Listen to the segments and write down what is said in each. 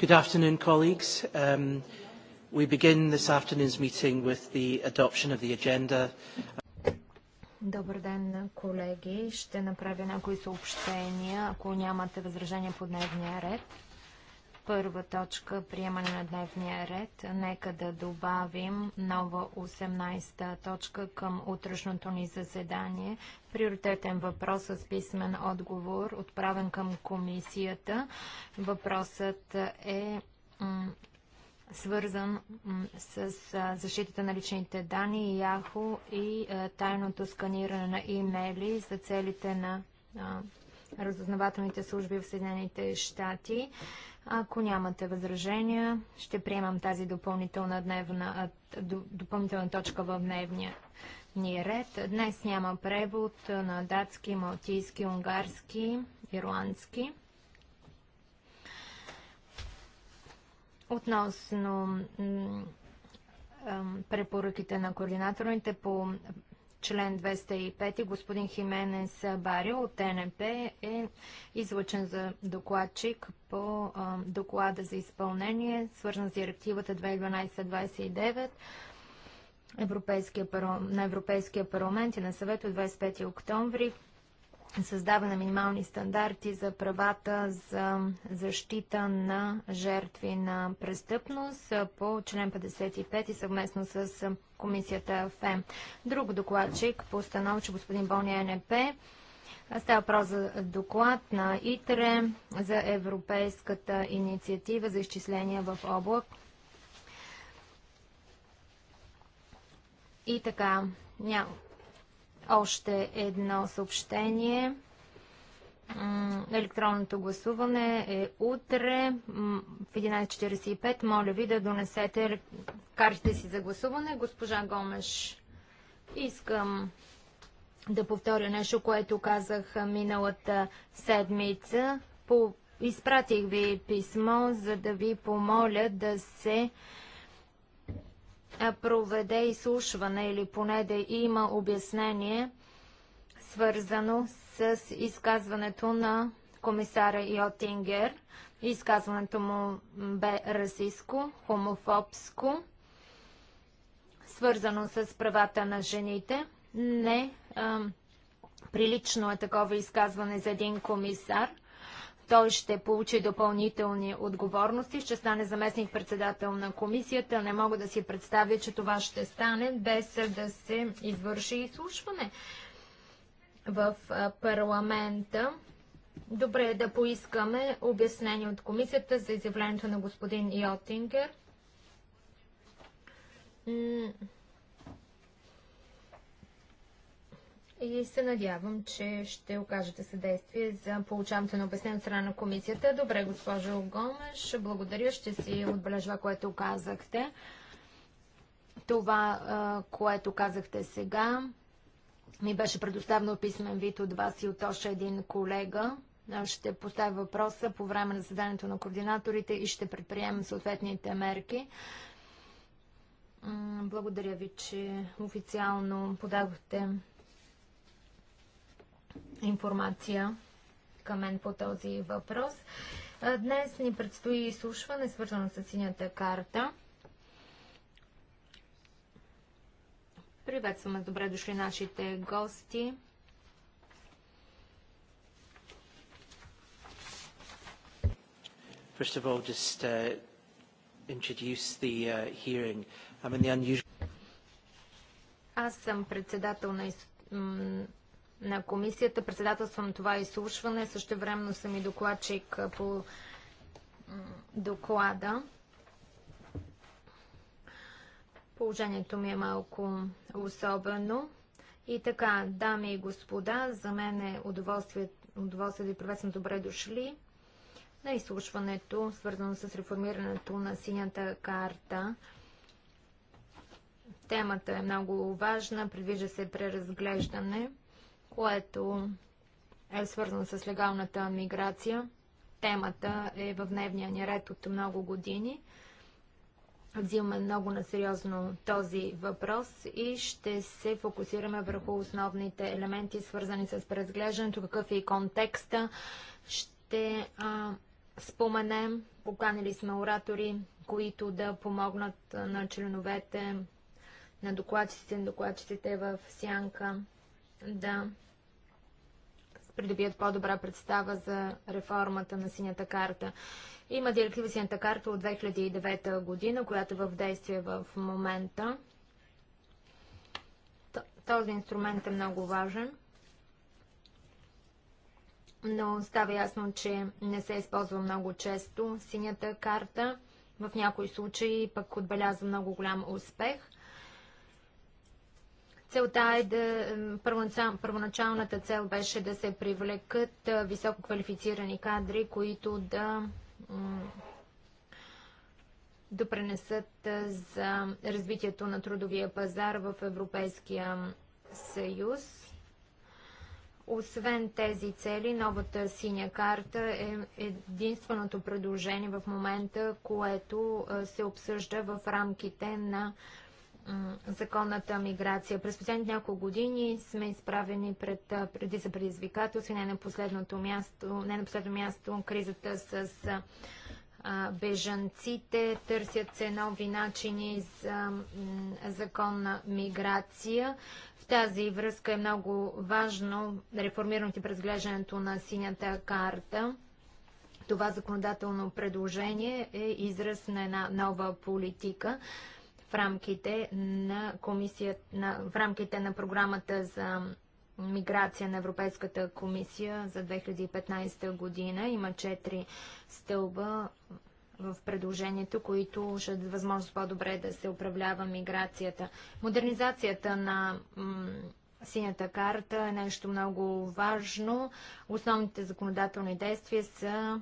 Good afternoon, colleagues. Um, we begin this afternoon's meeting with the adoption of the agenda. Добър ден, колеги. Ще направя някои съобщения, ако нямате възражения по дневния ред първа точка приемане на дневния ред. Нека да добавим нова 18-та точка към утрешното ни заседание. Приоритетен въпрос с писмен отговор, отправен към комисията. Въпросът е свързан с защитата на личните данни, яхо и тайното сканиране на имейли за целите на разознавателните разузнавателните служби в Съединените щати. Ако нямате възражения, ще приемам тази допълнителна, дневна, допълнителна точка в дневния ни ред. Днес няма превод на датски, малтийски, унгарски, ирландски. Относно препоръките на координаторите по член 205 господин Хименес Барио от ТНП е излъчен за докладчик по а, доклада за изпълнение, свързан с директивата 2012-29 на Европейския парламент и на съвет от 25 октомври създаване на минимални стандарти за правата за защита на жертви на престъпност по член 55 и съвместно с комисията ФЕМ. Друг докладчик по установче господин Бония НП. Става въпрос за доклад на ИТРЕ за Европейската инициатива за изчисления в облак. И така, няма още едно съобщение. Електронното гласуване е утре в 11.45. Моля ви да донесете картите си за гласуване. Госпожа Гомеш, искам да повторя нещо, което казах миналата седмица. По... Изпратих ви писмо, за да ви помоля да се е, проведе изслушване или поне да има обяснение, свързано с изказването на комисара Йотингер. Изказването му бе расистско, хомофобско, свързано с правата на жените. Не а, прилично е такова изказване за един комисар. Той ще получи допълнителни отговорности, ще стане заместник председател на комисията. Не мога да си представя, че това ще стане без да се извърши изслушване в парламента. Добре е да поискаме обяснение от комисията за изявлението на господин Йотингер. и се надявам, че ще окажете съдействие за получаването на обяснение от страна на комисията. Добре, госпожо Гомеш, благодаря, ще си отбележа, което казахте. Това, което казахте сега, ми беше предоставено писмен вид от вас и от още един колега. Ще поставя въпроса по време на заседанието на координаторите и ще предприемем съответните мерки. Благодаря ви, че официално подадохте информация към мен по този въпрос. Днес ни предстои изслушване, свързано с синята карта. Приветстваме добре дошли нашите гости. First of all, just uh, introduce the uh, hearing. I'm in the unusual. Аз съм председател на на комисията. Председателствам това изслушване. Също времено съм и докладчик по доклада. Положението ми е малко особено. И така, дами и господа, за мен е удоволствие, удоволствие да ви приветствам добре дошли на изслушването, свързано с реформирането на синята карта. Темата е много важна, предвижда се преразглеждане което е свързано с легалната миграция. Темата е в дневния ни ред от много години. Взимаме много на сериозно този въпрос и ще се фокусираме върху основните елементи, свързани с преразглеждането, какъв е и контекста. Ще а, споменем, поканили сме оратори, които да помогнат на членовете, на докладчиците, на докладчиците в Сянка да придобият по-добра представа за реформата на синята карта. Има директива синята карта от 2009 година, която е в действие в момента. Този инструмент е много важен, но става ясно, че не се използва много често синята карта. В някои случаи пък отбелязва много голям успех – Целта е да първоначалната цел беше да се привлекат високо квалифицирани кадри, които да допренесат за развитието на трудовия пазар в Европейския съюз. Освен тези цели, новата синя карта е единственото предложение в момента, което се обсъжда в рамките на законната миграция. През последните няколко години сме изправени пред преди за предизвикателства, не на последното място, не на последно място кризата с а, бежанците, търсят се нови начини за законна миграция. В тази връзка е много важно реформирането и презглеждането на синята карта. Това законодателно предложение е израз на една нова политика в рамките на, комисия, на, в рамките на програмата за миграция на Европейската комисия за 2015 година. Има четири стълба в предложението, които ще дадат възможност по-добре да се управлява миграцията. Модернизацията на синята карта е нещо много важно. Основните законодателни действия са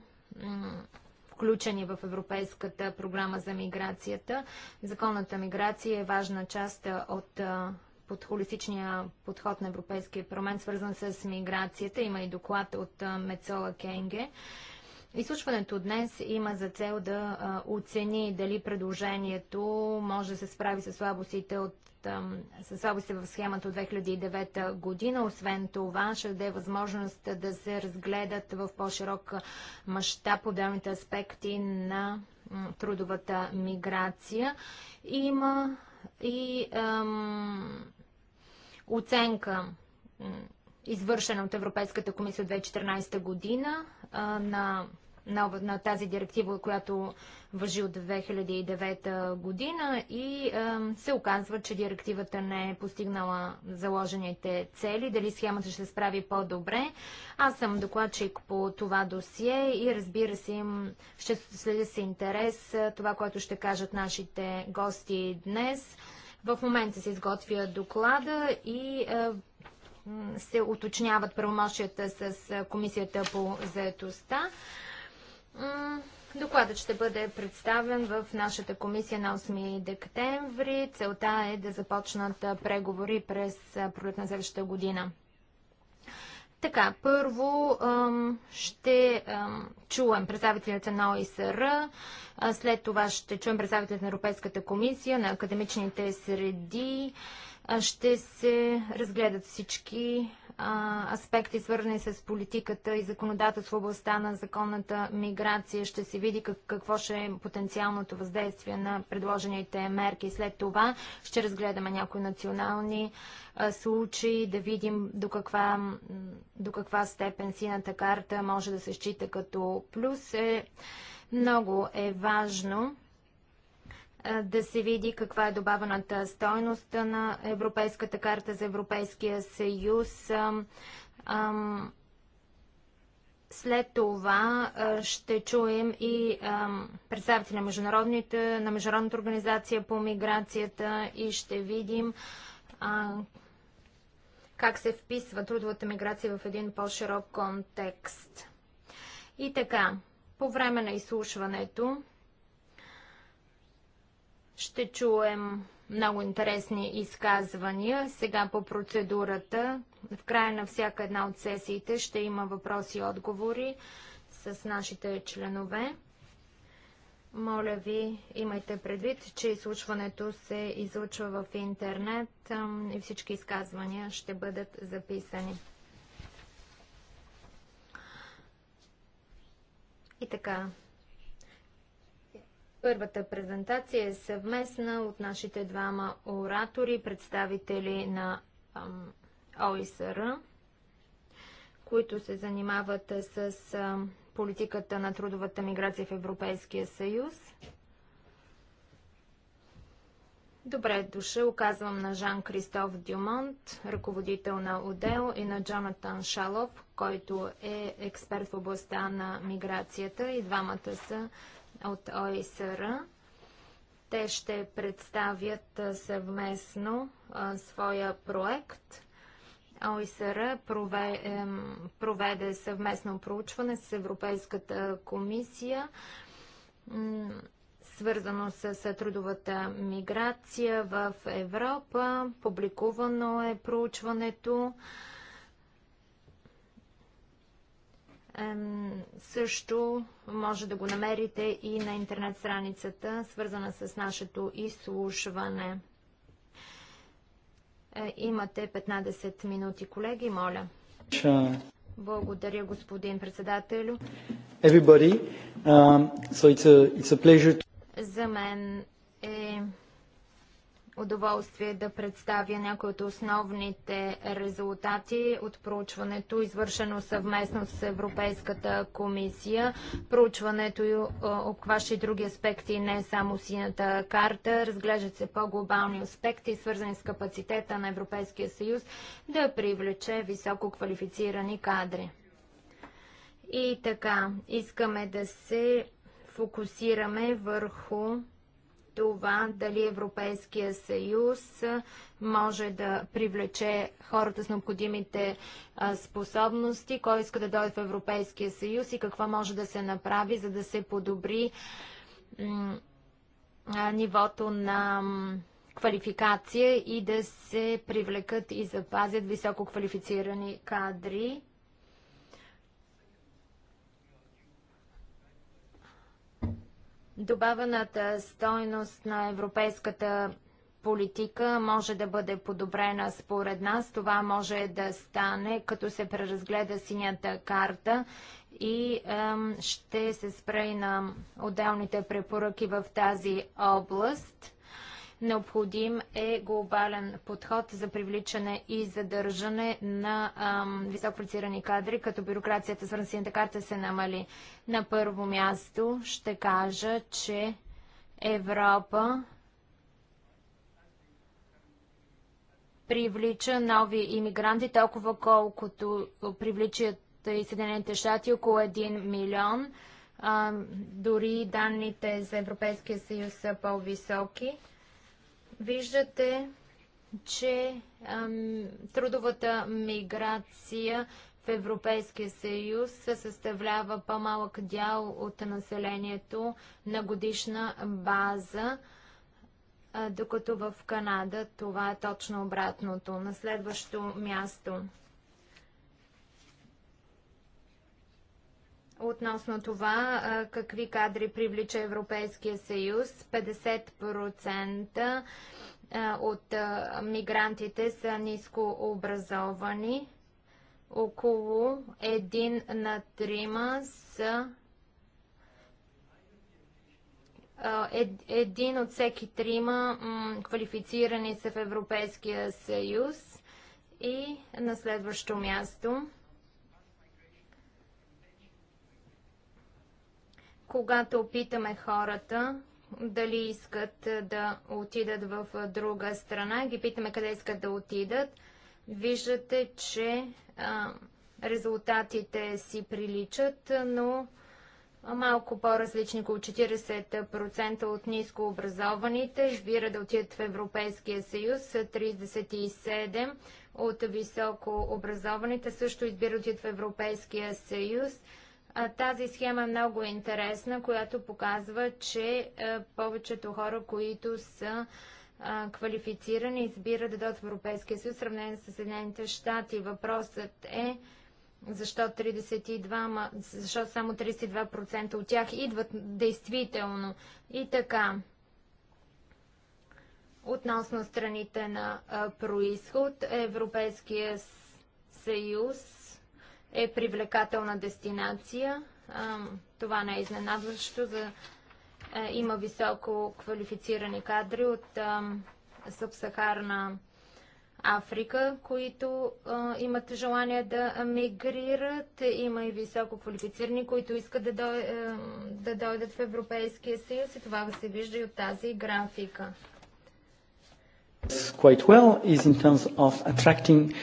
включени в Европейската програма за миграцията. Законната миграция е важна част от под холистичния подход на Европейския парламент, свързан с миграцията. Има и доклад от Мецола Кенге. Изслушването днес има за цел да а, оцени дали предложението може да се справи с слабостите от със слабости в схемата от 2009 година. Освен това, ще даде възможност да се разгледат в по-широк мащаб отделните аспекти на трудовата миграция. Има и ам, оценка извършена от Европейската комисия от 2014 година на, на, на тази директива, която въжи от 2009 година и а, се оказва, че директивата не е постигнала заложените цели. Дали схемата ще се справи по-добре? Аз съм докладчик по това досие и разбира се, им ще следя с интерес това, което ще кажат нашите гости днес. В момента се изготвя доклада и а, се уточняват правомощията с Комисията по заетостта. Докладът ще бъде представен в нашата комисия на 8 декември. Целта е да започнат преговори през пролет на следващата година. Така, първо ще чуем представителите на ОИСР, след това ще чуем представителите на Европейската комисия, на академичните среди, ще се разгледат всички аспекти, свързани с политиката и законодателство в областта на законната миграция. Ще се види как, какво ще е потенциалното въздействие на предложените мерки. След това ще разгледаме някои национални а, случаи, да видим до каква, до каква степен сината карта може да се счита като плюс. Е, много е важно да се види каква е добавената стойност на Европейската карта за Европейския съюз. След това ще чуем и представители на, международните, на Международната организация по миграцията и ще видим как се вписва трудовата миграция в един по-широк контекст. И така, по време на изслушването ще чуем много интересни изказвания. Сега по процедурата. В края на всяка една от сесиите ще има въпроси и отговори с нашите членове. Моля ви, имайте предвид, че изслушването се излучва в интернет и всички изказвания ще бъдат записани. И така, Първата презентация е съвместна от нашите двама оратори, представители на ОИСР, които се занимават с политиката на трудовата миграция в Европейския съюз. Добре е дошъл, оказвам на Жан-Кристоф Дюмонт, ръководител на ОДЕО и на Джонатан Шалов, който е експерт в областта на миграцията и двамата са от ОИСР. Те ще представят съвместно своя проект. ОИСР проведе съвместно проучване с Европейската комисия, свързано с трудовата миграция в Европа. Публикувано е проучването. Също може да го намерите и на интернет страницата, свързана с нашето изслушване. Е, имате 15 минути, колеги, моля. Благодаря, господин председателю. Everybody, um, so it's a, it's a pleasure to... За мен е удоволствие да представя някои от основните резултати от проучването, извършено съвместно с Европейската комисия. Проучването е, обхваща и други аспекти, не само синята карта. Разглеждат се по-глобални аспекти, свързани с капацитета на Европейския съюз да привлече високо квалифицирани кадри. И така, искаме да се фокусираме върху това дали Европейския съюз може да привлече хората с необходимите способности, кой иска да дойде в Европейския съюз и какво може да се направи, за да се подобри нивото на квалификация и да се привлекат и запазят високо квалифицирани кадри. Добавената стойност на европейската политика може да бъде подобрена според нас. Това може да стане, като се преразгледа синята карта и ем, ще се спре и на отделните препоръки в тази област. Необходим е глобален подход за привличане и задържане на високопроцирани кадри, като бюрокрацията с франсината карта се намали. На първо място ще кажа, че Европа привлича нови иммигранти, толкова колкото привличат и Съединените щати около 1 милион. А, дори данните за Европейския съюз са по-високи. Виждате, че ам, трудовата миграция в Европейския съюз съставлява по-малък дял от населението на годишна база, а, докато в Канада това е точно обратното. На следващо място относно това какви кадри привлича Европейския съюз. 50% от мигрантите са ниско образовани. Около един на трима са един от всеки трима квалифицирани са в Европейския съюз. И на следващо място когато питаме хората дали искат е, да отидат в е, друга страна, ги питаме къде искат да отидат, виждате, че а, е, резултатите си приличат, но малко по-различни, около 40% от нискообразованите избира да отидат в Европейския съюз, 37% от високообразованите също избират да отидат в Европейския съюз, тази схема е много интересна, която показва, че е, повечето хора, които са квалифицирани, избират да дойдат в Европейския съюз, сравнение с Съединените щати. Въпросът е защо, 32, защо само 32% от тях идват действително. И така, относно страните на происход, Европейския съюз е привлекателна дестинация. Това не е изненадващо. За, е, има високо квалифицирани кадри от субсахарна Африка, които имат желание да мигрират. Има и високо квалифицирани, които искат е, да, дойдат в Европейския съюз и това се вижда и от тази графика. Quite well is in terms of attracting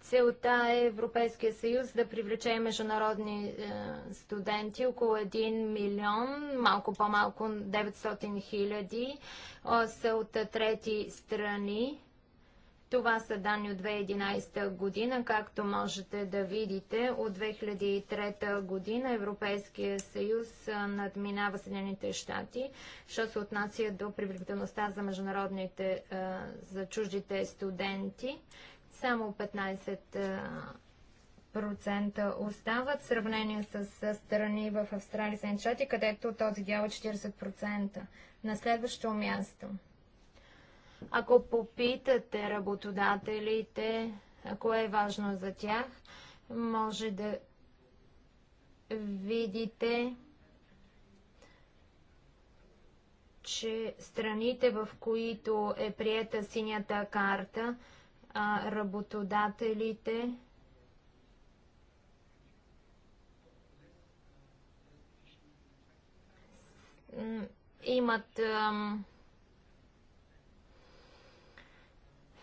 Целта е Европейския съюз да привлече международни е, студенти, около 1 милион, малко по-малко 900 хиляди, са от трети страни. Това са данни от 2011 година, както можете да видите. От 2003 година Европейския съюз е, надминава Съединените щати, що се отнася до привлекателността за международните, е, за чуждите студенти. Само 15% остават в сравнение с, страни в Австралия и Штати, където този дял е 40%. На следващо място. Ако попитате работодателите, кое е важно за тях, може да видите, че страните, в които е приета синята карта, а, работодателите имат а,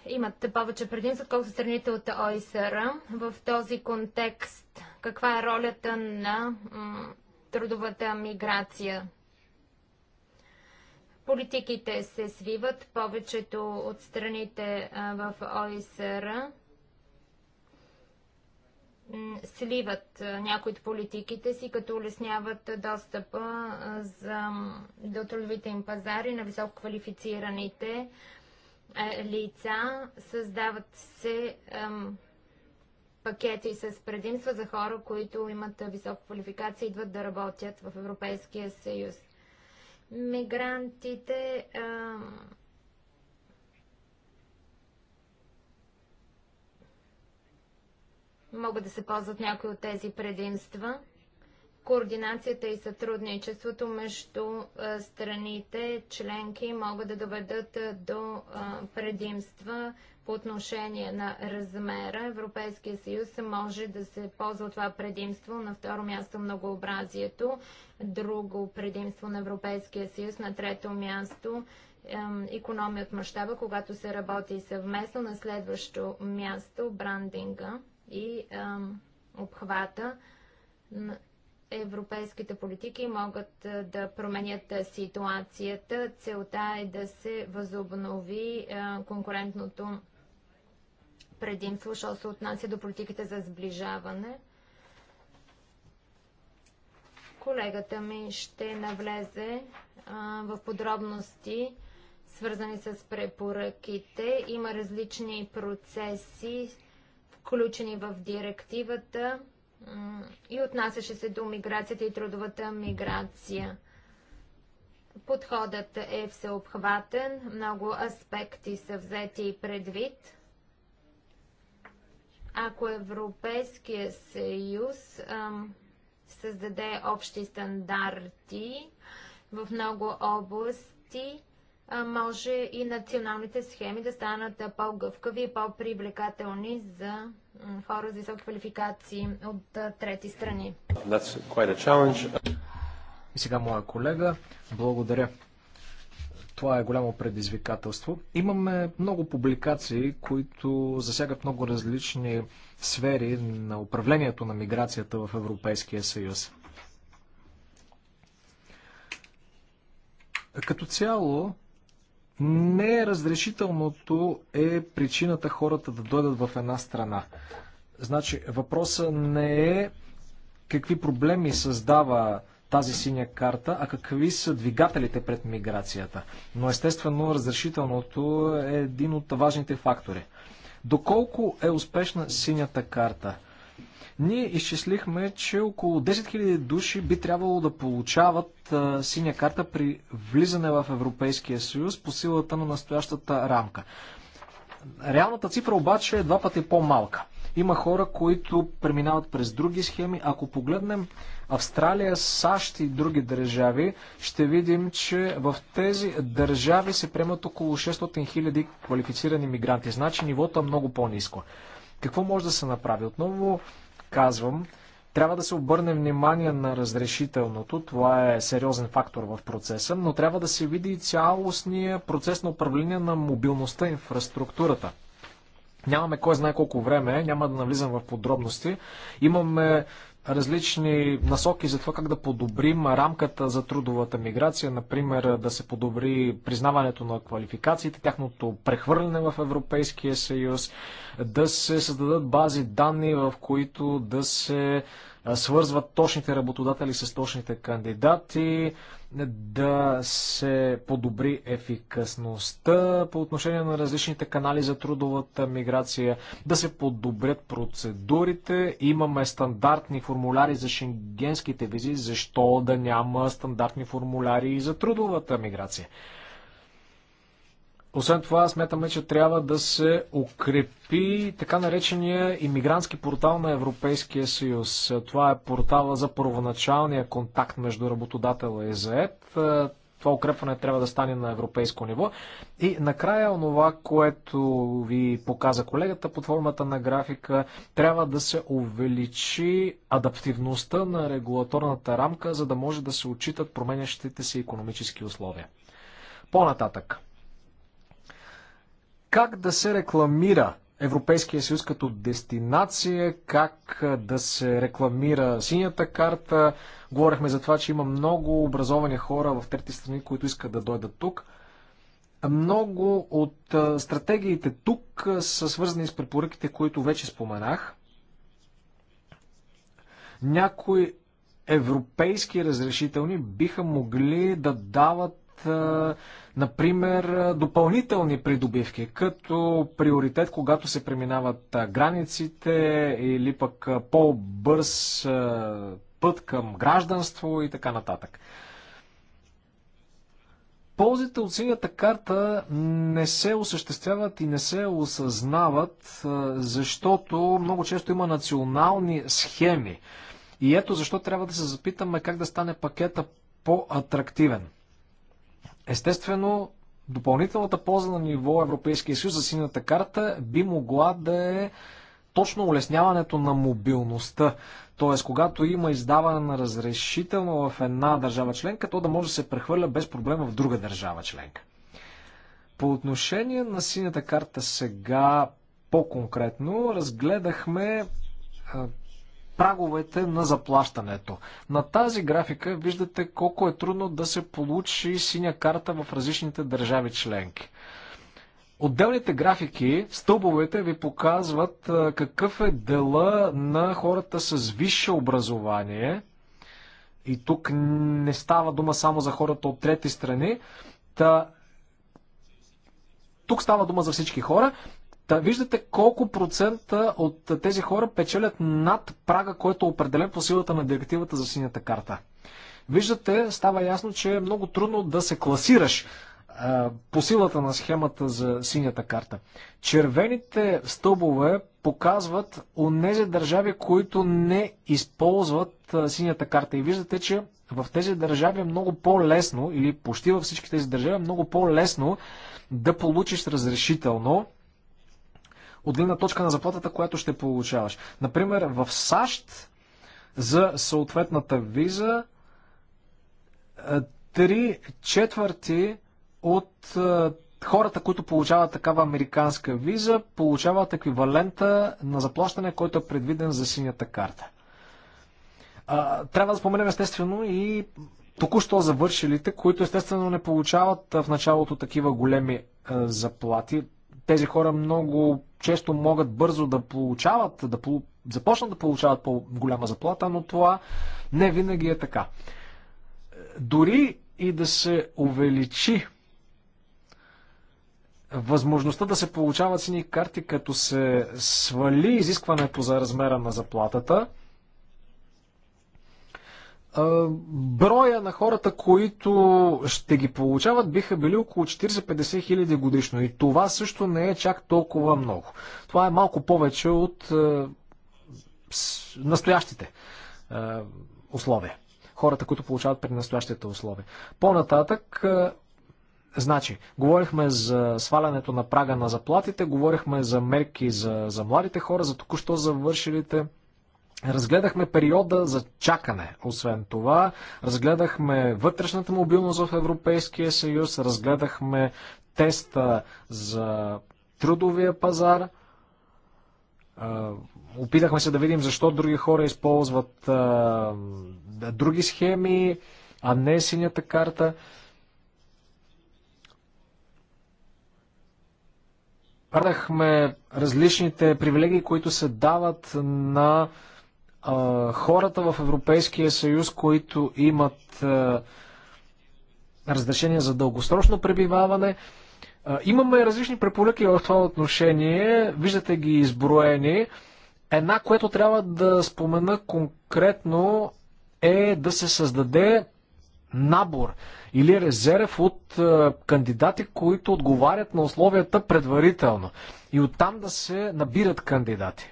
имат повече предимства, отколкото страните от ОИСР. В този контекст, каква е ролята на м, трудовата миграция? Политиките се свиват, повечето от страните в ОИСР сливат някои от политиките си, като улесняват достъпа за, до трудовите им пазари на високо квалифицираните лица. Създават се ем, пакети с предимства за хора, които имат висока квалификация и идват да работят в Европейския съюз мигрантите. А, могат да се ползват някои от тези предимства. Координацията и сътрудничеството между страните членки могат да доведат до предимства по отношение на размера, Европейския съюз може да се ползва това предимство. На второ място многообразието, друго предимство на Европейския съюз, на трето място економия от мащаба, когато се работи съвместно. На следващо място брандинга и ем, обхвата. Европейските политики могат е, да променят е, ситуацията. Целта е да се възобнови е, конкурентното предимство, що се отнася до политиките за сближаване. Колегата ми ще навлезе а, в подробности, свързани с препоръките. Има различни процеси, включени в директивата и отнасяше се до миграцията и трудовата миграция. Подходът е всеобхватен, много аспекти са взети предвид. Ако Европейския съюз ам, създаде общи стандарти в много области, а, може и националните схеми да станат по-гъвкави и по-привлекателни за хора с високи квалификации от трети страни. И сега моя колега. Благодаря. Това е голямо предизвикателство. Имаме много публикации, които засягат много различни сфери на управлението на миграцията в Европейския съюз. Като цяло, неразрешителното е причината хората да дойдат в една страна. Значи, въпросът не е какви проблеми създава тази синя карта, а какви са двигателите пред миграцията. Но естествено разрешителното е един от важните фактори. Доколко е успешна синята карта? Ние изчислихме, че около 10 000 души би трябвало да получават а, синя карта при влизане в Европейския съюз по силата на настоящата рамка. Реалната цифра обаче е два пъти по-малка. Има хора, които преминават през други схеми. Ако погледнем Австралия, САЩ и други държави, ще видим, че в тези държави се приемат около 600 000 квалифицирани мигранти. Значи нивото е много по-низко. Какво може да се направи? Отново казвам, трябва да се обърне внимание на разрешителното, това е сериозен фактор в процеса, но трябва да се види и цялостния процес на управление на мобилността, инфраструктурата. Нямаме кой знае колко време, е, няма да навлизам в подробности. Имаме различни насоки за това как да подобрим рамката за трудовата миграция, например да се подобри признаването на квалификациите, тяхното прехвърляне в Европейския съюз, да се създадат бази данни, в които да се свързват точните работодатели с точните кандидати, да се подобри ефикасността по отношение на различните канали за трудовата миграция, да се подобрят процедурите. Имаме стандартни формуляри за шенгенските визи, защо да няма стандартни формуляри и за трудовата миграция? Освен това, смятаме, че трябва да се укрепи така наречения иммигрантски портал на Европейския съюз. Това е портала за първоначалния контакт между работодателя и заед. Това укрепване трябва да стане на европейско ниво. И накрая, онова, което ви показа колегата под формата на графика, трябва да се увеличи адаптивността на регулаторната рамка, за да може да се отчитат променящите се економически условия. По-нататък как да се рекламира Европейския съюз като дестинация, как да се рекламира синята карта. Говорихме за това, че има много образовани хора в трети страни, които искат да дойдат тук. Много от стратегиите тук са свързани с препоръките, които вече споменах. Някои европейски разрешителни биха могли да дават е, например, е, допълнителни придобивки, като приоритет, когато се преминават е, границите или пък по-бърз път към гражданство и така нататък. Ползите от синята карта не се осъществяват и не се осъзнават, защото много често има национални схеми. И ето защо трябва да се запитаме как да стане пакета по-атрактивен. Естествено, допълнителната полза на ниво Европейския съюз за синята карта би могла да е точно улесняването на мобилността. Т.е. когато има издаване на разрешително в една държава членка, то да може да се прехвърля без проблема в друга държава членка. По отношение на синята карта сега по-конкретно разгледахме праговете на заплащането. На тази графика виждате колко е трудно да се получи синя карта в различните държави членки. Отделните графики, стълбовете ви показват какъв е дела на хората с висше образование. И тук не става дума само за хората от трети страни. Та... Тук става дума за всички хора Та, виждате колко процента от тези хора печелят над прага, който е определен по силата на директивата за синята карта. Виждате, става ясно, че е много трудно да се класираш по силата на схемата за синята карта. Червените стълбове показват онези държави, които не използват синята карта. И виждате, че в тези държави е много по-лесно, или почти във всички тези държави е много по-лесно да получиш разрешително от гледна точка на заплатата, която ще получаваш. Например, в САЩ за съответната виза е, три четвърти от е, хората, които получават такава американска виза, получават еквивалента на заплащане, който е предвиден за синята карта. Трябва да споменем естествено и току-що завършилите, които естествено не получават е, в началото такива големи заплати. Тези хора много често могат бързо да получават, да полу... започнат да получават по-голяма заплата, но това не винаги е така. Дори и да се увеличи възможността да се получават сини карти, като се свали изискването за размера на заплатата, броя на хората, които ще ги получават, биха били около 40-50 хиляди годишно. И това също не е чак толкова много. Това е малко повече от е, настоящите е, условия. Хората, които получават при настоящите условия. По-нататък, е, значи, говорихме за свалянето на прага на заплатите, говорихме за мерки за, за младите хора, за току-що завършилите Разгледахме периода за чакане. Освен това, разгледахме вътрешната мобилност в Европейския съюз, разгледахме теста за трудовия пазар. Опитахме се да видим защо други хора използват други схеми, а не синята карта. Радахме различните привилегии, които се дават на хората в Европейския съюз, които имат разрешение за дългосрочно пребиваване. Имаме различни препоръки в това отношение, виждате ги изброени. Една, което трябва да спомена конкретно е да се създаде набор или резерв от кандидати, които отговарят на условията предварително и оттам да се набират кандидати.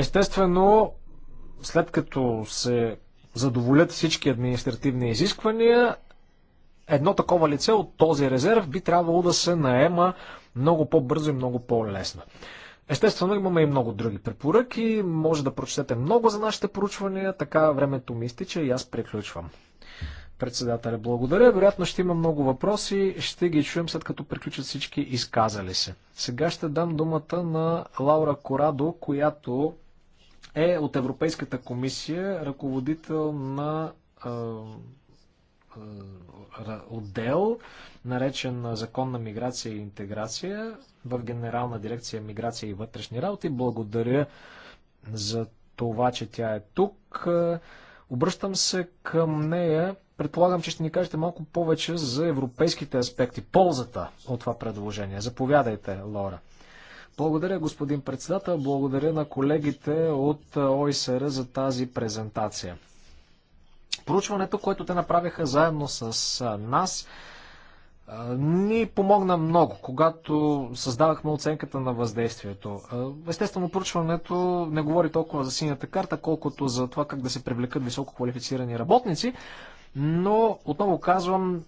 Естествено, след като се задоволят всички административни изисквания, едно такова лице от този резерв би трябвало да се наема много по-бързо и много по-лесно. Естествено, имаме и много други препоръки. Може да прочетете много за нашите поручвания. Така времето ми изтича и аз приключвам. Председателя, благодаря. Вероятно ще има много въпроси. Ще ги чуем след като приключат всички изказали се. Сега ще дам думата на Лаура Корадо, която е от Европейската комисия ръководител на отдел, наречен Закон на миграция и интеграция в Генерална дирекция миграция и вътрешни работи. Благодаря за това, че тя е тук. Обръщам се към нея. Предполагам, че ще ни кажете малко повече за европейските аспекти, ползата от това предложение. Заповядайте, Лора. Благодаря, господин председател. Благодаря на колегите от ОИСР за тази презентация. Проучването, което те направиха заедно с нас, ни помогна много, когато създавахме оценката на въздействието. Естествено, проучването не говори толкова за синята карта, колкото за това как да се привлекат високо квалифицирани работници, но отново казвам,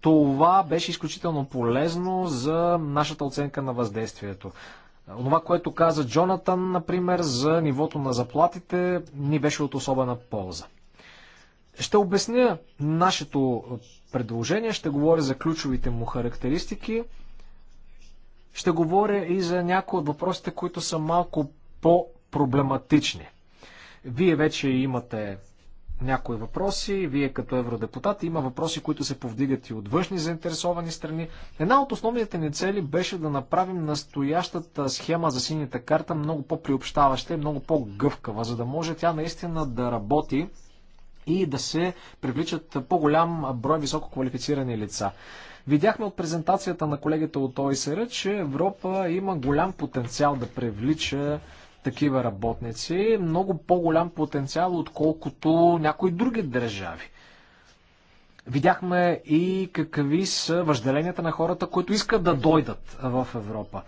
това беше изключително полезно за нашата оценка на въздействието. Това, което каза Джонатан, например, за нивото на заплатите, ни беше от особена полза. Ще обясня нашето предложение, ще говоря за ключовите му характеристики, ще говоря и за някои от въпросите, които са малко по-проблематични. Вие вече имате някои въпроси. Вие като евродепутат има въпроси, които се повдигат и от външни заинтересовани страни. Една от основните ни цели беше да направим настоящата схема за синята карта много по-приобщаваща и много по-гъвкава, за да може тя наистина да работи и да се привличат по-голям брой високо квалифицирани лица. Видяхме от презентацията на колегите от ОИСР, че Европа има голям потенциал да привлича такива работници, много по-голям потенциал, отколкото някои други държави. Видяхме и какви са въжделенията на хората, които искат да дойдат в Европа.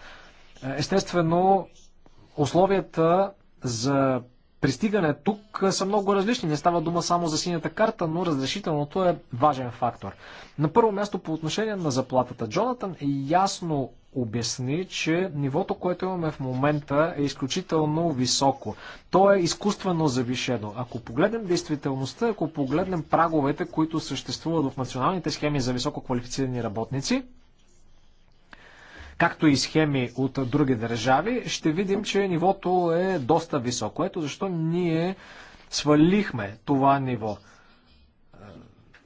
Естествено, условията за пристигане тук са много различни. Не става дума само за синята карта, но разрешителното е важен фактор. На първо място по отношение на заплатата. Джонатан ясно обясни, че нивото, което имаме в момента е изключително високо. То е изкуствено завишено. Ако погледнем действителността, ако погледнем праговете, които съществуват в националните схеми за висококвалифицирани работници, както и схеми от други държави, ще видим, че нивото е доста високо. Ето защо ние свалихме това ниво. Е,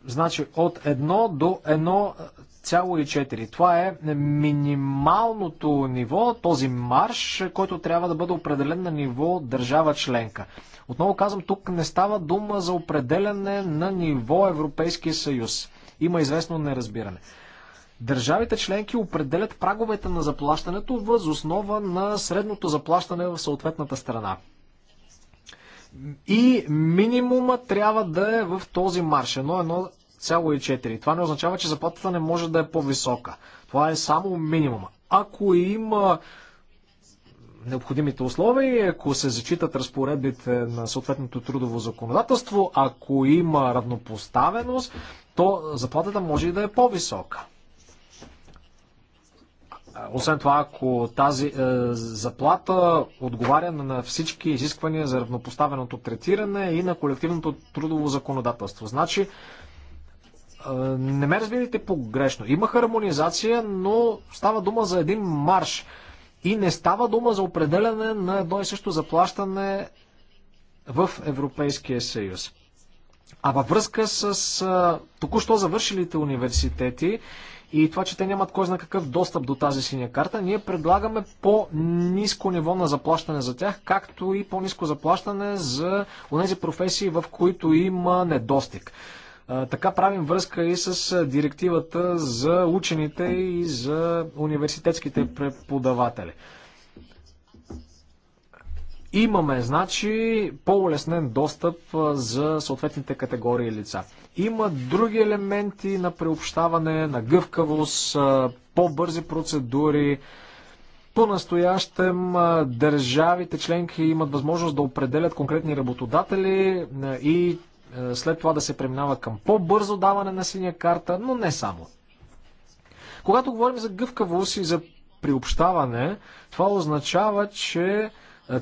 значи от 1 до 1,4. Това е минималното ниво, този марш, който трябва да бъде определен на ниво държава членка. Отново казвам, тук не става дума за определене на ниво Европейския съюз. Има известно неразбиране. Държавите членки определят праговете на заплащането въз основа на средното заплащане в съответната страна. И минимума трябва да е в този марш, едно 1,4. Това не означава, че заплатата не може да е по-висока. Това е само минимума. Ако има необходимите условия, ако се зачитат разпоредбите на съответното трудово законодателство, ако има равнопоставеност, то заплатата може и да е по-висока. Освен това, ако тази е, заплата отговаря на всички изисквания за равнопоставеното третиране и на колективното трудово законодателство. Значи, е, не ме разбирайте погрешно. Има хармонизация, но става дума за един марш. И не става дума за определяне на едно и също заплащане в Европейския съюз. А във връзка с е, току-що завършилите университети и това, че те нямат кой знае какъв достъп до тази синя карта, ние предлагаме по-низко ниво на заплащане за тях, както и по-низко заплащане за тези професии, в които има недостиг. Така правим връзка и с директивата за учените и за университетските преподаватели. Имаме, значи, по-улеснен достъп за съответните категории лица. Има други елементи на приобщаване, на гъвкавост, по-бързи процедури. По-настоящем държавите членки имат възможност да определят конкретни работодатели и след това да се преминава към по-бързо даване на синя карта, но не само. Когато говорим за гъвкавост и за приобщаване, това означава, че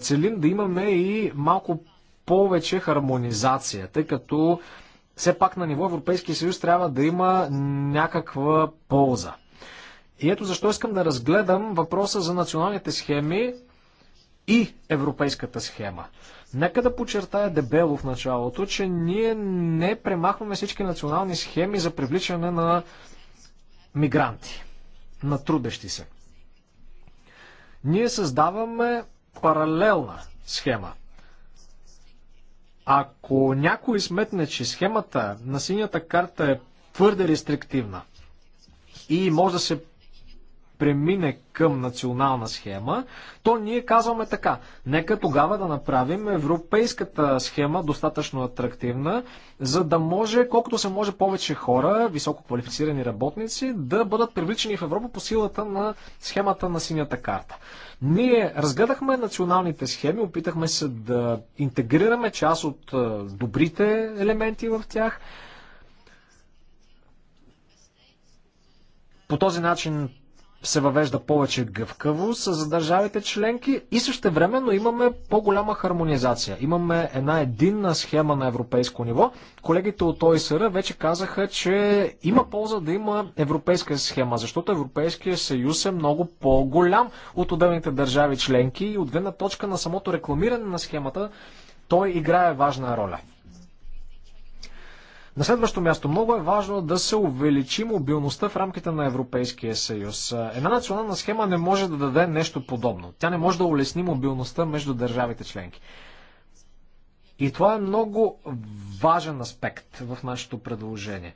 целим да имаме и малко повече хармонизация, тъй като все пак на ниво Европейския съюз трябва да има някаква полза. И ето защо искам да разгледам въпроса за националните схеми и европейската схема. Нека да подчертая дебело в началото, че ние не премахваме всички национални схеми за привличане на мигранти, на трудещи се. Ние създаваме паралелна схема. Ако някой сметне, че схемата на синята карта е твърде рестриктивна и може да се премине към национална схема, то ние казваме така. Нека тогава да направим европейската схема достатъчно атрактивна, за да може, колкото се може повече хора, високо квалифицирани работници, да бъдат привличани в Европа по силата на схемата на синята карта. Ние разгледахме националните схеми, опитахме се да интегрираме част от добрите елементи в тях. По този начин се въвежда повече гъвкавост за държавите членки и също времено имаме по-голяма хармонизация. Имаме една единна схема на европейско ниво. Колегите от ОИСР вече казаха, че има полза да има европейска схема, защото Европейския съюз е много по-голям от отделните държави членки и от гледна точка на самото рекламиране на схемата той играе важна роля. На следващо място, много е важно да се увеличи мобилността в рамките на Европейския съюз. Една национална схема не може да даде нещо подобно. Тя не може да улесни мобилността между държавите членки. И това е много важен аспект в нашето предложение.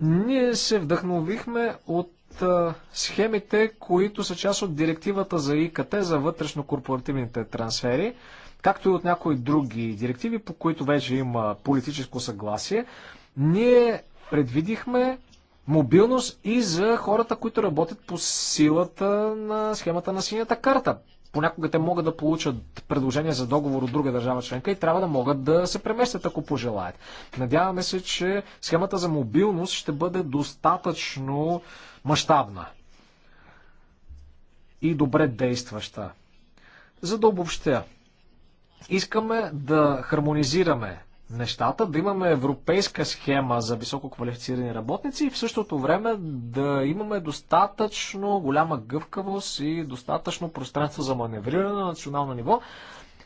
Ние се вдъхновихме от схемите, които са част от директивата за ИКТ, за вътрешно-корпоративните трансфери както и от някои други директиви, по които вече има политическо съгласие, ние предвидихме мобилност и за хората, които работят по силата на схемата на синята карта. Понякога те могат да получат предложение за договор от друга държава членка и трябва да могат да се преместят, ако пожелаят. Надяваме се, че схемата за мобилност ще бъде достатъчно мащабна и добре действаща. За да обобщя, Искаме да хармонизираме нещата, да имаме европейска схема за високо квалифицирани работници и в същото време да имаме достатъчно голяма гъвкавост и достатъчно пространство за маневриране на национално ниво,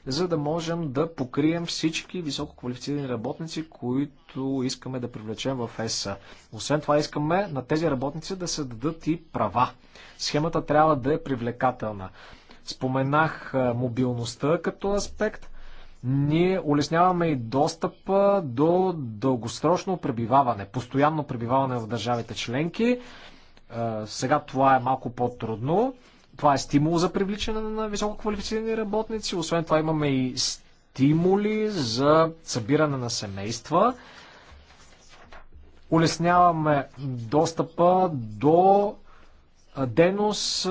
за да можем да покрием всички високо квалифицирани работници, които искаме да привлечем в ЕСА. Освен това искаме на тези работници да се дадат и права. Схемата трябва да е привлекателна. Споменах мобилността като аспект. Ние улесняваме и достъпа до дългосрочно пребиваване, постоянно пребиваване в държавите членки. Сега това е малко по-трудно. Това е стимул за привличане на високо квалифицирани работници. Освен това имаме и стимули за събиране на семейства. Улесняваме достъпа до дейност,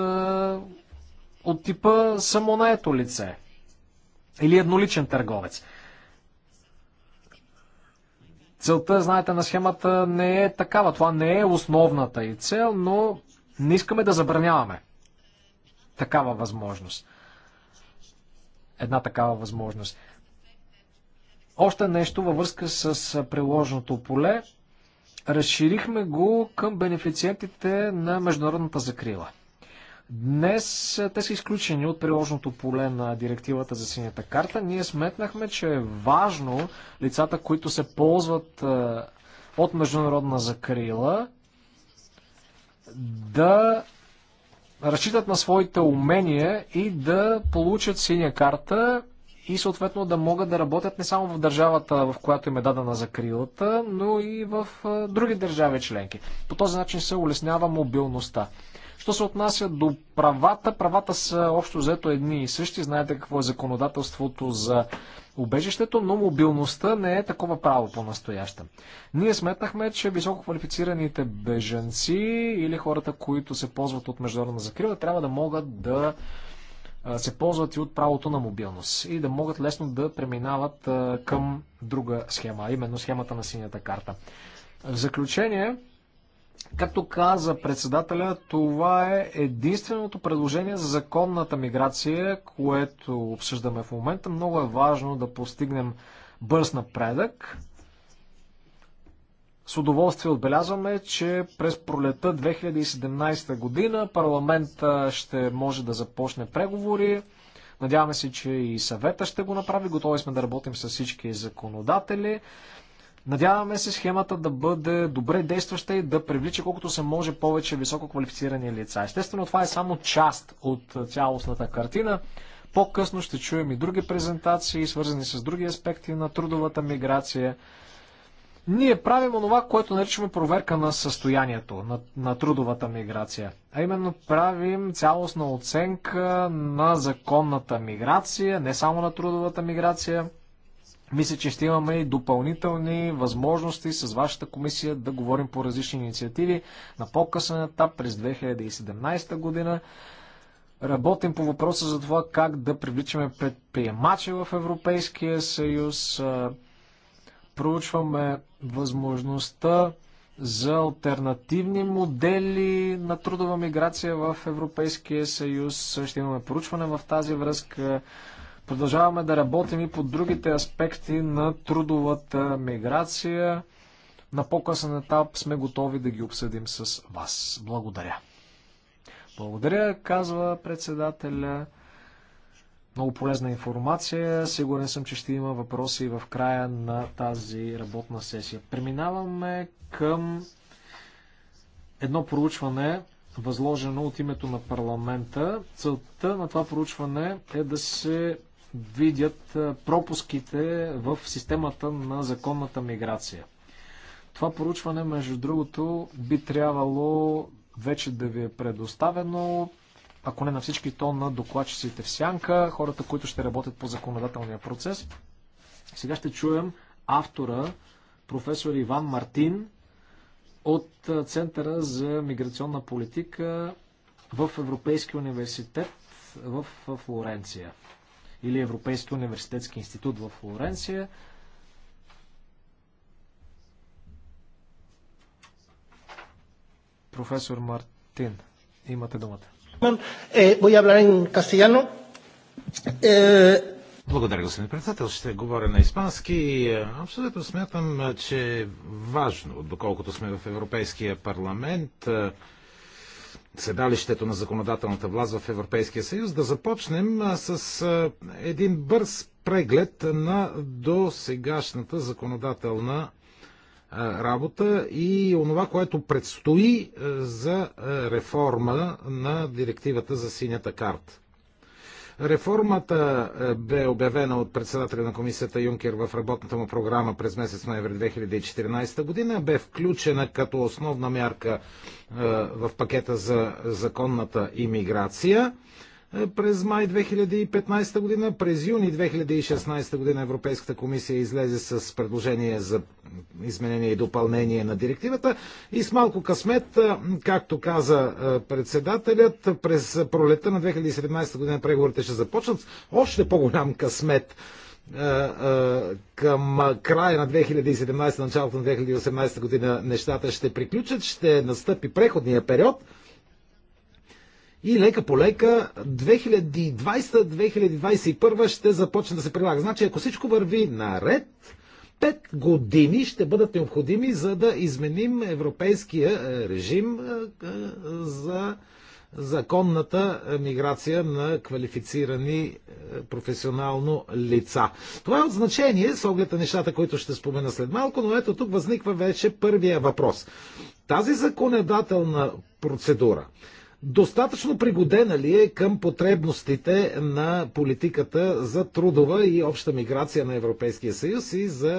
от типа самонаето лице или едноличен търговец. Целта, знаете, на схемата не е такава. Това не е основната и цел, но не искаме да забраняваме такава възможност. Една такава възможност. Още нещо във връзка с приложеното поле. Разширихме го към бенефициентите на международната закрила. Днес те са изключени от приложното поле на директивата за синята карта. Ние сметнахме, че е важно лицата, които се ползват от международна закрила, да разчитат на своите умения и да получат синя карта и съответно да могат да работят не само в държавата, в която им е дадена закрилата, но и в други държави членки. По този начин се улеснява мобилността. Що се отнася до правата, правата са общо взето едни и същи. Знаете какво е законодателството за убежището, но мобилността не е такова право по настояща Ние сметнахме, че високо квалифицираните беженци или хората, които се ползват от международна закрива, трябва да могат да се ползват и от правото на мобилност и да могат лесно да преминават към друга схема, именно схемата на синята карта. В заключение, Както каза председателя, това е единственото предложение за законната миграция, което обсъждаме в момента. Много е важно да постигнем бърз напредък. С удоволствие отбелязваме, че през пролета 2017 година парламента ще може да започне преговори. Надяваме се, че и съвета ще го направи. Готови сме да работим с всички законодатели. Надяваме се схемата да бъде добре действаща и да привлича колкото се може повече високо квалифицирани лица. Естествено, това е само част от цялостната картина. По-късно ще чуем и други презентации, свързани с други аспекти на трудовата миграция. Ние правим онова, което наричаме проверка на състоянието на, на трудовата миграция. А именно правим цялостна оценка на законната миграция, не само на трудовата миграция, мисля, че ще имаме и допълнителни възможности с вашата комисия да говорим по различни инициативи на по-късен етап през 2017 година. Работим по въпроса за това как да привличаме предприемачи в Европейския съюз. Проучваме възможността за альтернативни модели на трудова миграция в Европейския съюз. Ще имаме проучване в тази връзка. Продължаваме да работим и по другите аспекти на трудовата миграция. На по-късен етап сме готови да ги обсъдим с вас. Благодаря. Благодаря, казва председателя. Много полезна информация. Сигурен съм, че ще има въпроси в края на тази работна сесия. Преминаваме към едно проучване, възложено от името на парламента. Целта на това проучване е да се видят пропуските в системата на законната миграция. Това поручване, между другото, би трябвало вече да ви е предоставено, ако не на всички, то на докладчиците в сянка, хората, които ще работят по законодателния процес. Сега ще чуем автора, професор Иван Мартин, от Центъра за миграционна политика в Европейския университет в Флоренция или Европейски университетски институт в Флоренция. Професор Мартин, имате думата. Е, е, Благодаря, господин председател. Ще говоря на испански. Абсолютно смятам, че е важно, доколкото сме в Европейския парламент, седалището на законодателната власт в Европейския съюз, да започнем с един бърз преглед на досегашната законодателна работа и онова, което предстои за реформа на директивата за синята карта. Реформата е, бе обявена от председателя на комисията Юнкер в работната му програма през месец ноември 2014 година. Бе включена като основна мярка е, в пакета за законната имиграция. Е, през май 2015 година. През юни 2016 година Европейската комисия излезе с предложение за изменение и допълнение на директивата. И с малко късмет, е, както каза е, председателят, през пролета на 2017 година преговорите ще започнат. Още по-голям късмет към края на 2017, началото на 2018 година нещата ще приключат, ще настъпи преходния период – и лека по лека 2020-2021 ще започне да се прилага. Значи, ако всичко върви наред, 5 години ще бъдат необходими, за да изменим европейския е, режим е, е, за законната миграция на квалифицирани професионално лица. Това е от значение с оглед на нещата, които ще спомена след малко, но ето тук възниква вече първия въпрос. Тази законодателна процедура достатъчно пригодена ли е към потребностите на политиката за трудова и обща миграция на Европейския съюз и за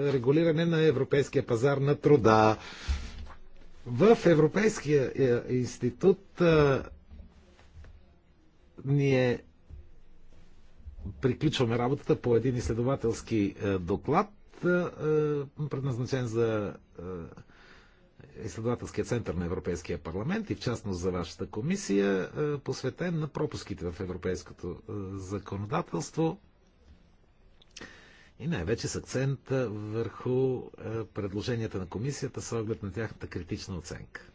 е, регулиране на европейския пазар на труда. В Европейския е, институт е, ние приключваме работата по един изследователски доклад, предназначен за изследователския център на Европейския парламент и в частност за вашата комисия, е, посветен на пропуските в европейското е, законодателство и най-вече с акцент е, върху предложенията на комисията с оглед на тяхната критична оценка.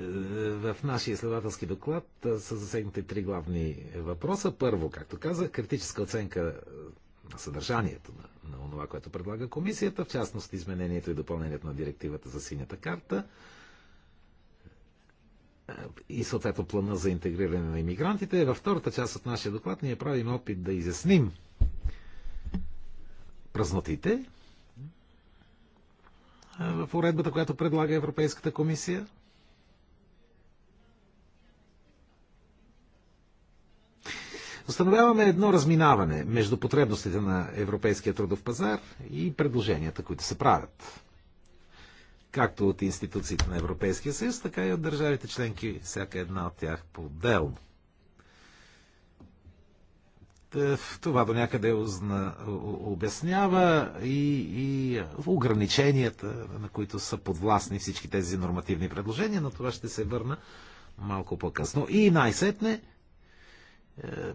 В нашия изследователски доклад са засегнати три главни въпроса. Първо, както казах, критическа оценка на съдържанието на, на това, което предлага комисията, в частност изменението и допълнението на директивата за синята карта и съответно плана за интегриране на иммигрантите. Във втората част от нашия доклад ние правим опит да изясним празнотите в уредбата, която предлага Европейската комисия Установяваме едно разминаване между потребностите на европейския трудов пазар и предложенията, които се правят. Както от институциите на Европейския съюз, така и от държавите членки, всяка една от тях по-отделно. Това до някъде обяснява и, и ограниченията, на които са подвластни всички тези нормативни предложения, но това ще се върна малко по-късно. И най-сетне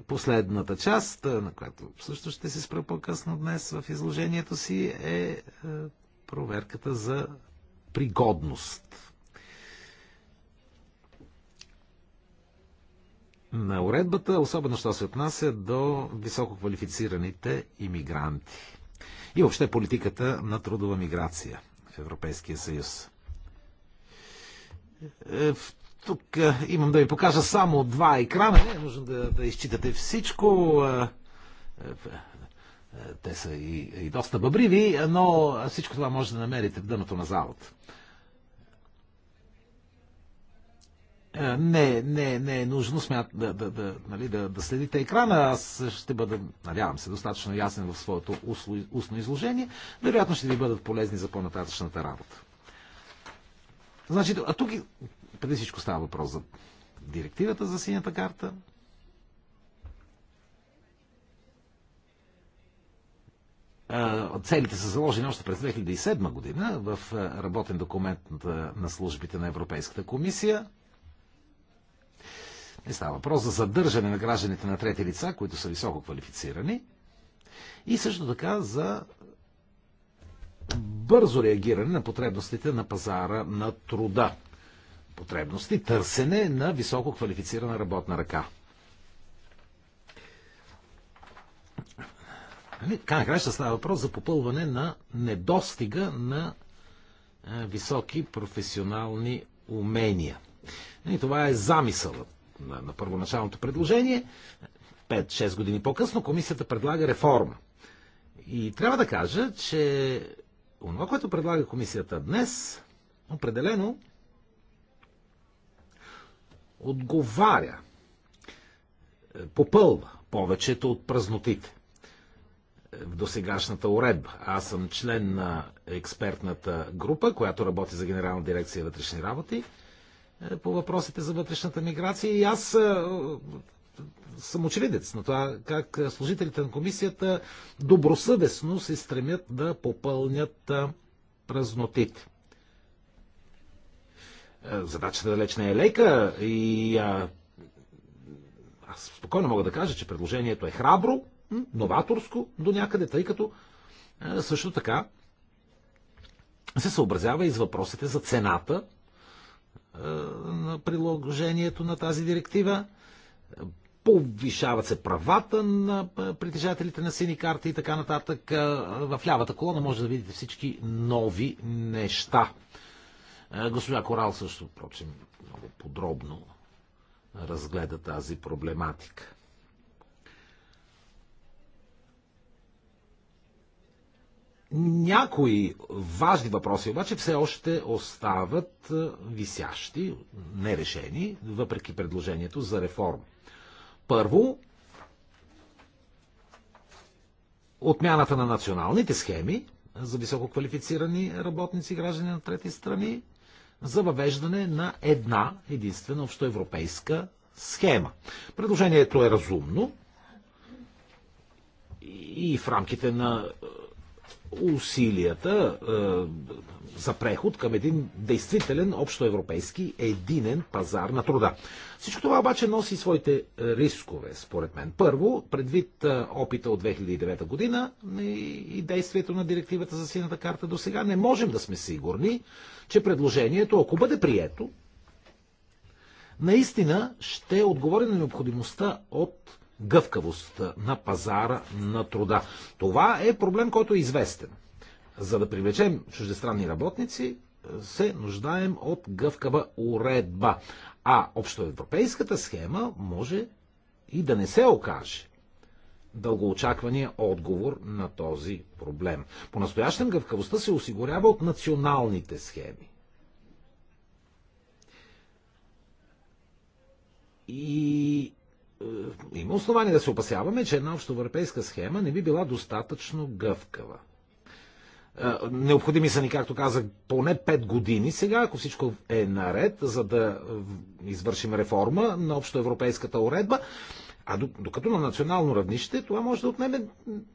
последната част, на която също ще се спра по-късно днес в изложението си, е, е проверката за пригодност. на уредбата, особено що се отнася до висококвалифицираните иммигранти и въобще политиката на трудова миграция в Европейския съюз. Е, в тук е, имам да ви покажа само два екрана. Не е нужно да, да изчитате всичко. Е, е, те са и, и доста бъбриви, но всичко това може да намерите в дъното на залата. Не, не, не е нужно смят, да, да, да, нали, да, да следите екрана. Аз ще бъда, надявам се, достатъчно ясен в своето усло, устно изложение. Вероятно ще ви бъдат полезни за по-нататъчната работа. Значи, а тук преди всичко става въпрос за директивата за синята карта. Целите са заложени още през 2007 година в работен документ на службите на Европейската комисия. Не става въпрос за задържане на гражданите на трети лица, които са високо квалифицирани. И също така за бързо реагиране на потребностите на пазара на труда потребности, търсене на високо квалифицирана работна ръка. Нали, как ще става въпрос за попълване на недостига на е, високи професионални умения. И нали, това е замисълът на, на първоначалното предложение. 5-6 години по-късно комисията предлага реформа. И трябва да кажа, че онова, което предлага комисията днес, определено отговаря, е, попълва повечето от празнотите е, в досегашната уредба. Аз съм член на експертната група, която работи за Генерална дирекция вътрешни работи е, по въпросите за вътрешната миграция и аз съм очевидец на това как служителите на комисията добросъвестно се стремят да попълнят празнотите. Е, задачата далеч не е лека и а, аз спокойно мога да кажа, че предложението е храбро, новаторско до някъде, тъй като а, е, също така се съобразява и с въпросите за цената а, е, на приложението на тази директива. Повишават се правата на притежателите на сини карти и така нататък. В лявата колона може да видите всички нови неща. Госпожа Корал също, впрочем, много подробно разгледа тази проблематика. Някои важни въпроси обаче все още остават висящи, нерешени, въпреки предложението за реформи. Първо, отмяната на националните схеми за висококвалифицирани работници и граждани на трети страни, за въвеждане на една единствена общоевропейска схема. Предложението е разумно и в рамките на усилията е, за преход към един действителен общоевропейски единен пазар на труда. Всичко това обаче носи своите е, рискове, според мен. Първо, предвид е, опита от 2009 година е, и действието на директивата за сината карта до сега, не можем да сме сигурни, че предложението, ако бъде прието, наистина ще отговори на необходимостта от гъвкавост на пазара на труда. Това е проблем, който е известен. За да привлечем чуждестранни работници, се нуждаем от гъвкава уредба. А общоевропейската схема може и да не се окаже дългоочаквания отговор на този проблем. По-настоящем гъвкавостта се осигурява от националните схеми. И е, има основание да се опасяваме, че една общоевропейска схема не би била достатъчно гъвкава. Е, необходими са ни, както казах, поне 5 години сега, ако всичко е наред, за да извършим реформа на общоевропейската уредба. А докато на национално равнище, това може да отнеме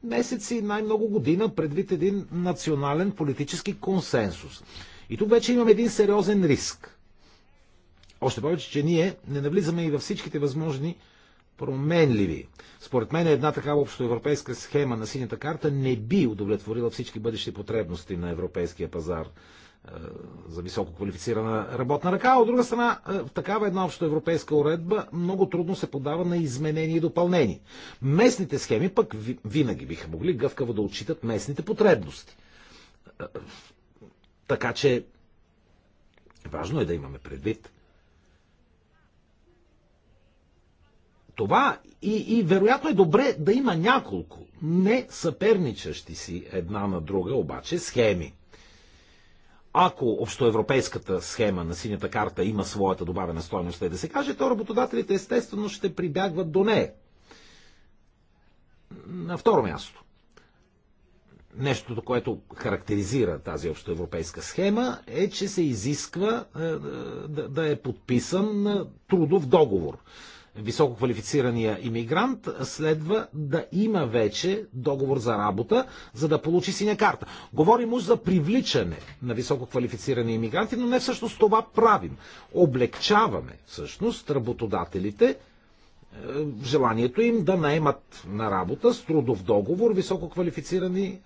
месеци, най-много година, предвид един национален политически консенсус. И тук вече имаме един сериозен риск. Още повече, че ние не навлизаме и във всичките възможни променливи. Според мен една такава общоевропейска схема на синята карта не би удовлетворила всички бъдещи потребности на европейския пазар е, за високо квалифицирана работна ръка. От друга страна, в е, такава една общоевропейска уредба много трудно се подава на изменения и допълнения. Местните схеми пък винаги биха могли гъвкаво да отчитат местните потребности. Е, така че важно е да имаме предвид, това и, и вероятно е добре да има няколко, не съперничащи си една на друга, обаче схеми. Ако общоевропейската схема на синята карта има своята добавена стойност, е да се каже, то работодателите естествено ще прибягват до нея. На второ място. Нещото, което характеризира тази общоевропейска схема, е, че се изисква е, е, да е подписан трудов договор висококвалифицирания иммигрант следва да има вече договор за работа, за да получи синя карта. Говорим уж за привличане на висококвалифицирани иммигранти, но не всъщност това правим. Облегчаваме всъщност работодателите е, желанието им да наемат на работа с трудов договор висококвалифицирани е,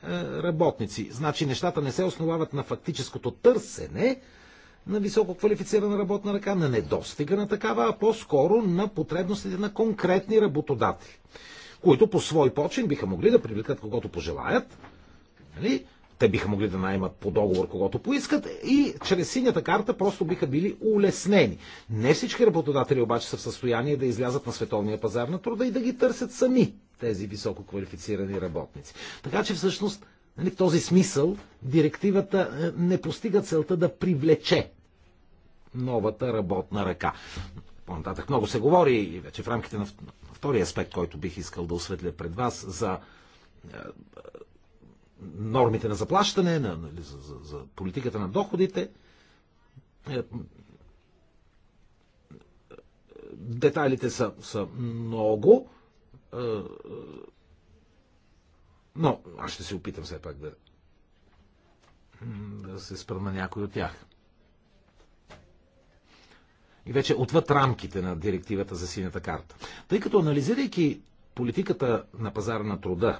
работници. Значи нещата не се основават на фактическото търсене, на високо квалифицирана работна ръка, на недостига на такава, а по-скоро на потребностите на конкретни работодатели, които по свой почин биха могли да привлекат когото пожелаят, нали? те биха могли да наймат по договор когото поискат и чрез синята карта просто биха били улеснени. Не всички работодатели обаче са в състояние да излязат на световния пазар на труда и да ги търсят сами тези високо квалифицирани работници. Така че всъщност Нали, в този смисъл директивата е, не постига целта да привлече новата работна ръка. По-нататък много се говори и вече в рамките на втория аспект, който бих искал да осветля пред вас, за е, нормите на заплащане, на, нали, за, за, за политиката на доходите. Е, детайлите са, са много но аз ще се опитам все пак да, да се спра на някой от тях. И вече отвъд рамките на директивата за синята карта. Тъй като анализирайки политиката на пазара на труда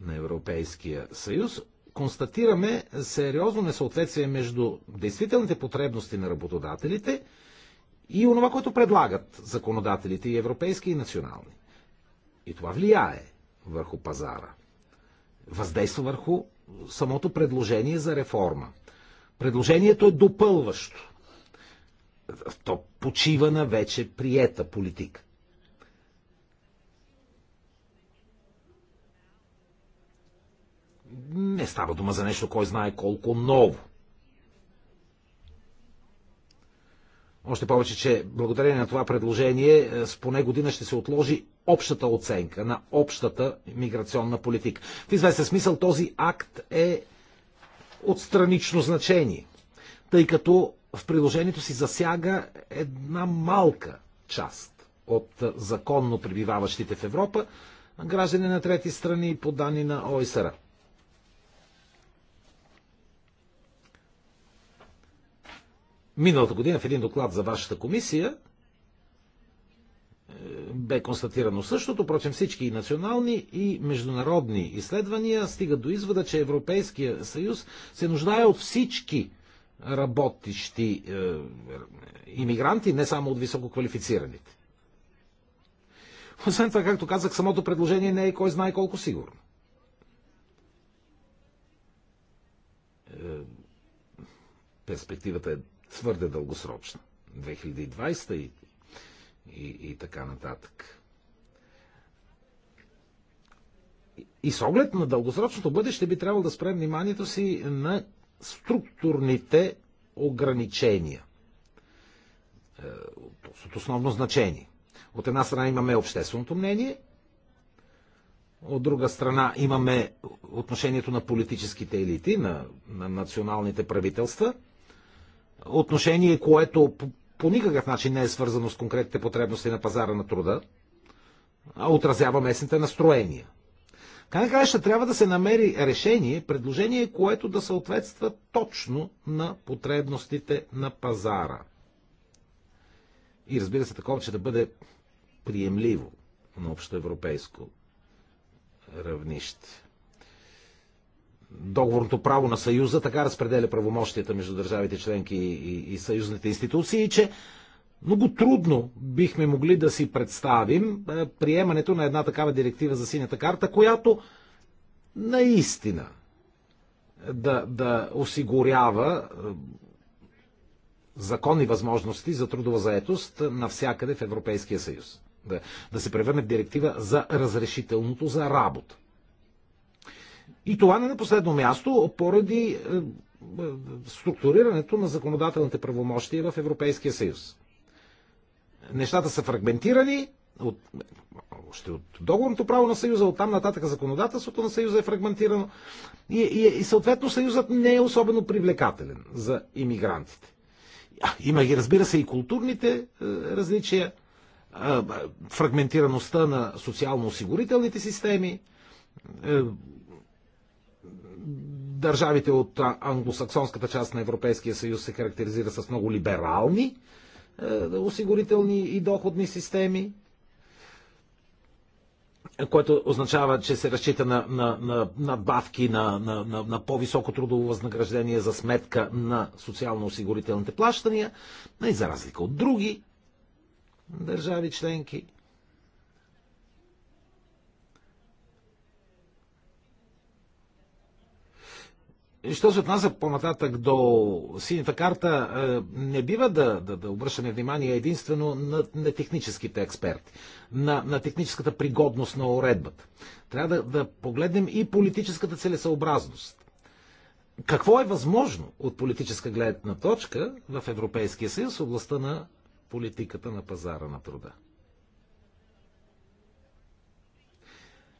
на Европейския съюз, констатираме сериозно несъответствие между действителните потребности на работодателите и онова, което предлагат законодателите и европейски и национални. И това влияе върху пазара въздейства върху самото предложение за реформа. Предложението е допълващо. То почива на вече приета политика. Не става дума за нещо, кой знае колко ново. Още повече, че благодарение на това предложение е, с поне година ще се отложи общата оценка на общата миграционна политика. В известен смисъл този акт е от странично значение, тъй като в приложението си засяга една малка част от законно пребиваващите в Европа граждани на трети страни по данни на ОСР. Миналата година в един доклад за вашата комисия бе констатирано същото, прочим всички и национални и международни изследвания стигат до извода, че Европейския съюз се нуждае от всички работещи е, иммигранти, не само от висококвалифицираните. Освен това, както казах, самото предложение не е кой знае колко сигурно. Е, перспективата е твърде дългосрочна. 2020 и и, и така нататък. И с оглед на дългосрочното бъдеще би трябвало да спрем вниманието си на структурните ограничения. Е, от основно значение. От една страна имаме общественото мнение, от друга страна имаме отношението на политическите елити, на, на националните правителства. Отношение, което по никакъв начин не е свързано с конкретните потребности на пазара на труда, а отразява местните настроения. Как накрая, ще трябва да се намери решение, предложение, което да съответства точно на потребностите на пазара. И разбира се, такова, че да бъде приемливо на общоевропейско равнище договорното право на Съюза така разпределя правомощията между държавите членки и, и, съюзните институции, че много трудно бихме могли да си представим е, приемането на една такава директива за синята карта, която наистина да, да осигурява е, законни възможности за трудова заетост навсякъде в Европейския съюз. Да, да се превърне в директива за разрешителното за работа. И това не на последно място, поради е, е, структурирането на законодателните правомощия в Европейския съюз. Нещата са фрагментирани, от, още от договорното право на Съюза, от там нататък законодателството на Съюза е фрагментирано и, и, и съответно Съюзът не е особено привлекателен за иммигрантите. Има ги, разбира се, и културните е, различия, е, фрагментираността на социално-осигурителните системи, е, държавите от англосаксонската част на Европейския съюз се характеризира с много либерални е, осигурителни и доходни системи, което означава, че се разчита на, на, на надбавки на, на, на, на по-високо трудово възнаграждение за сметка на социално-осигурителните плащания, и за разлика от други държави членки, Що се отнася по-нататък до синята карта, е, не бива да, да, да обръщаме внимание единствено на, на техническите експерти, на, на техническата пригодност на уредбата. Трябва да, да погледнем и политическата целесъобразност. Какво е възможно от политическа гледна точка в Европейския съюз в областта на политиката на пазара на труда?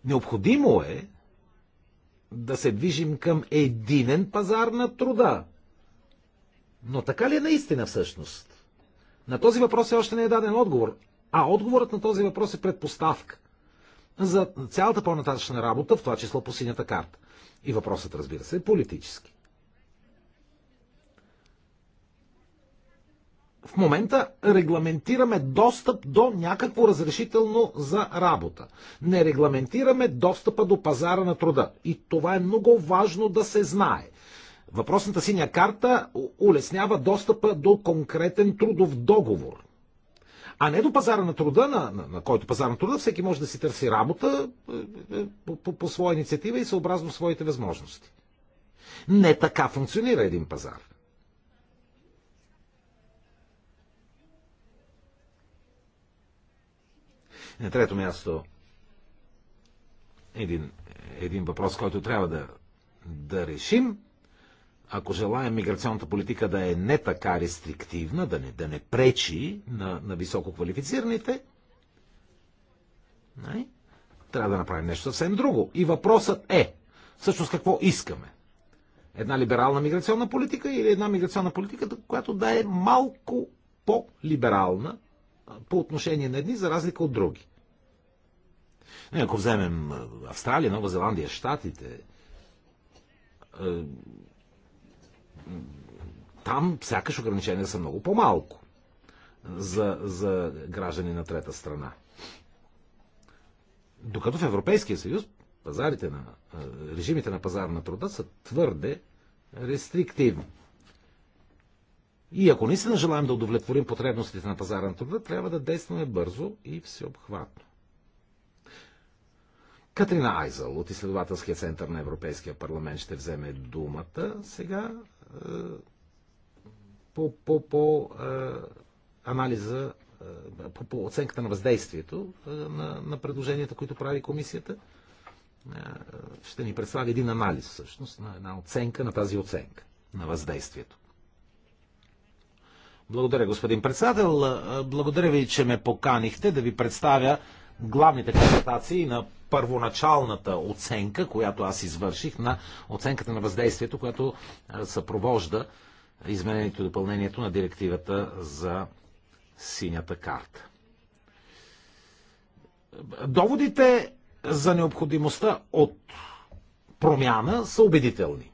Необходимо е да се движим към единен пазар на труда. Но така ли е наистина всъщност? На този въпрос е още не е даден отговор, а отговорът на този въпрос е предпоставка за цялата по-нататъчна работа, в това число по синята карта. И въпросът, разбира се, е политически. в момента регламентираме достъп до някакво разрешително за работа. Не регламентираме достъпа до пазара на труда. И това е много важно да се знае. Въпросната синя карта улеснява достъпа до конкретен трудов договор. А не до пазара на труда, на, на, на който пазар на труда всеки може да си търси работа е, е, е, по, по, по своя инициатива и съобразно своите възможности. Не така функционира един пазар. На трето място, един, един въпрос, който трябва да, да решим, ако желаем миграционната политика да е не така рестриктивна, да не, да не пречи на, на високо квалифицираните, не? трябва да направим нещо съвсем друго. И въпросът е, всъщност какво искаме? Една либерална миграционна политика или една миграционна политика, която да е малко по-либерална по отношение на едни, за разлика от други. Ако вземем Австралия, Нова Зеландия, Штатите, там сякаш ограничения са много по-малко за, за граждани на трета страна. Докато в Европейския съюз пазарите на, режимите на пазар на труда са твърде рестриктивни. И ако наистина желаем да удовлетворим потребностите на пазара на труда, трябва да действаме бързо и всеобхватно. Катрина Айзъл от изследователския център на Европейския парламент ще вземе думата сега е, по, по, по е, анализа, е, по, по оценката на въздействието на, на предложенията, които прави комисията. Ще ни представи един анализ всъщност на една оценка на тази оценка на въздействието. Благодаря, господин председател. Благодаря ви, че ме поканихте да ви представя главните констатации на първоначалната оценка, която аз извърших на оценката на въздействието, която съпровожда изменението и допълнението на директивата за синята карта. Доводите за необходимостта от промяна са убедителни.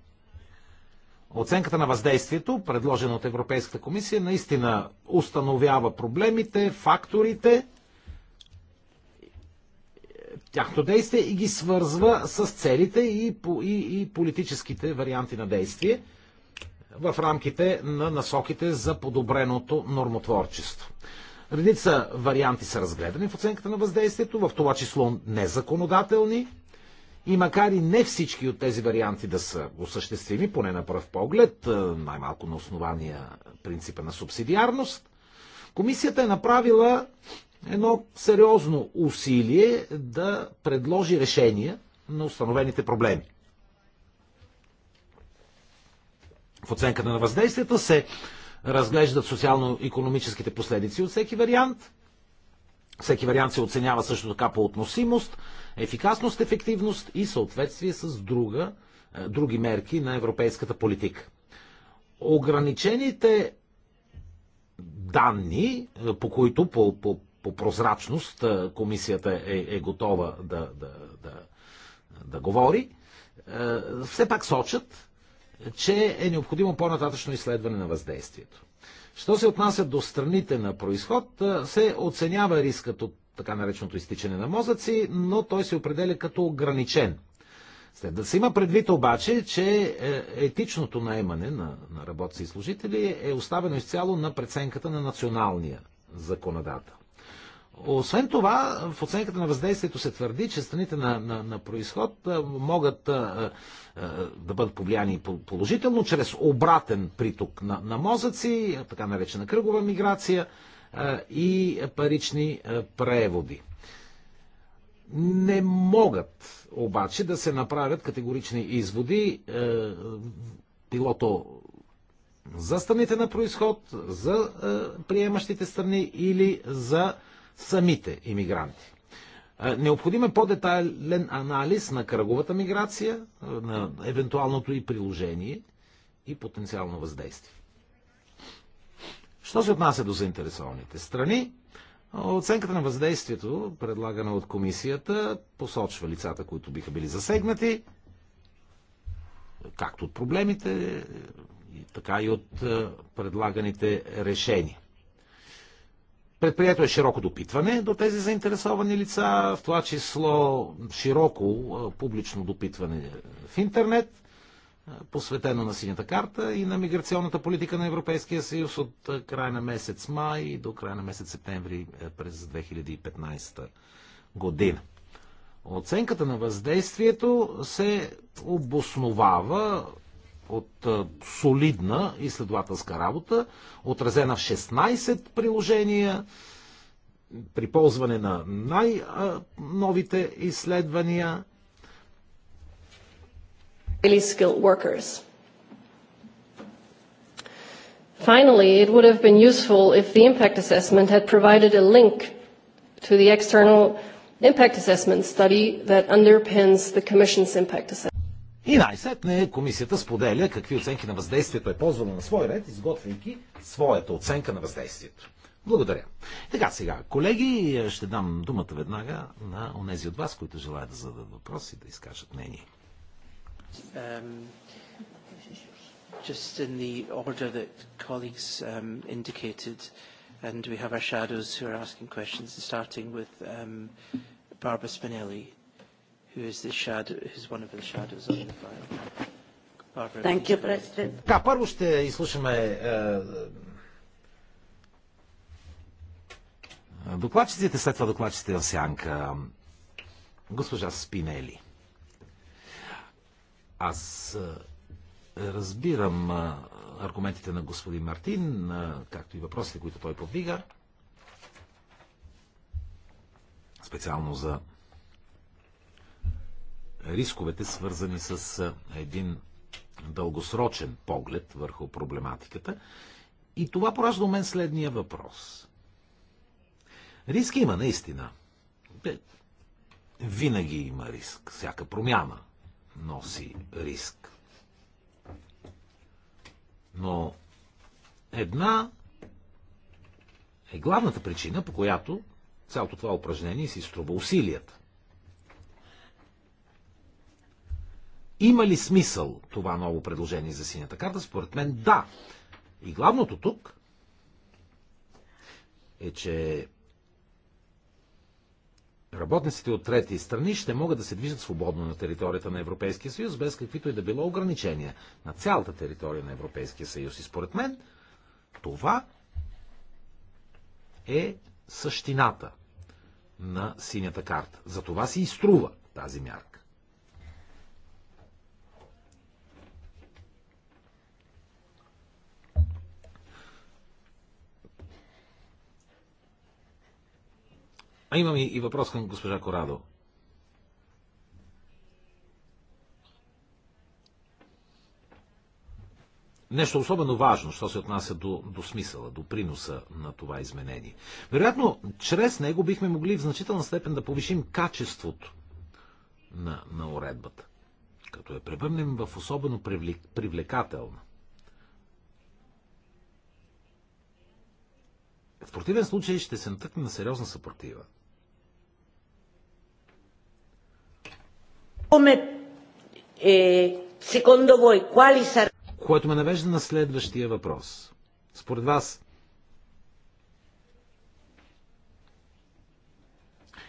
Оценката на въздействието, предложена от Европейската комисия, наистина установява проблемите, факторите тяхното действие и ги свързва с целите и, и, и политическите варианти на действие в рамките на насоките за подобреното нормотворчество. Редица варианти са разгледани в оценката на въздействието, в това число незаконодателни. И макар и не всички от тези варианти да са осъществими, поне на пръв поглед, е, най-малко на основания принципа на субсидиарност, комисията е направила едно сериозно усилие да предложи решения на установените проблеми. В оценката на въздействията се разглеждат социално-економическите последици от всеки вариант. Всеки вариант се оценява също така по относимост, ефикасност, ефективност и съответствие с друга, е, други мерки на европейската политика. Ограничените данни, е, по които по, по по прозрачност комисията е, е готова да, да, да, да говори, е, все пак сочат, че е необходимо по-нататъчно изследване на въздействието. Що се отнася до страните на происход, е, се оценява рискът от така нареченото изтичане на мозъци, но той се определя като ограничен. След да се има предвид обаче, че е, етичното наемане на, на работници и служители е оставено изцяло на преценката на националния законодател. Освен това, в оценката на въздействието се твърди, че страните на, на, на происход могат а, а, да бъдат повлияни положително чрез обратен приток на, на мозъци, така наречена кръгова миграция а, и парични а, преводи. Не могат обаче да се направят категорични изводи, а, пилото за страните на происход, за а, приемащите страни или за а, самите иммигранти. Необходим е по-детайлен анализ на кръговата миграция, на евентуалното и приложение и потенциално въздействие. Що се отнася до заинтересованите страни? Оценката на въздействието, предлагана от комисията, посочва лицата, които биха били засегнати, както от проблемите, така и от предлаганите решения. Предприето е широко допитване до тези заинтересовани лица, в това число широко публично допитване в интернет, посветено на синята карта и на миграционната политика на Европейския съюз от края на месец май до края на месец септември през 2015 година. Оценката на въздействието се обосновава от солидна изследователска работа, отразена в 16 приложения, при ползване на най-новите изследвания. skilled workers. Finally, it would have been useful if the impact assessment had provided a link to the external impact assessment study that underpins the Commission's impact assessment. И най-сетне комисията споделя какви оценки на въздействието е ползвала на свой ред, изготвяйки своята оценка на въздействието. Благодаря. Така сега, колеги, ще дам думата веднага на онези от вас, които желаят да зададат въпроси и да изкажат мнение. Um, just in the order that colleagues um, indicated, and we have our shadows who are asking questions, starting with um, Barbara Spinelli who is the shadow, who's one of the shadows on the file. Barbara, Thank you, President. Така, първо ще изслушаме е, докладчиците, след това докладчиците в сянка. Госпожа Спинели. Аз eh, разбирам eh, аргументите на господин Мартин, eh, както и въпросите, които той повдига, специално за рисковете, свързани с един дългосрочен поглед върху проблематиката. И това поражда у мен следния въпрос. Риск има наистина. Винаги има риск. Всяка промяна носи риск. Но една е главната причина, по която цялото това упражнение си струва усилията. Има ли смисъл това ново предложение за синята карта? Според мен да. И главното тук е, че работниците от трети страни ще могат да се движат свободно на територията на Европейския съюз, без каквито и да било ограничения на цялата територия на Европейския съюз. И според мен това е същината на синята карта. За това си изтрува тази мярка. А имам и, въпрос към госпожа Корадо. Нещо особено важно, що се отнася до, до смисъла, до приноса на това изменение. Вероятно, чрез него бихме могли в значителна степен да повишим качеството на, на уредбата, като я превърнем в особено привлекателна. В противен случай ще се натъкне на сериозна съпротива. Е, Което ме навежда на следващия въпрос. Според вас,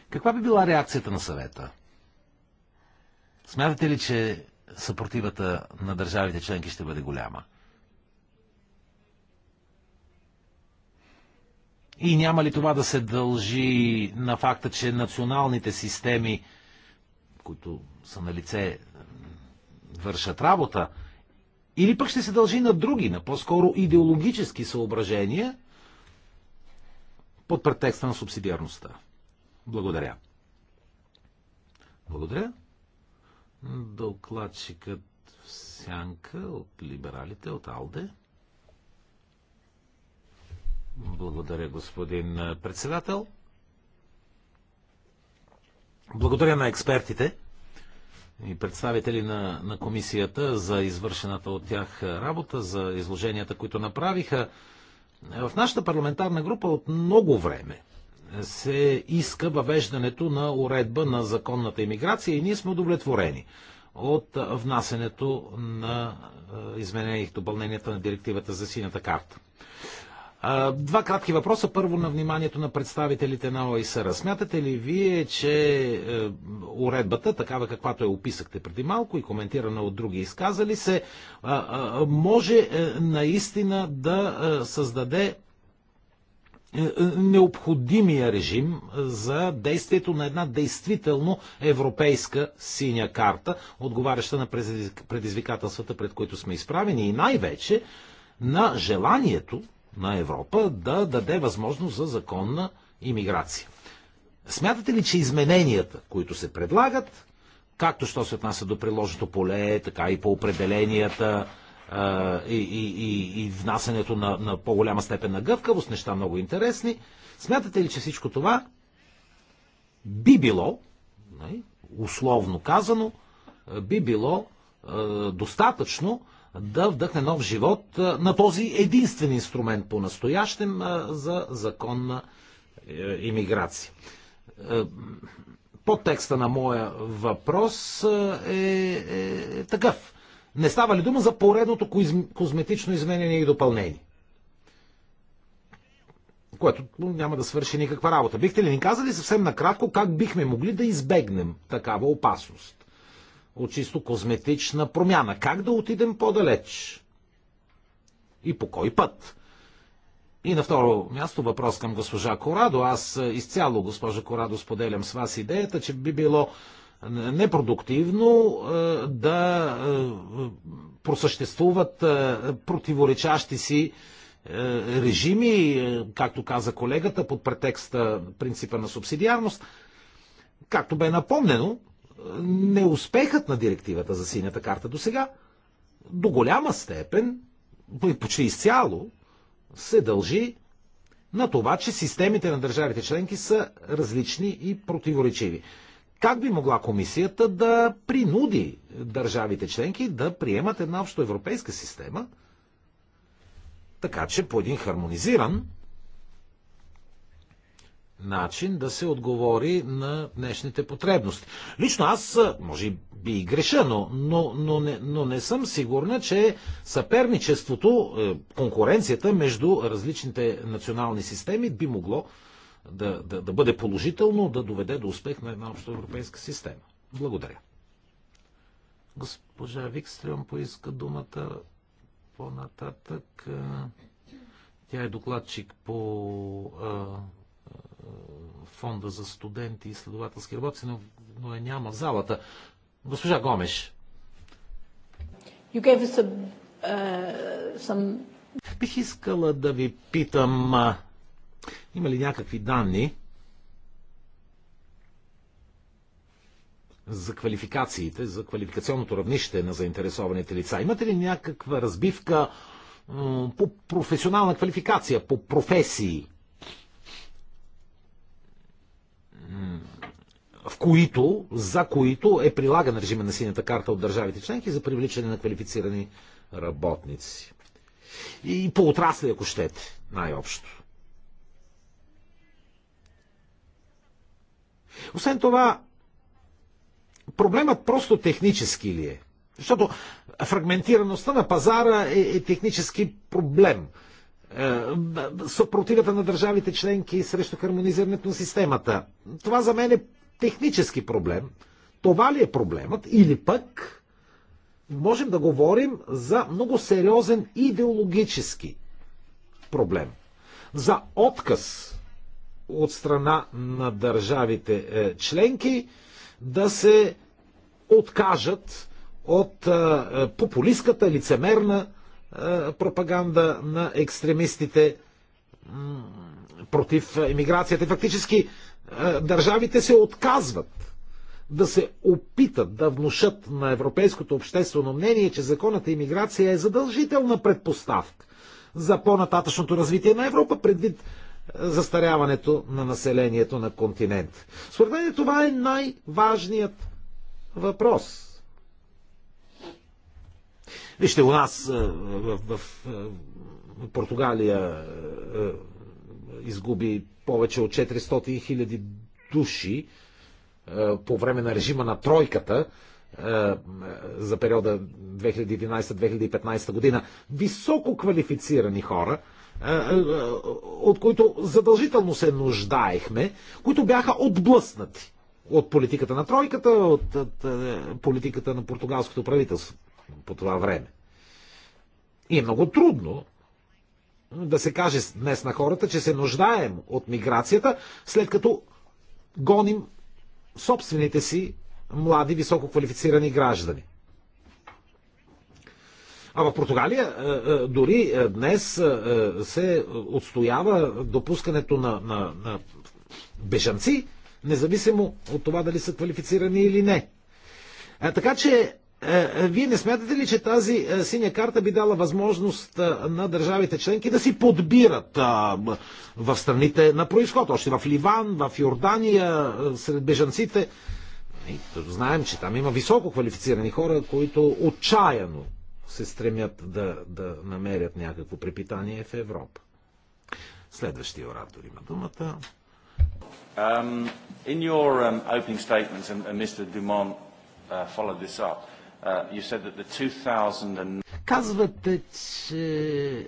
каква би била реакцията на съвета? Смятате ли, че съпротивата на държавите членки ще бъде голяма? И няма ли това да се дължи на факта, че националните системи, които са на лице, вършат работа, или пък ще се дължи на други, на по-скоро идеологически съображения под претекста на субсидиарността. Благодаря. Благодаря. Докладчикът в сянка от либералите, от Алде. Благодаря, господин председател. Благодаря на експертите и представители на, на комисията за извършената от тях работа, за изложенията, които направиха. В нашата парламентарна група от много време се иска въвеждането на уредба на законната иммиграция и ние сме удовлетворени от внасенето на изменението, допълненията на директивата за синята карта. Два кратки въпроса. Първо на вниманието на представителите на ОИСР. Смятате ли вие, че е, уредбата, такава каквато я описахте преди малко и коментирана от други изказали се, може е, наистина да е, създаде необходимия режим за действието на една действително европейска синя карта, отговаряща на предизвикателствата, пред които сме изправени и най-вече на желанието на Европа да даде възможност за законна иммиграция. Смятате ли, че измененията, които се предлагат, както що се отнася до приложното поле, така и по определенията е, и, и, и внасянето на, на по-голяма степен на гъвкавост, неща много интересни, смятате ли, че всичко това би било, условно казано, би било достатъчно, да вдъхне нов живот на този единствен инструмент по настоящем за законна е, иммиграция. Е, подтекста на моя въпрос е, е, е такъв. Не става ли дума за поредното козметично изменение и допълнение? което няма да свърши никаква работа. Бихте ли ни казали съвсем накратко как бихме могли да избегнем такава опасност? от чисто козметична промяна. Как да отидем по-далеч? И по кой път? И на второ място въпрос към госпожа Корадо. Аз е, изцяло, госпожа Корадо, споделям с вас идеята, че би било непродуктивно е, да е, просъществуват противоречащи си режими, както каза колегата, под претекста принципа на субсидиарност. Както бе напомнено, неуспехът на директивата за синята карта до сега до голяма степен, почти изцяло, се дължи на това, че системите на държавите членки са различни и противоречиви. Как би могла комисията да принуди държавите членки да приемат една общоевропейска система, така че по един хармонизиран начин да се отговори на днешните потребности. Лично аз, може би и греша, но, но, но, не, но не съм сигурна, че съперничеството, е, конкуренцията между различните национални системи би могло да, да, да бъде положително, да доведе до успех на една европейска система. Благодаря. Госпожа Викстрем поиска думата по-нататък. Тя е докладчик по фонда за студенти и следователски работи, но, но я няма в залата. Госпожа Гомеш. You gave us a, uh, some... Бих искала да ви питам, има ли някакви данни за квалификациите, за квалификационното равнище на заинтересованите лица? Имате ли някаква разбивка по професионална квалификация, по професии? в които, за които е прилаган режима на синята карта от държавите членки за привличане на квалифицирани работници. И по отрасли, ако щете, най-общо. Освен това, проблемът просто технически ли е? Защото фрагментираността на пазара е, е технически проблем – е, съпротивата на държавите членки срещу хармонизирането на системата. Това за мен е технически проблем. Това ли е проблемът? Или пък можем да говорим за много сериозен идеологически проблем. За отказ от страна на държавите е, членки да се откажат от е, популистката лицемерна пропаганда на екстремистите против иммиграцията. фактически държавите се отказват да се опитат да внушат на европейското обществено мнение, че законната иммиграция е задължителна предпоставка за по-нататъчното развитие на Европа, предвид застаряването на населението на континент. Според мен това е най-важният въпрос Вижте, у нас в, в, в Португалия изгуби повече от 400 хиляди души по време на режима на тройката за периода 2011-2015 година. Високо квалифицирани хора, от които задължително се нуждаехме, които бяха отблъснати от политиката на тройката, от, от политиката на португалското правителство по това време. И е много трудно да се каже днес на хората, че се нуждаем от миграцията, след като гоним собствените си млади, висококвалифицирани граждани. А в Португалия е, е, дори е, днес се отстоява допускането на, на, на бежанци, независимо от това дали са квалифицирани или не. така че е, е, вие не смятате ли, че тази е, синя карта би дала възможност на държавите членки да си подбират в страните на происход? Още в Ливан, в Йордания, сред бежанците. Нали, знаем, че там има високо квалифицирани хора, които отчаяно се стремят да, да намерят някакво препитание в Европа. Следващия оратор има думата. Um, in your um, opening statements, and, and Mr. Dumont uh, followed this up, Uh, you said that the 2000 че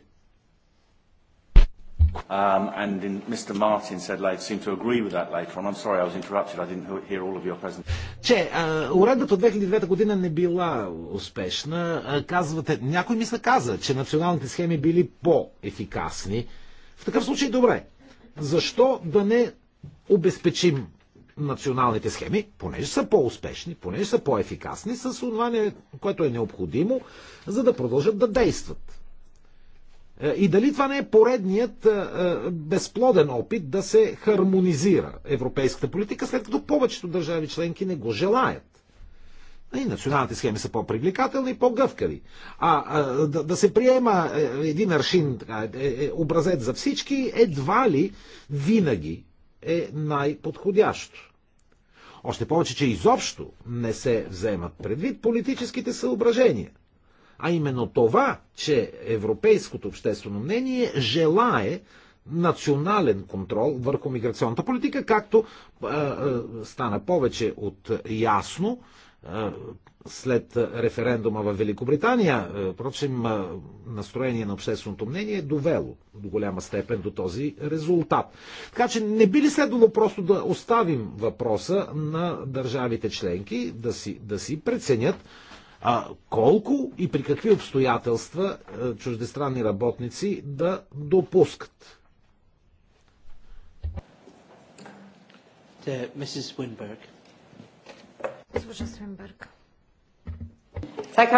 Um, and in, Mr. Martin said later, seemed to agree with that later on. I'm sorry I was interrupted. I didn't hear all of your Че уредбата от 2009 година не била успешна. казвате, някой мисля каза, че националните схеми били по-ефикасни. В такъв случай добре. Защо да не обезпечим националните схеми, понеже са по-успешни, понеже са по-ефикасни, с това, което е необходимо, за да продължат да действат. Е, и дали това не е поредният е, е, безплоден опит да се хармонизира европейската политика, след като повечето държави членки не го желаят? И националните схеми са по-привлекателни и по-гъвкави. А, а да, да се приема един аршин, образец за всички, едва ли винаги е най-подходящо. Още повече, че изобщо не се вземат предвид политическите съображения. А именно това, че европейското обществено мнение желае национален контрол върху миграционната политика, както е, е, стана повече от ясно след референдума в Великобритания, е, впрочем, е, настроение на общественото мнение е довело до голяма степен до този резултат. Така че не би ли следвало просто да оставим въпроса на държавите членки да си, да си преценят а, колко и при какви обстоятелства а, е, чуждестранни работници да допускат? Mrs. Winberg. Госпожа Свенберг. Е,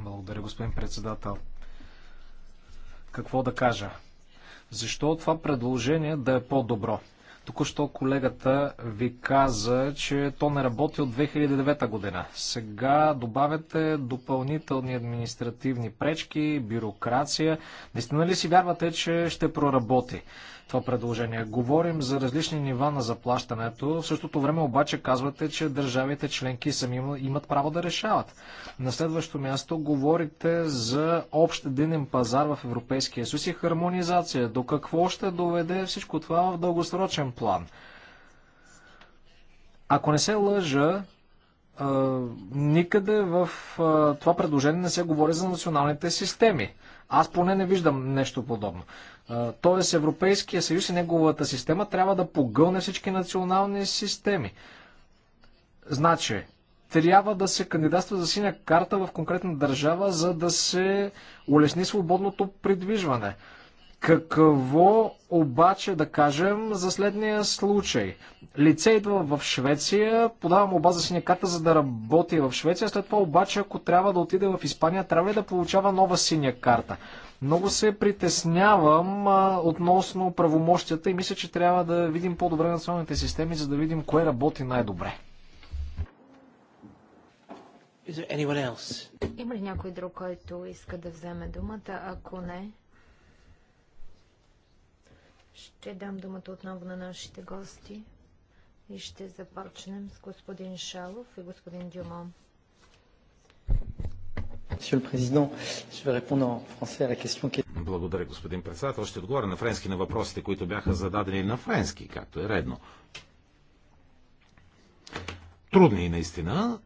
Благодаря, господин председател. Какво да кажа? Защо това предложение да е по-добро? Току-що колегата ви каза, че то не работи от 2009 година. Сега добавяте допълнителни административни пречки, бюрокрация. Наистина ли си вярвате, че ще проработи? това предложение. Говорим за различни нива на заплащането. В същото време обаче казвате, че държавите членки сами имат право да решават. На следващо място говорите за общ единен пазар в Европейския съюз и хармонизация. До какво ще доведе всичко това в дългосрочен план? Ако не се лъжа, никъде в това предложение не се говори за националните системи. Аз поне не виждам нещо подобно. Тоест Европейския съюз и неговата система трябва да погълне всички национални системи. Значи, трябва да се кандидатства за синя карта в конкретна държава, за да се улесни свободното придвижване. Какво обаче да кажем за следния случай? Лице идва в Швеция, подава му база синя карта, за да работи в Швеция, след това обаче, ако трябва да отиде в Испания, трябва ли да получава нова синя карта? Много се притеснявам а, относно правомощията и мисля, че трябва да видим по-добре националните системи, за да видим кое работи най-добре. Има ли някой друг, който иска да вземе думата? Ако не, ще дам думата отново на нашите гости и ще започнем с господин Шалов и господин Дюмон. Благодаря, господин председател. Ще отговоря на френски на въпросите, които бяха зададени на френски, както е редно. Трудни и наистина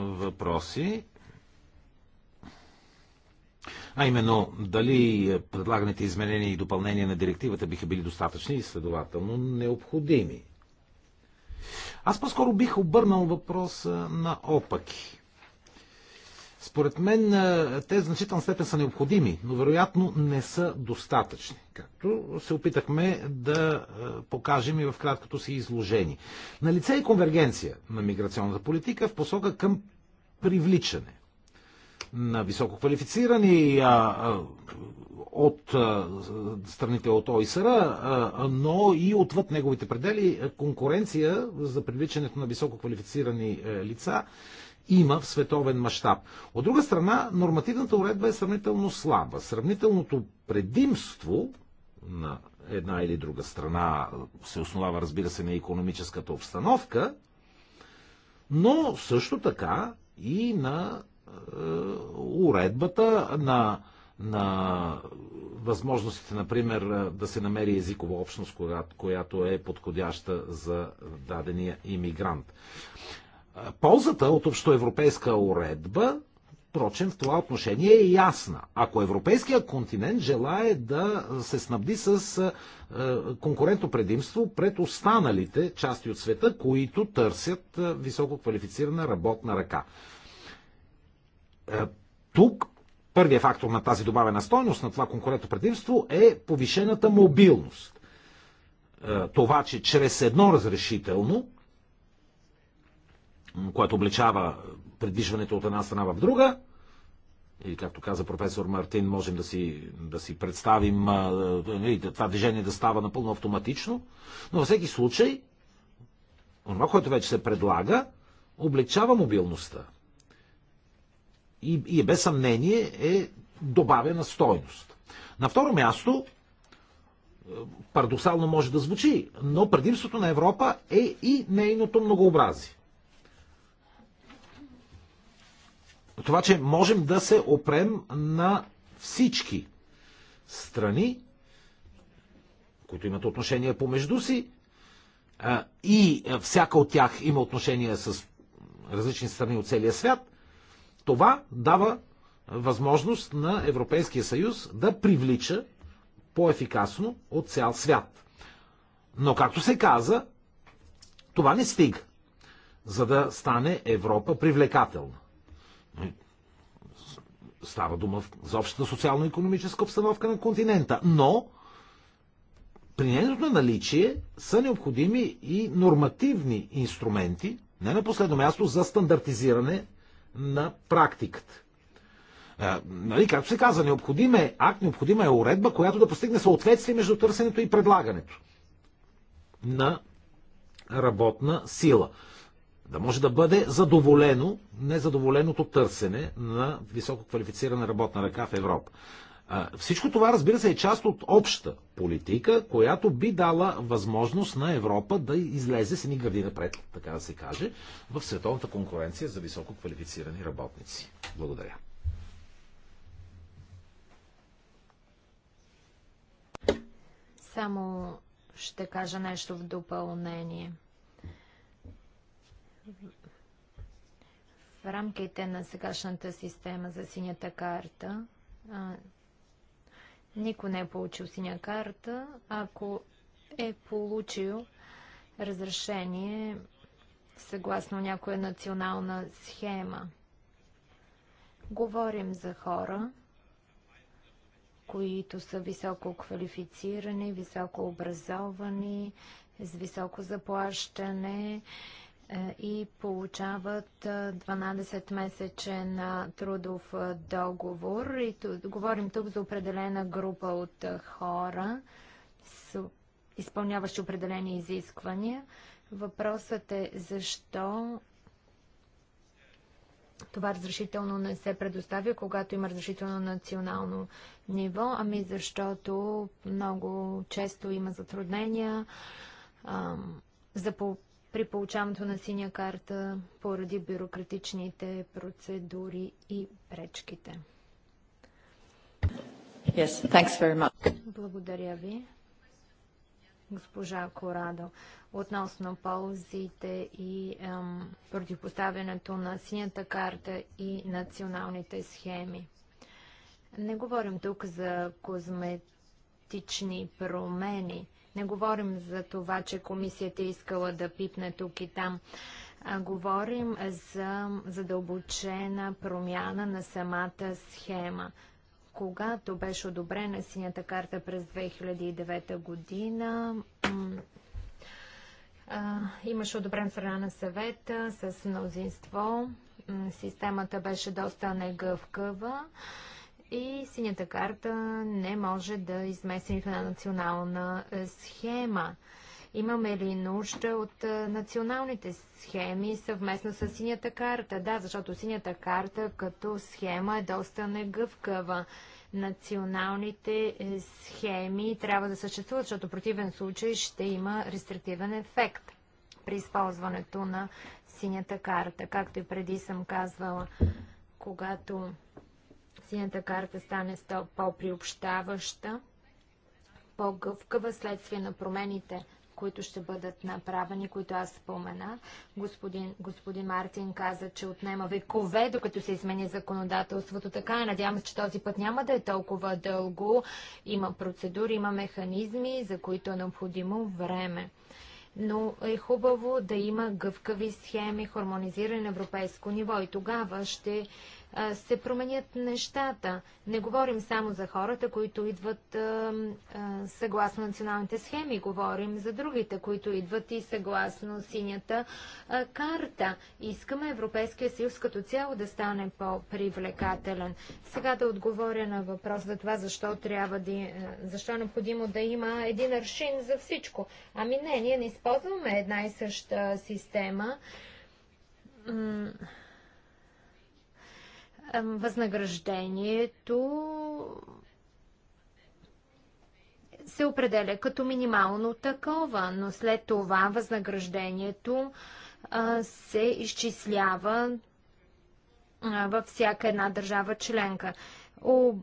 въпроси. А именно, дали предлаганите изменения и допълнения на директивата биха били достатъчни и следователно необходими. Аз по-скоро бих обърнал въпроса на опаки. Според мен те в значителна степен са необходими, но вероятно не са достатъчни, както се опитахме да покажем и в краткото си изложение. На лице е конвергенция на миграционната политика в посока към привличане на висококвалифицирани от страните от ОИСР, но и отвъд неговите предели конкуренция за привличането на висококвалифицирани е, лица има в световен мащаб. От друга страна, нормативната уредба е сравнително слаба. Сравнителното предимство на една или друга страна се основава, разбира се, на економическата обстановка, но също така и на е, уредбата на, на възможностите, например, да се намери езикова общност, която, която е подходяща за дадения иммигрант. Ползата от общоевропейска уредба, впрочем, в това отношение е ясна. Ако европейския континент желае да се снабди с конкурентно предимство пред останалите части от света, които търсят високо квалифицирана работна ръка. Тук първият фактор на тази добавена стойност, на това конкурентно предимство е повишената мобилност. Това, че чрез едно разрешително което обличава предвижването от една страна в друга. И както каза професор Мартин, можем да си, да си представим е, нали, това движение да става напълно автоматично. Но във всеки случай, това, което вече се предлага, облегчава мобилността. И, и е без съмнение е добавена стойност. На второ място, е, парадоксално може да звучи, но предимството на Европа е и нейното многообразие. това, че можем да се опрем на всички страни, които имат отношения помежду си, и всяка от тях има отношения с различни страни от целия свят, това дава възможност на Европейския съюз да привлича по-ефикасно от цял свят. Но, както се каза, това не стига, за да стане Европа привлекателна. Става дума за общата социално-економическа обстановка на континента. Но при нейното наличие са необходими и нормативни инструменти, не на последно място, за стандартизиране на практиката. Е, нали, както се каза, необходим е акт, необходима е уредба, която да постигне съответствие между търсенето и предлагането на работна сила да може да бъде задоволено незадоволеното търсене на висококвалифицирана работна ръка в Европа. Всичко това, разбира се, е част от обща политика, която би дала възможност на Европа да излезе с едни гради напред, така да се каже, в световната конкуренция за висококвалифицирани работници. Благодаря. Само ще кажа нещо в допълнение в рамките на сегашната система за синята карта а, никой не е получил синя карта, ако е получил разрешение съгласно някоя национална схема. Говорим за хора, които са високо квалифицирани, високо образовани, с високо заплащане, е, и получават 12-месечен е, е, трудов договор. И говорим тук за определена група от хора, изпълняващи определени изисквания. Въпросът е защо това разрешително не се предоставя, когато има разрешително национално ниво, ами защото много често има затруднения а, за по при получаването на синя карта поради бюрократичните процедури и пречките. Yes, thanks very much. Благодаря ви, госпожа Корадо. Относно ползите и ем, противопоставянето на синята карта и националните схеми. Не говорим тук за козметични промени. Не говорим за това, че комисията искала да пипне тук и там. А, говорим за задълбочена промяна на самата схема. Когато беше одобрена синята карта през 2009 година, имаше одобрен страна на съвета с мнозинство. Системата беше доста негъвкава. И синята карта не може да измести в една национална е, схема. Имаме ли нужда от е, националните схеми съвместно с синята карта? Да, защото синята карта като схема е доста негъвкава. Националните е, схеми трябва да съществуват, защото в противен случай ще има рестриктивен ефект при използването на синята карта. Както и преди съм казвала, когато синята карта стане по-приобщаваща, по-гъвкава следствие на промените, които ще бъдат направени, които аз спомена. Господин, господин Мартин каза, че отнема векове, докато се измени законодателството. Така е, надявам се, че този път няма да е толкова дълго. Има процедури, има механизми, за които е необходимо време но е хубаво да има гъвкави схеми, хармонизиране на европейско ниво и тогава ще се променят нещата. Не говорим само за хората, които идват съгласно националните схеми, говорим за другите, които идват и съгласно синята карта. Искаме Европейския съюз като цяло да стане по-привлекателен. Сега да отговоря на въпрос за това, защо, трябва да, защо е необходимо да има един аршин за всичко. Ами не, ние не използваме една и съща система възнаграждението се определя като минимално такова, но след това възнаграждението се изчислява във всяка една държава членка.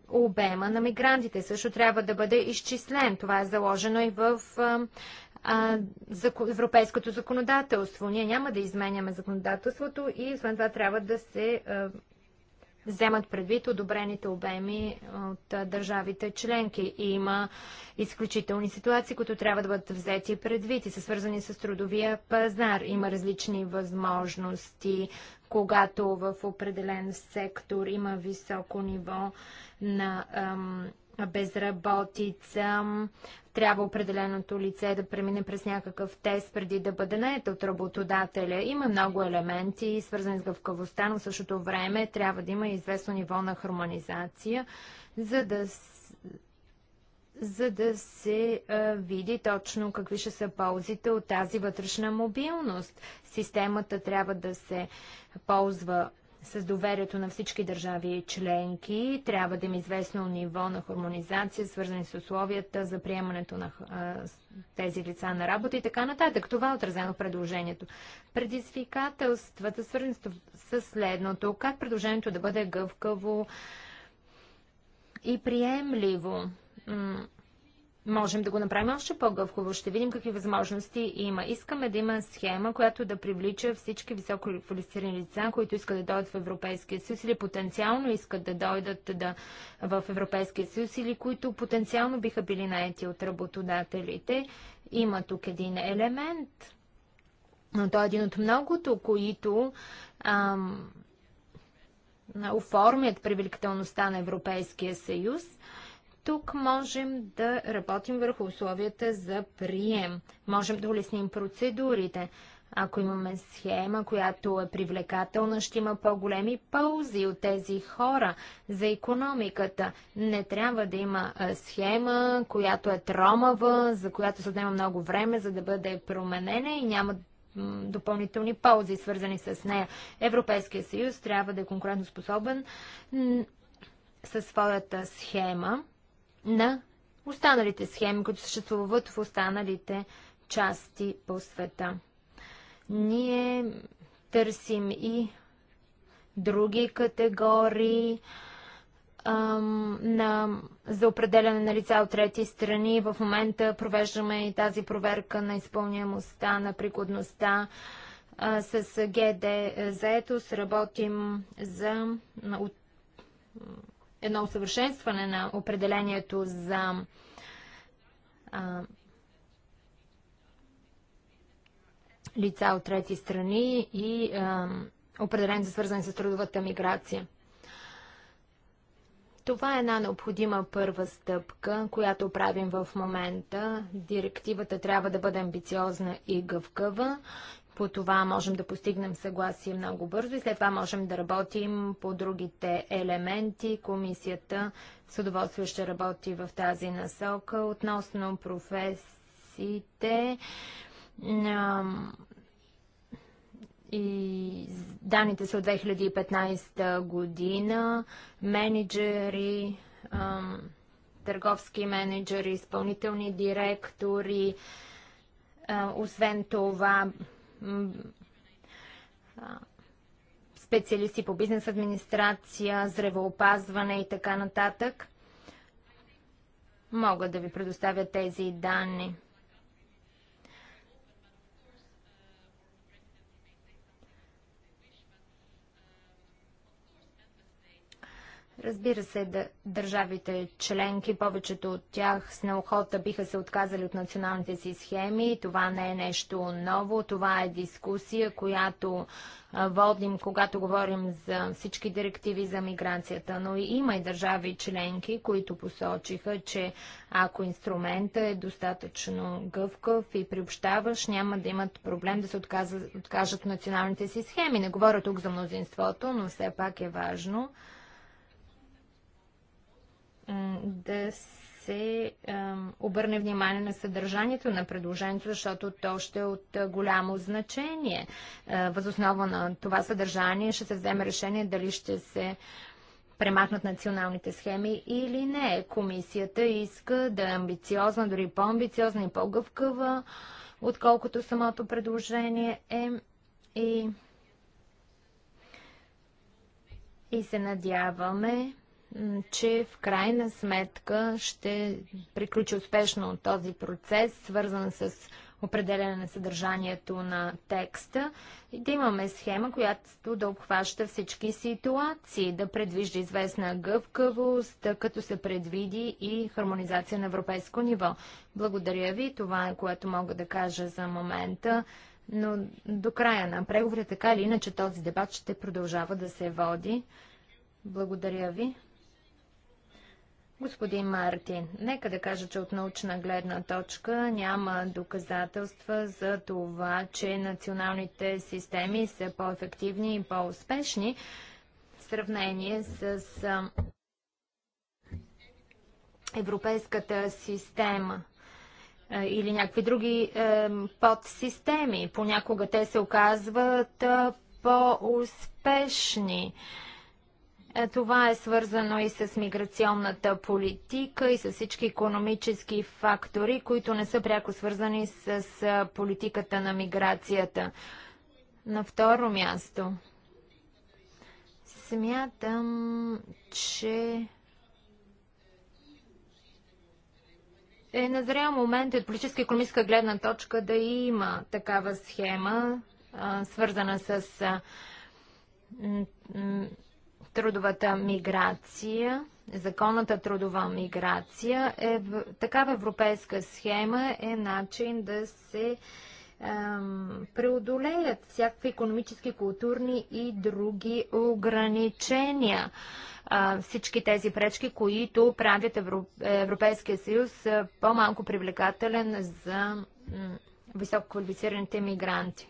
обема на мигрантите също трябва да бъде изчислен. Това е заложено и в европейското законодателство. Ние няма да изменяме законодателството и освен това трябва да се вземат предвид одобрените обеми от държавите членки. И има изключителни ситуации, които трябва да бъдат взети предвид и са свързани с трудовия пазар. Има различни възможности, когато в определен сектор има високо ниво на ам, безработица, трябва определеното лице да премине през някакъв тест преди да бъде нает от работодателя. Има много елементи, свързани с гъвкавостта, но в същото време трябва да има известно ниво на хармонизация, за да за да се а, види точно какви ще са ползите от тази вътрешна мобилност. Системата трябва да се ползва с доверието на всички държави и членки. Трябва да има е известно ниво на хармонизация, свързани с условията за приемането на тези лица на работа и така нататък. Това е отразено в предложението. Предизвикателствата, свързани с следното, как предложението да бъде гъвкаво и приемливо можем да го направим още по-гъвково. Ще видим какви възможности има. Искаме да има схема, която да привлича всички високо квалифицирани лица, които искат да дойдат в Европейския съюз или потенциално искат да дойдат да, в Европейския съюз или които потенциално биха били наети от работодателите. Има тук един елемент, но той е един от многото, които ам, оформят привлекателността на Европейския съюз. Тук можем да работим върху условията за прием. Можем да улесним процедурите. Ако имаме схема, която е привлекателна, ще има по-големи ползи от тези хора за економиката. Не трябва да има схема, която е тромава, за която се отнема много време, за да бъде променена и няма допълнителни ползи, свързани с нея. Европейския съюз трябва да е конкурентоспособен със своята схема на останалите схеми, които съществуват в останалите части по света. Ние търсим и други категории ам, на, за определяне на лица от трети страни. В момента провеждаме и тази проверка на изпълняемостта, на пригодността а, с ГД Заетост. Работим за на, едно усъвършенстване на определението за а, лица от трети страни и а, определен за свързане с трудовата миграция. Това е една необходима първа стъпка, която правим в момента. Директивата трябва да бъде амбициозна и гъвкава. По това можем да постигнем съгласие много бързо и след това можем да работим по другите елементи. Комисията с удоволствие ще работи в тази насока. Относно професиите, и данните са от 2015 година. Менеджери, търговски менеджери, изпълнителни директори. Освен това, специалисти по бизнес администрация, здравеопазване и така нататък, могат да ви предоставят тези данни. Разбира се, да, държавите членки, повечето от тях с неохота биха се отказали от националните си схеми. Това не е нещо ново, това е дискусия, която а, водим, когато говорим за всички директиви за миграцията. Но и има и държави членки, които посочиха, че ако инструмента е достатъчно гъвкав и приобщаваш, няма да имат проблем да се отказа, откажат националните си схеми. Не говоря тук за мнозинството, но все пак е важно да се обърне внимание на съдържанието на предложението, защото то ще е от голямо значение. Възоснова на това съдържание ще се вземе решение дали ще се премахнат националните схеми или не. Комисията иска да е амбициозна, дори по-амбициозна и по-гъвкава, отколкото самото предложение е. И, и се надяваме че в крайна сметка ще приключи успешно този процес, свързан с определяне на съдържанието на текста и да имаме схема, която да обхваща всички ситуации, да предвижда известна гъвкавост, като се предвиди и хармонизация на европейско ниво. Благодаря ви, това е което мога да кажа за момента, но до края на преговорите така или иначе този дебат ще продължава да се води. Благодаря ви. Господин Мартин, нека да кажа, че от научна гледна точка няма доказателства за това, че националните системи са по-ефективни и по-успешни в сравнение с европейската система или някакви други подсистеми. Понякога те се оказват по-успешни. Е, това е свързано и с миграционната политика и с всички економически фактори, които не са пряко свързани с политиката на миграцията. На второ място, смятам, че е назрял момент от политическа и економическа гледна точка да има такава схема, свързана с трудовата миграция, законната трудова миграция, е, такава европейска схема е начин да се ем, преодолеят всякакви економически, културни и други ограничения. всички тези пречки, които правят Европейския съюз по-малко привлекателен за висококвалифицираните мигранти.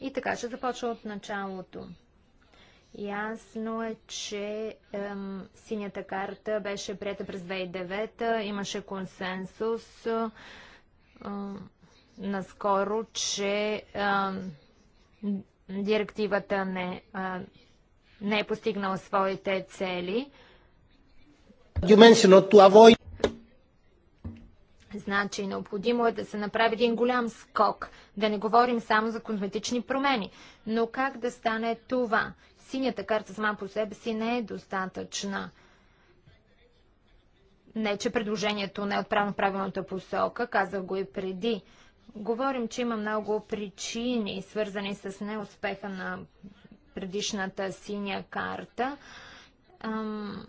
И така ще започва от началото. Ясно е, че ем, синята карта беше прията през 2009, имаше консенсус е, наскоро, че е, директивата не, е, не е постигнала своите цели. Значи, необходимо е да се направи един голям скок, да не говорим само за козметични промени. Но как да стане това? синята карта сама по себе си не е достатъчна. Не, че предложението не е отправено в правилната посока, казах го и преди. Говорим, че има много причини, свързани с неуспеха на предишната синя карта. Ам,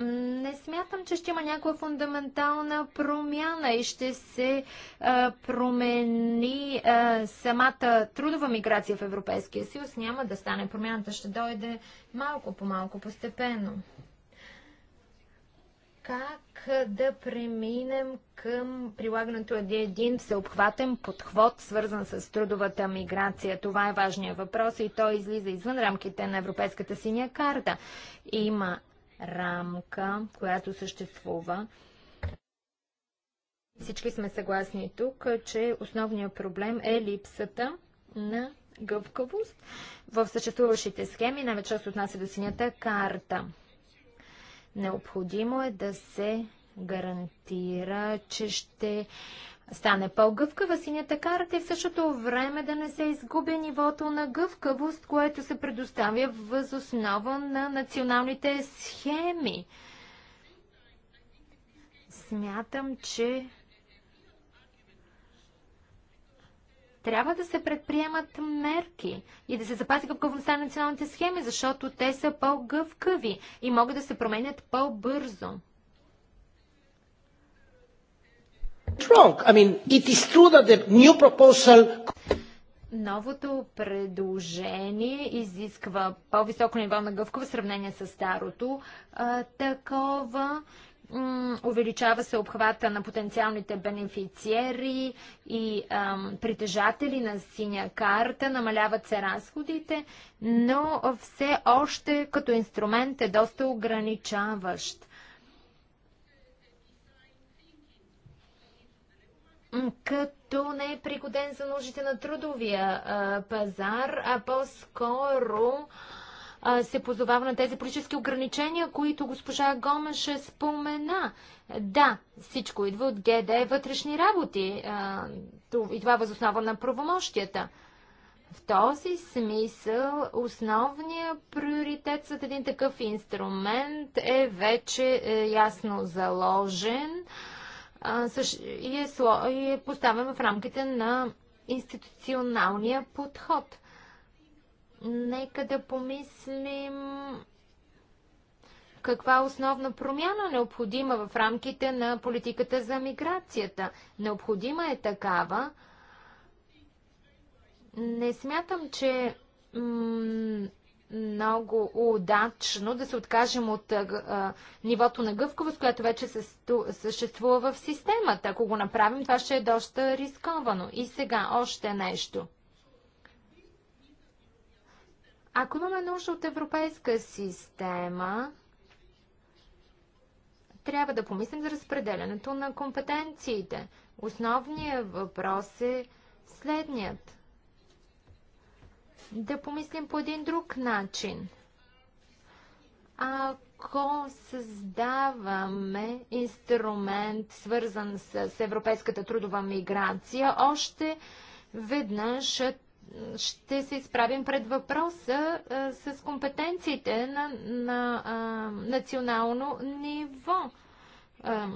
не смятам, че ще има някаква фундаментална промяна и ще се а, промени а, самата трудова миграция в Европейския съюз. Няма да стане промяната, ще дойде малко по малко, постепенно. Как да преминем към прилагането на един всеобхватен подход, свързан с трудовата миграция? Това е важният въпрос и той излиза извън рамките на Европейската синя карта. Има рамка, която съществува. Всички сме съгласни тук, че основният проблем е липсата на гъвкавост в съществуващите схеми, най вече се отнася до синята карта. Необходимо е да се гарантира, че ще стане по-гъвкава синята карта и е в същото време да не се изгубя нивото на гъвкавост, което се предоставя въз основа на националните схеми. Смятам, че трябва да се предприемат мерки и да се запази гъвкавостта на националните схеми, защото те са по-гъвкави и могат да се променят по-бързо. wrong. I mean, it is true that the new proposal Новото предложение изисква по-високо ниво на гъвкаво в сравнение с старото а, такова. Увеличава се обхвата на потенциалните бенефициери и ам, притежатели на синя карта, намаляват се разходите, но все още като инструмент е доста ограничаващ. като не е пригоден за нуждите на трудовия а, пазар, а по-скоро се позовава на тези политически ограничения, които госпожа Гомеш спомена. Да, всичко идва от ГД вътрешни работи а, и това възоснова на правомощията. В този смисъл основният приоритет след един такъв инструмент е вече е, ясно заложен. А, и е, и е поставен в рамките на институционалния подход. Нека да помислим каква основна промяна е необходима в рамките на политиката за миграцията. Необходима е такава. Не смятам, че много удачно да се откажем от а, нивото на гъвковост, което вече съществува в системата. Ако го направим, това ще е доста рисковано. И сега още нещо. Ако имаме нужда от европейска система, трябва да помислим за разпределянето на компетенциите. Основният въпрос е следният – да помислим по един друг начин. Ако създаваме инструмент, свързан с европейската трудова миграция, още веднъж ще се изправим пред въпроса с компетенциите на, на а, национално ниво, а,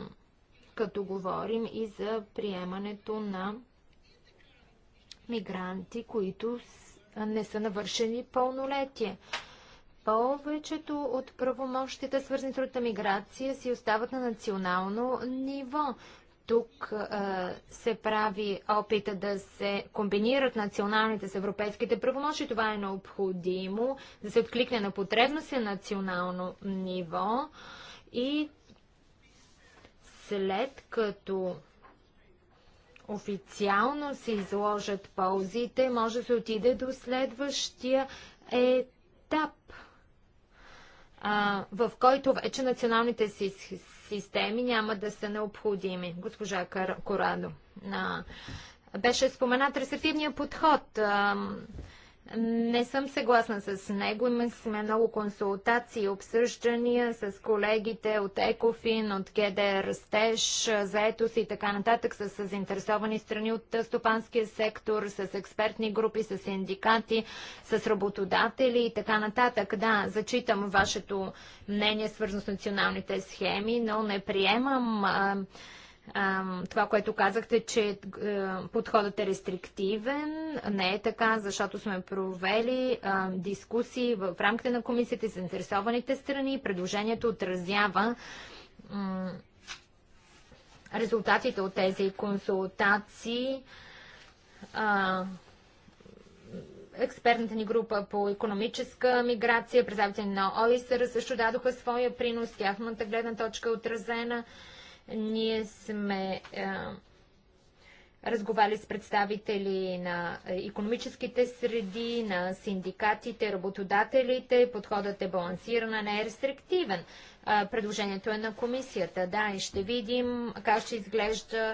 като говорим и за приемането на мигранти, които не са навършени пълнолетие. Повечето от правомощите, свързани с трудната миграция, си остават на национално ниво. Тук а, се прави опита да се комбинират националните с европейските правомощи. Това е необходимо да се откликне на потребност на национално ниво. И след като официално се изложат ползите, може да се отиде до следващия етап, а, в който вече националните си, системи няма да са необходими. Госпожа Корадо. беше споменат ресертивния подход. А, не съм съгласна с него. Имахме много консултации, обсъждания с колегите от Екофин, от ГДР Стеж, заетост и така нататък, с заинтересовани страни от стопанския сектор, с експертни групи, с синдикати, с работодатели и така нататък. Да, зачитам вашето мнение свързано с националните схеми, но не приемам а, това, което казахте, че е, подходът е рестриктивен, не е така, защото сме провели дискусии в рамките на комисията и заинтересованите страни. Предложението отразява резултатите от тези консултации. Експертната ни група по економическа миграция, представители на ОИСР също дадоха своя принос, тяхната гледна точка е отразена. Ние сме е, разговаряли с представители на економическите среди, на синдикатите, работодателите. Подходът е балансиран, не е рестриктивен. Е, предложението е на комисията. Да, и ще видим как ще изглежда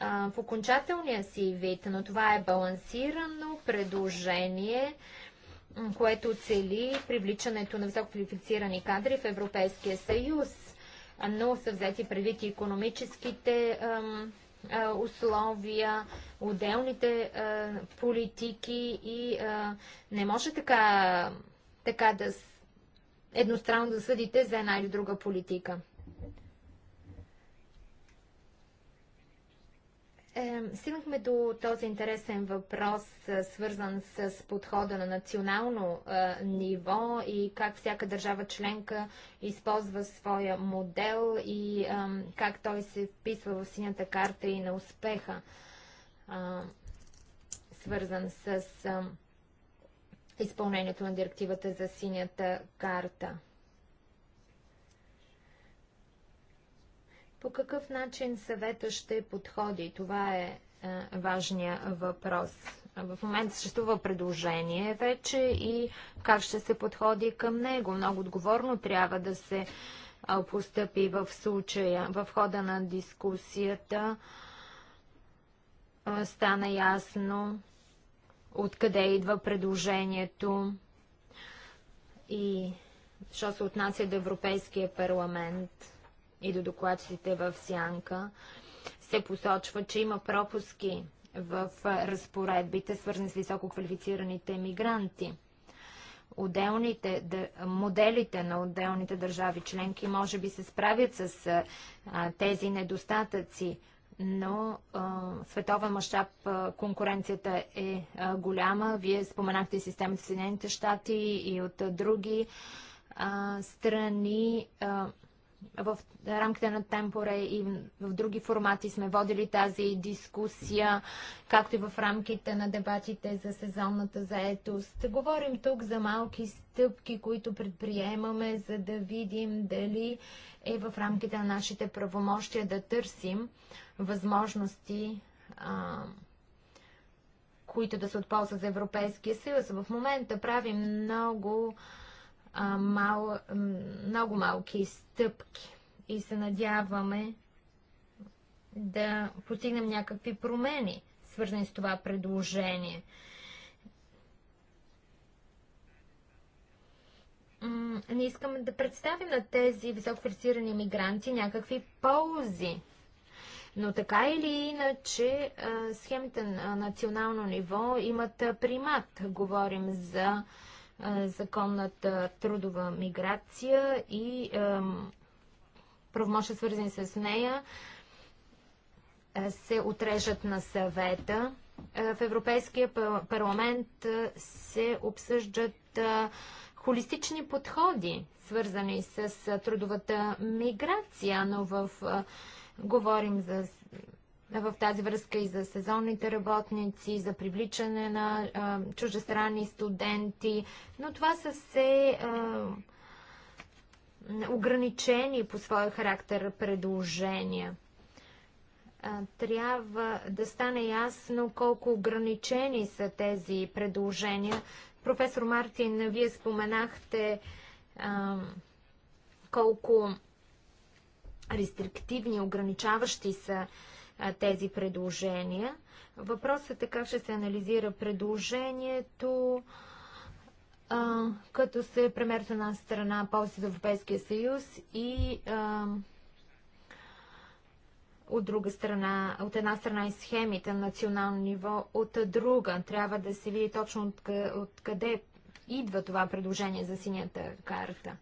е, в окончателния си вид, но това е балансирано предложение което цели привличането на висококвалифицирани кадри в Европейския съюз но са взети предвид и економическите условия, отделните политики и не може така, така да едностранно да съдите за една или друга политика. Е, стигнахме до този интересен въпрос, е, свързан с подхода на национално е, ниво и как всяка държава членка използва своя модел и е, как той се вписва в синята карта и на успеха, е, свързан с изпълнението на директивата за синята карта. По какъв начин съвета ще подходи? Това е, е важния въпрос. В момента съществува предложение вече и как ще се подходи към него. Много отговорно трябва да се постъпи в случая. В хода на дискусията стана ясно откъде идва предложението и що се отнася до Европейския парламент и до докладците в Сянка се посочва, че има пропуски в разпоредбите, свързани с висококвалифицираните мигранти. Отделните моделите на отделните държави членки може би се справят с тези недостатъци, но а, световен мащаб конкуренцията е а, голяма. Вие споменахте и системите в Съединените щати и от а, други а, страни. А, в рамките на Темпоре и в други формати сме водили тази дискусия, както и в рамките на дебатите за сезонната заетост. Говорим тук за малки стъпки, които предприемаме, за да видим дали е в рамките на нашите правомощия да търсим възможности а, които да се отползват за Европейския съюз. В момента правим много а, а, мал, много малки стъпки и се надяваме да постигнем някакви промени, свързани с това предложение. не искаме да представим на тези висококвалифицирани мигранти някакви ползи. Но така или иначе, схемите на национално ниво имат примат. Говорим за законната трудова миграция и правомощи, свързани с нея, се отрежат на съвета. В Европейския парламент се обсъждат холистични подходи, свързани с трудовата миграция, но в говорим за в тази връзка и за сезонните работници, за привличане на чуждестранни чужестранни студенти, но това са все ограничени по своя характер предложения. трябва да стане ясно колко ограничени са тези предложения. Професор Мартин, вие споменахте колко рестриктивни, ограничаващи са тези предложения. Въпросът е как ще се анализира предложението, а, като се премер с една страна ползи за Европейския съюз и а, от друга страна, от една страна и схемите на национално ниво, от друга трябва да се види точно откъде, откъде идва това предложение за синята карта.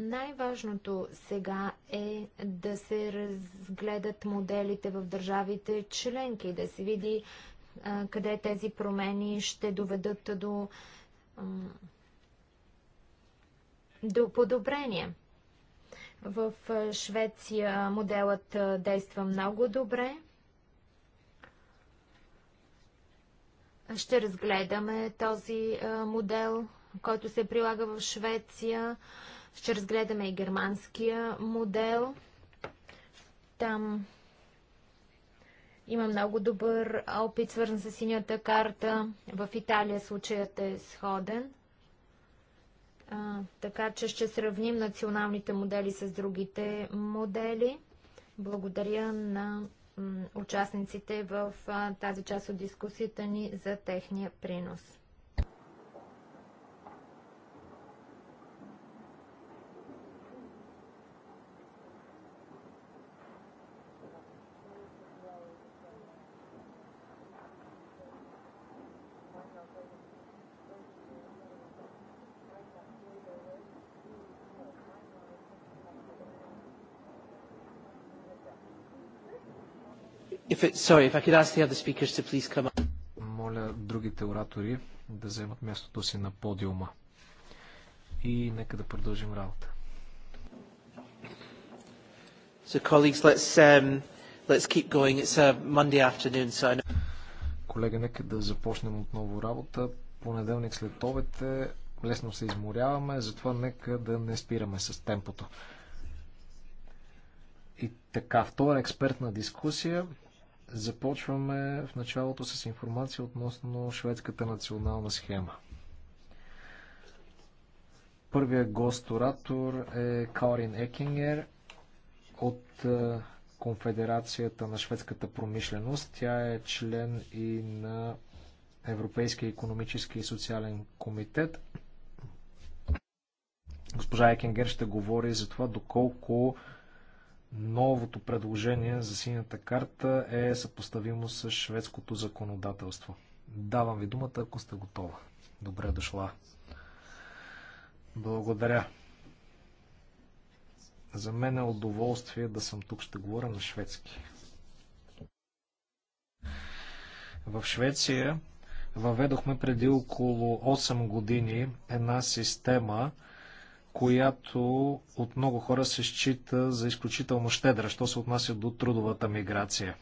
Най-важното сега е да се разгледат моделите в държавите членки, да се види а, къде тези промени ще доведат до, а, до подобрение. В Швеция моделът действа много добре. Ще разгледаме този модел, който се прилага в Швеция. Ще разгледаме и германския модел. Там има много добър опит, свързан с синята карта. В Италия случаят е сходен. А, така че ще сравним националните модели с другите модели. Благодаря на участниците в а, тази част от дискусията ни за техния принос. if it, sorry, if I could ask the other speakers to please come up. Моля другите оратори да вземат мястото си на подиума. И нека да продължим работа. So colleagues, let's, um, let's keep going. It's a Monday afternoon, so I know... Колега, нека да започнем отново работа. Понеделник след обед е, лесно се изморяваме, затова нека да не спираме с темпото. И така, втора експертна дискусия Започваме в началото с информация относно шведската национална схема. Първият гост-оратор е Карин Екингер от е, Конфедерацията на шведската промишленост. Тя е член и на Европейския економически и социален комитет. Госпожа Екингер ще говори за това доколко новото предложение за синята карта е съпоставимо с шведското законодателство. Давам ви думата, ако сте готова. Добре дошла. Благодаря. За мен е удоволствие да съм тук. Ще говоря на шведски. В Швеция въведохме преди около 8 години една система, която от много хора се счита за изключително щедра, що се отнася до трудовата миграция.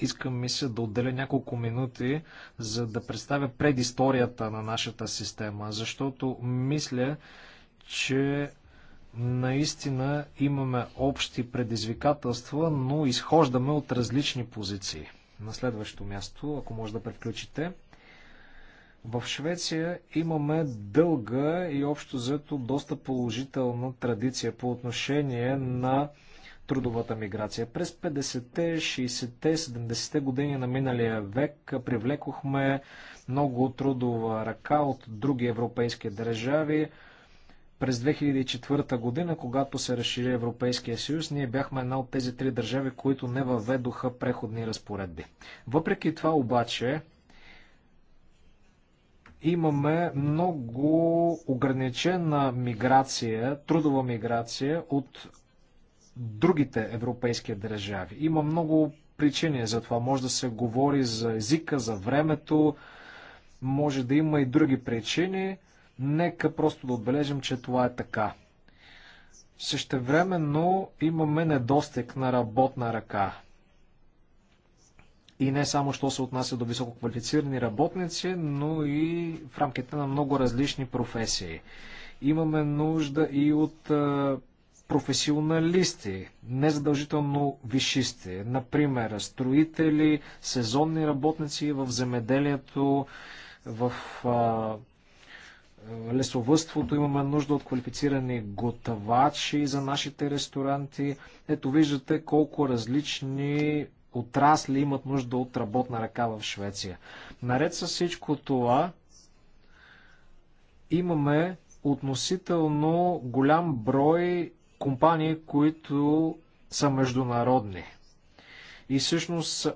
Искам ми се да отделя няколко минути, за да представя предисторията на нашата система, защото мисля, че наистина имаме общи предизвикателства, но изхождаме от различни позиции. На следващо място, ако може да превключите. В Швеция имаме дълга и общо взето доста положителна традиция по отношение на трудовата миграция. През 50-те, 60-те, 70-те години на миналия век привлекохме много трудова ръка от други европейски държави. През 2004 година, когато се разшири Европейския съюз, ние бяхме една от тези три държави, които не въведоха преходни разпоредби. Въпреки това обаче, имаме много ограничена миграция, трудова миграция от другите европейски държави. Има много причини за това. Може да се говори за езика, за времето, може да има и други причини. Нека просто да отбележим, че това е така. Същевременно имаме недостиг на работна ръка и не само, що се отнася до висококвалифицирани работници, но и в рамките на много различни професии. Имаме нужда и от професионалисти, незадължително вишисти, например строители, сезонни работници в земеделието, в а, лесовътството, имаме нужда от квалифицирани готвачи за нашите ресторанти. Ето виждате колко различни отрасли имат нужда от работна ръка в Швеция. Наред с всичко това, имаме относително голям брой компании, които са международни. И всъщност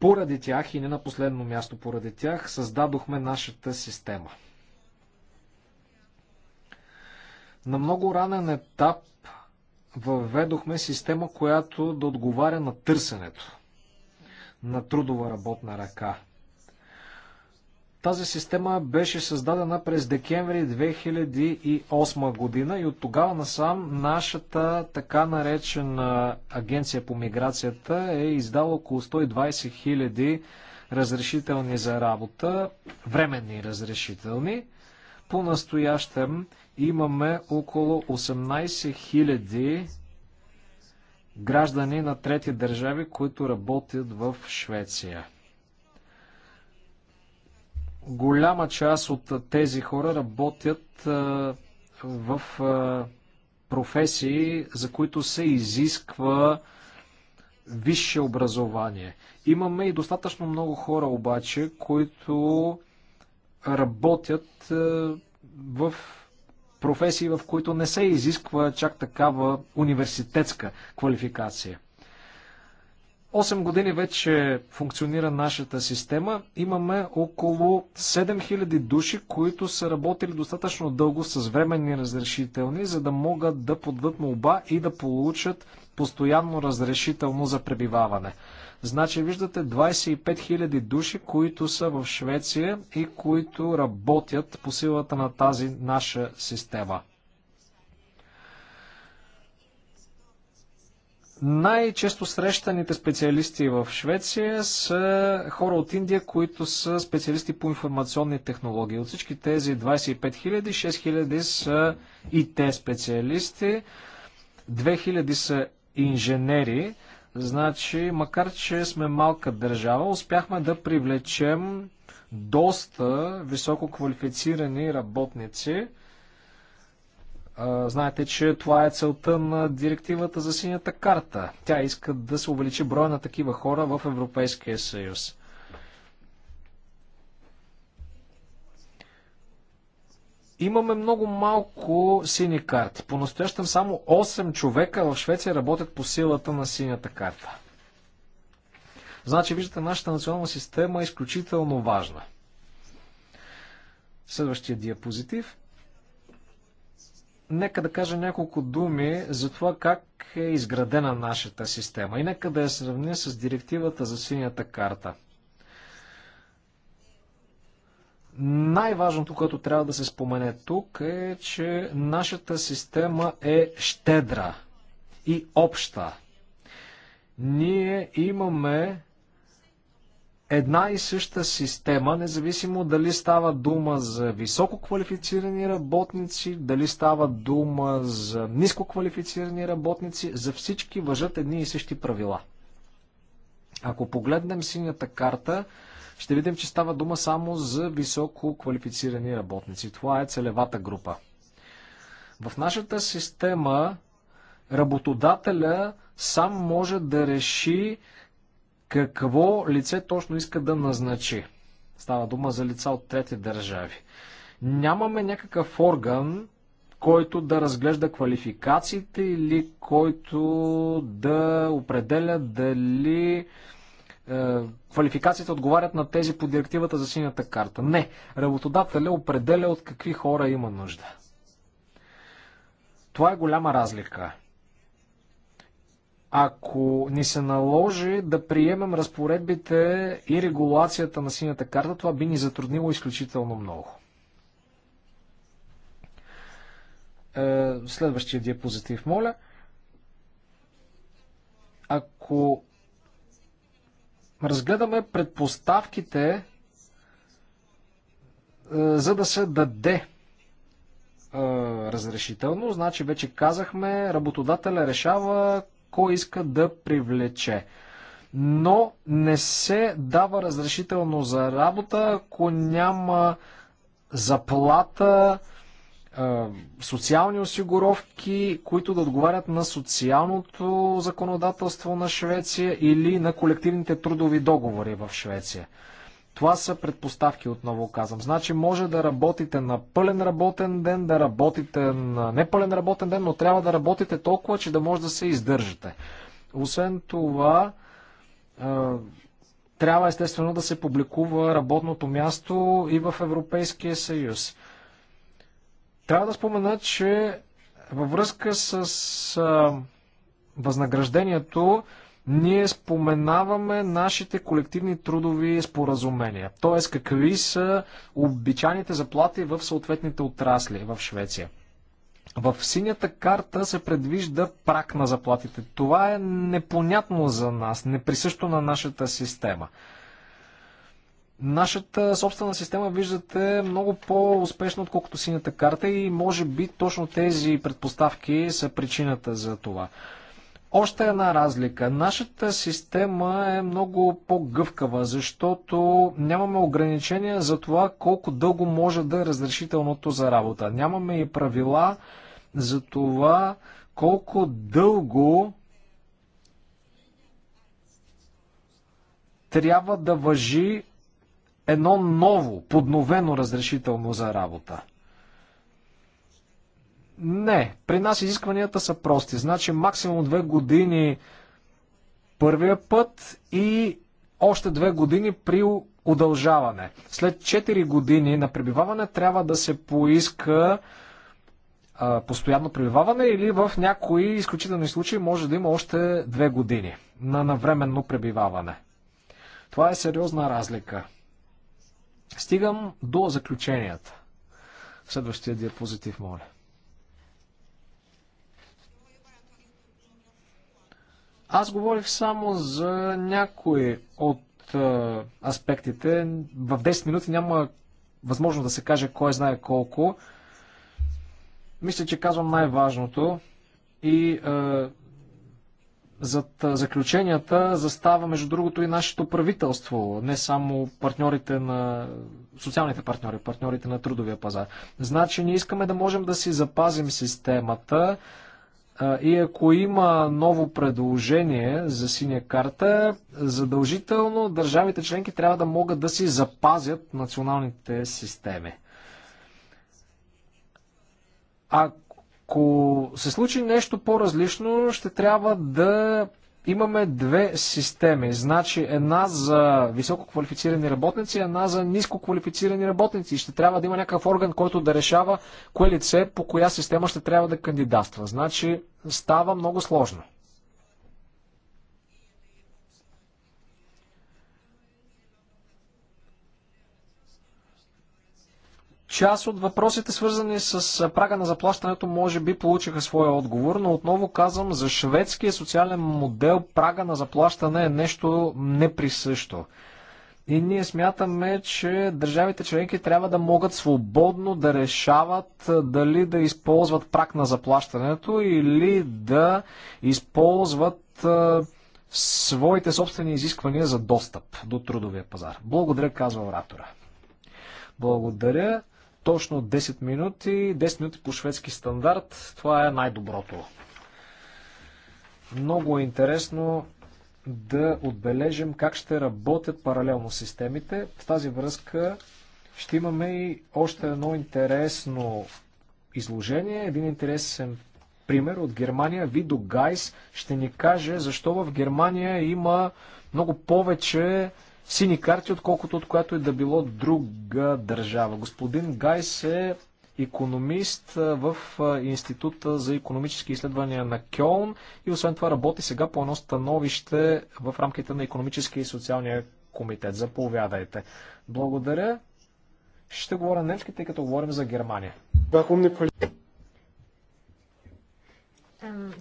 поради тях и не на последно място поради тях създадохме нашата система. На много ранен етап въведохме система, която да отговаря на търсенето на трудова работна ръка. Тази система беше създадена през декември 2008 година и от тогава насам нашата така наречена агенция по миграцията е издала около 120 хиляди разрешителни за работа, временни разрешителни. По настоящем имаме около 18 000 граждани на трети държави, които работят в Швеция. Голяма част от тези хора работят в професии, за които се изисква висше образование. Имаме и достатъчно много хора обаче, които работят в професии, в които не се изисква чак такава университетска квалификация. Осем години вече функционира нашата система. Имаме около 7000 души, които са работили достатъчно дълго с временни разрешителни, за да могат да подадат молба и да получат постоянно разрешително за пребиваване. Значи, виждате 25 000 души, които са в Швеция и които работят по силата на тази наша система. Най-често срещаните специалисти в Швеция са хора от Индия, които са специалисти по информационни технологии. От всички тези 25 000, 6 000 са ТЕ специалисти, 2000 са инженери, Значи, макар че сме малка държава, успяхме да привлечем доста високо квалифицирани работници. Знаете, че това е целта на директивата за синята карта. Тя иска да се увеличи броя на такива хора в Европейския съюз. Имаме много малко сини карти. По-настоящем само 8 човека в Швеция работят по силата на синята карта. Значи, виждате, нашата национална система е изключително важна. Следващия диапозитив. Нека да кажа няколко думи за това как е изградена нашата система и нека да я сравня с директивата за синята карта. Най-важното, което трябва да се спомене тук е, че нашата система е щедра и обща. Ние имаме една и съща система, независимо дали става дума за високо квалифицирани работници, дали става дума за ниско квалифицирани работници, за всички въжат едни и същи правила. Ако погледнем синята карта, ще видим, че става дума само за високо квалифицирани работници. Това е целевата група. В нашата система работодателя сам може да реши какво лице точно иска да назначи. Става дума за лица от трети държави. Нямаме някакъв орган, който да разглежда квалификациите или който да определя дали е, квалификациите отговарят на тези по директивата за синята карта. Не. Работодателя определя от какви хора има нужда. Това е голяма разлика. Ако ни се наложи да приемем разпоредбите и регулацията на синята карта, това би ни затруднило изключително много. Е, следващия диапозитив, моля. Ако разгледаме предпоставките, е, за да се даде е, разрешително. Значи вече казахме, работодателя решава кой иска да привлече. Но не се дава разрешително за работа, ако няма заплата, социални осигуровки, които да отговарят на социалното законодателство на Швеция или на колективните трудови договори в Швеция. Това са предпоставки, отново казвам. Значи може да работите на пълен работен ден, да работите на непълен работен ден, но трябва да работите толкова, че да може да се издържате. Освен това, трябва естествено да се публикува работното място и в Европейския съюз. Трябва да спомена, че във връзка с а, възнаграждението ние споменаваме нашите колективни трудови споразумения. Тоест, какви са обичайните заплати в съответните отрасли в Швеция. В синята карта се предвижда прак на заплатите. Това е непонятно за нас, неприсъщо на нашата система. Нашата собствена система, виждате, е много по-успешна, отколкото синята карта и може би точно тези предпоставки са причината за това. Още една разлика. Нашата система е много по-гъвкава, защото нямаме ограничения за това колко дълго може да е разрешителното за работа. Нямаме и правила за това колко дълго трябва да въжи едно ново, подновено разрешително за работа. Не, при нас изискванията са прости. Значи максимум две години първия път и още две години при удължаване. След 4 години на пребиваване трябва да се поиска а, постоянно пребиваване или в някои изключителни случаи може да има още две години на навременно пребиваване. Това е сериозна разлика. Стигам до заключенията. Следващия диапозитив, моля. Аз говорих само за някои от а, аспектите. В 10 минути няма възможно да се каже кой знае колко. Мисля, че казвам най-важното и зад заключенията застава, между другото, и нашето правителство, не само партньорите на социалните партньори, партньорите на трудовия пазар. Значи ние искаме да можем да си запазим системата и ако има ново предложение за синя карта, задължително държавите членки трябва да могат да си запазят националните системи. Ако ако се случи нещо по-различно, ще трябва да имаме две системи. Значи една за високо квалифицирани работници, една за ниско квалифицирани работници. Ще трябва да има някакъв орган, който да решава кое лице по коя система ще трябва да кандидатства. Значи става много сложно. Част от въпросите, свързани с прага на заплащането, може би получиха своя отговор, но отново казвам, за шведския социален модел прага на заплащане е нещо неприсъщо. И ние смятаме, че държавите членки трябва да могат свободно да решават дали да използват прак на заплащането или да използват своите собствени изисквания за достъп до трудовия пазар. Благодаря, казва оратора. Благодаря точно 10 минути. 10 минути по шведски стандарт. Това е най-доброто. Много е интересно да отбележим как ще работят паралелно системите. В тази връзка ще имаме и още едно интересно изложение, един интересен пример от Германия. Видо Гайс ще ни каже защо в Германия има много повече сини карти, отколкото от която и е да било друга държава. Господин Гайс е економист в Института за економически изследвания на Кьолн и освен това работи сега по едно становище в рамките на економическия и социалния комитет. Заповядайте. Благодаря. Ще говоря немски, тъй като говорим за Германия.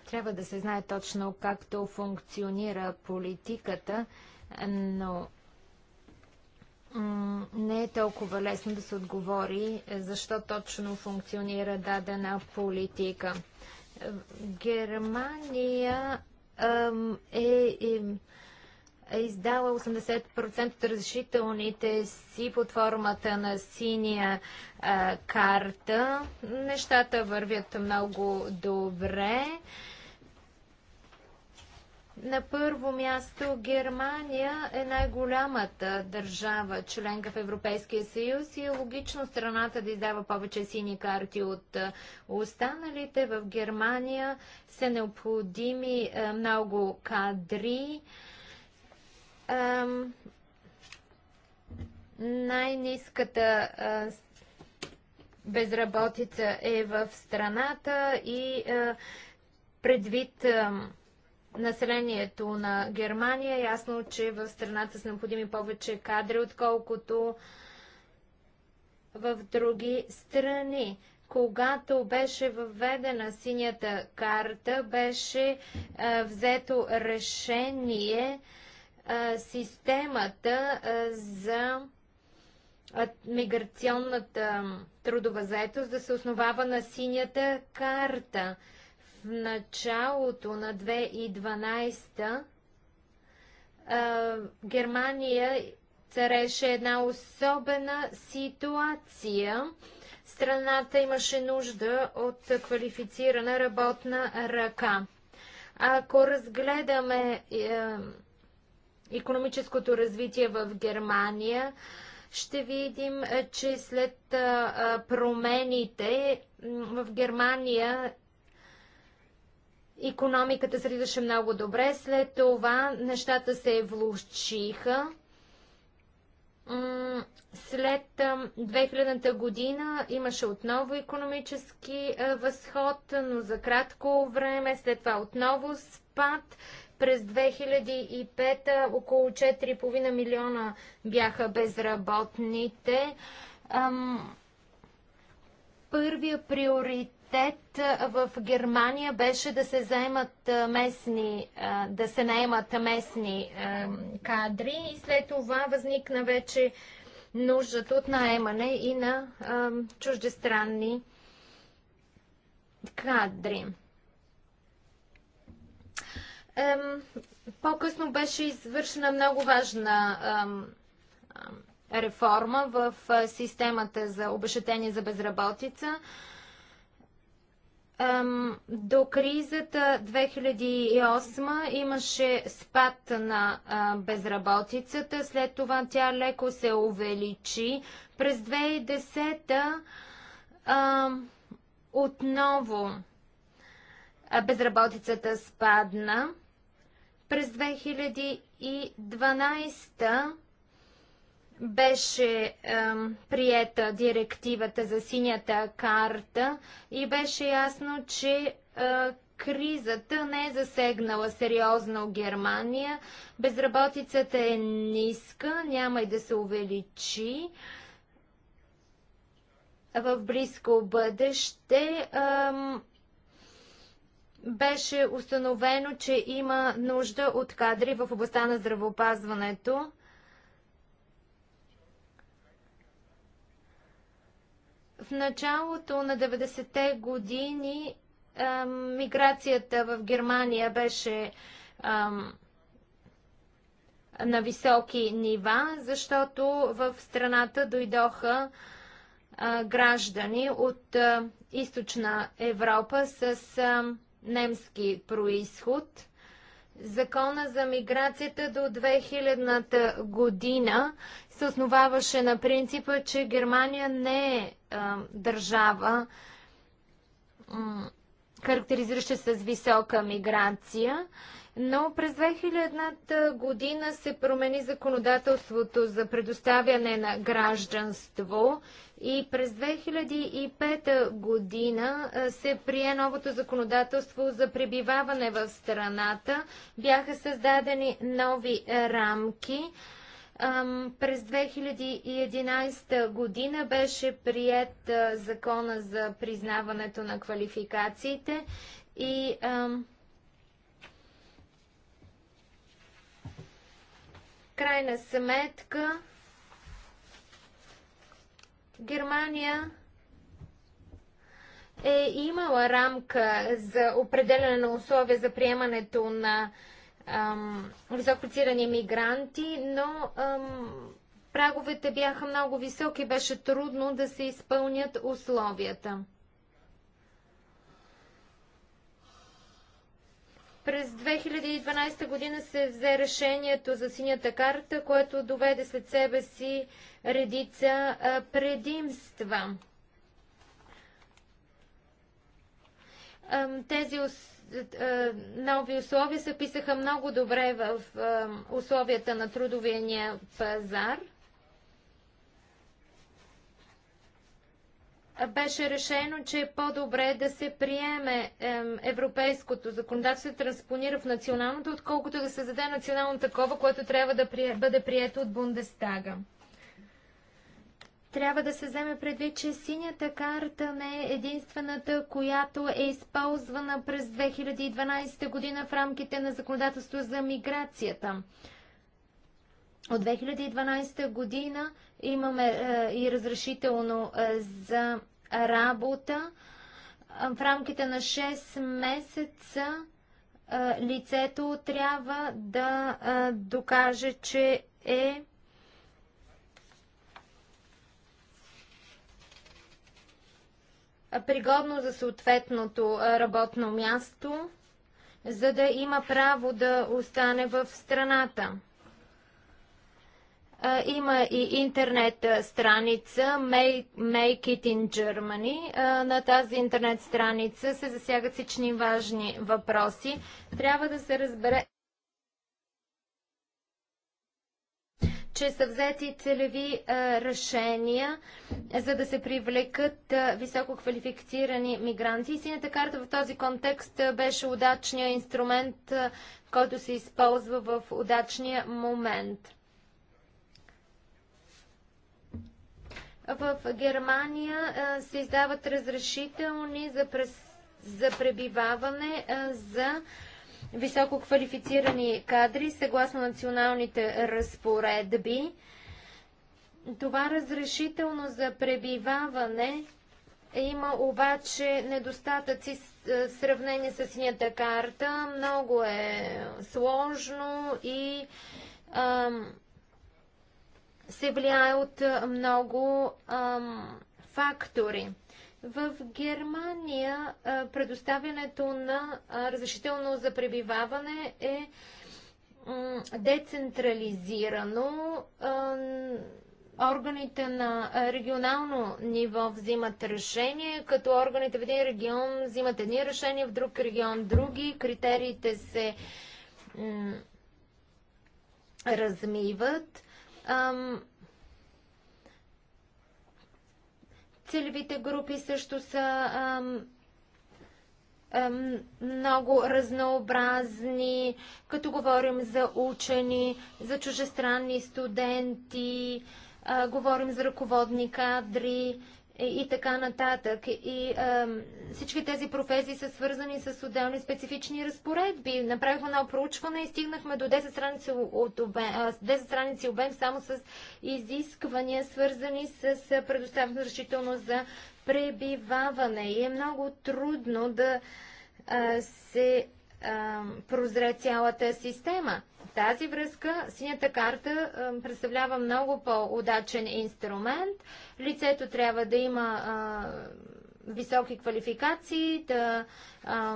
Трябва да се знае точно както функционира политиката, но не е толкова лесно да се отговори е, защо точно функционира дадена политика. Е, Германия е, е, е издала 80% от разрешителните си под формата на синия е, карта. Нещата вървят много добре. Е, на първо място Германия е най-голямата държава членка в Европейския съюз и е логично страната да издава повече сини карти от останалите. В Германия са необходими много кадри. най-низката безработица е в страната и предвид населението на Германия. Ясно, че в страната са необходими повече кадри, отколкото в други страни. Когато беше въведена синята карта, беше а, е, взето решение а, е, системата а, е, за миграционната трудова заетост да се основава на синята карта началото на 2012 а, Германия цареше една особена ситуация. Страната имаше нужда от квалифицирана работна ръка. Ако разгледаме економическото развитие в Германия, ще видим, е, че след промените в Германия Економиката сриваше много добре, след това нещата се влушиха. След 2000-та година имаше отново економически възход, но за кратко време, след това отново спад. През 2005 около 4,5 милиона бяха безработните. първия приоритет приоритет в Германия беше да се заемат местни, да се наемат местни кадри и след това възникна вече нуждата от наемане и на чуждестранни кадри. По-късно беше извършена много важна реформа в системата за обещетение за безработица. До кризата 2008 имаше спад на безработицата, след това тя леко се увеличи. През 2010 а, отново безработицата спадна. През 2012 беше ем, приета директивата за синята карта и беше ясно, че е, кризата не е засегнала сериозно Германия. Безработицата е ниска, няма и да се увеличи. В близко бъдеще ем, беше установено, че има нужда от кадри в областта на здравеопазването. В началото на 90-те години а, миграцията в Германия беше а, на високи нива, защото в страната дойдоха а, граждани от а, източна Европа с а, немски происход. Закона за миграцията до 2000-та година се основаваше на принципа, че Германия не е държава, характеризираща с висока миграция. Но през 2000 година се промени законодателството за предоставяне на гражданство и през 2005 година се прие новото законодателство за пребиваване в страната. Бяха създадени нови рамки. През 2011 година беше прият закона за признаването на квалификациите и крайна сметка Германия е имала рамка за определено на условия за приемането на високоцирани мигранти, но ам, праговете бяха много високи, беше трудно да се изпълнят условията. През 2012 година се взе решението за синята карта, което доведе след себе си редица предимства. тези е, нови условия се писаха много добре в е, условията на трудовия пазар. Беше решено, че е по-добре да се приеме е, европейското законодателство да се транспонира в националното, отколкото да се заде национално такова, което трябва да бъде прието от Бундестага. Трябва да се вземе предвид, че синята карта не е единствената, която е използвана през 2012 година в рамките на законодателство за миграцията. От 2012 година имаме е, и разрешително е, за работа. В рамките на 6 месеца е, лицето трябва да е, докаже, че е пригодно за съответното работно място, за да има право да остане в страната. Има и интернет страница Make, It in Germany. На тази интернет страница се засягат всички важни въпроси. Трябва да се разбере че са взети целеви решения, за да се привлекат високо квалифицирани мигранти. И синята карта в този контекст беше удачният инструмент, който се използва в удачния момент. В Германия се издават разрешителни за, за пребиваване за високо квалифицирани кадри съгласно националните разпоредби. Това разрешително за пребиваване има обаче недостатъци е, в сравнение с синята карта. Много е сложно и ам, се влияе от много ам, фактори. В Германия предоставянето на разрешително за пребиваване е децентрализирано. Органите на регионално ниво взимат решение, като органите в един регион взимат едни решения, в друг регион други. Критериите се размиват. Ам, Целевите групи също са ам, ам, много разнообразни, като говорим за учени, за чужестранни студенти, а, говорим за ръководни кадри и така нататък. И а, всички тези професии са свързани с отделни специфични разпоредби. Направихме едно проучване и стигнахме до 10 страници, от обем, 10 страници обем само с изисквания, свързани с предоставяне решително за пребиваване. И е много трудно да а, се а, прозре цялата система тази връзка синята карта представлява много по-удачен инструмент. Лицето трябва да има а, високи квалификации, да а,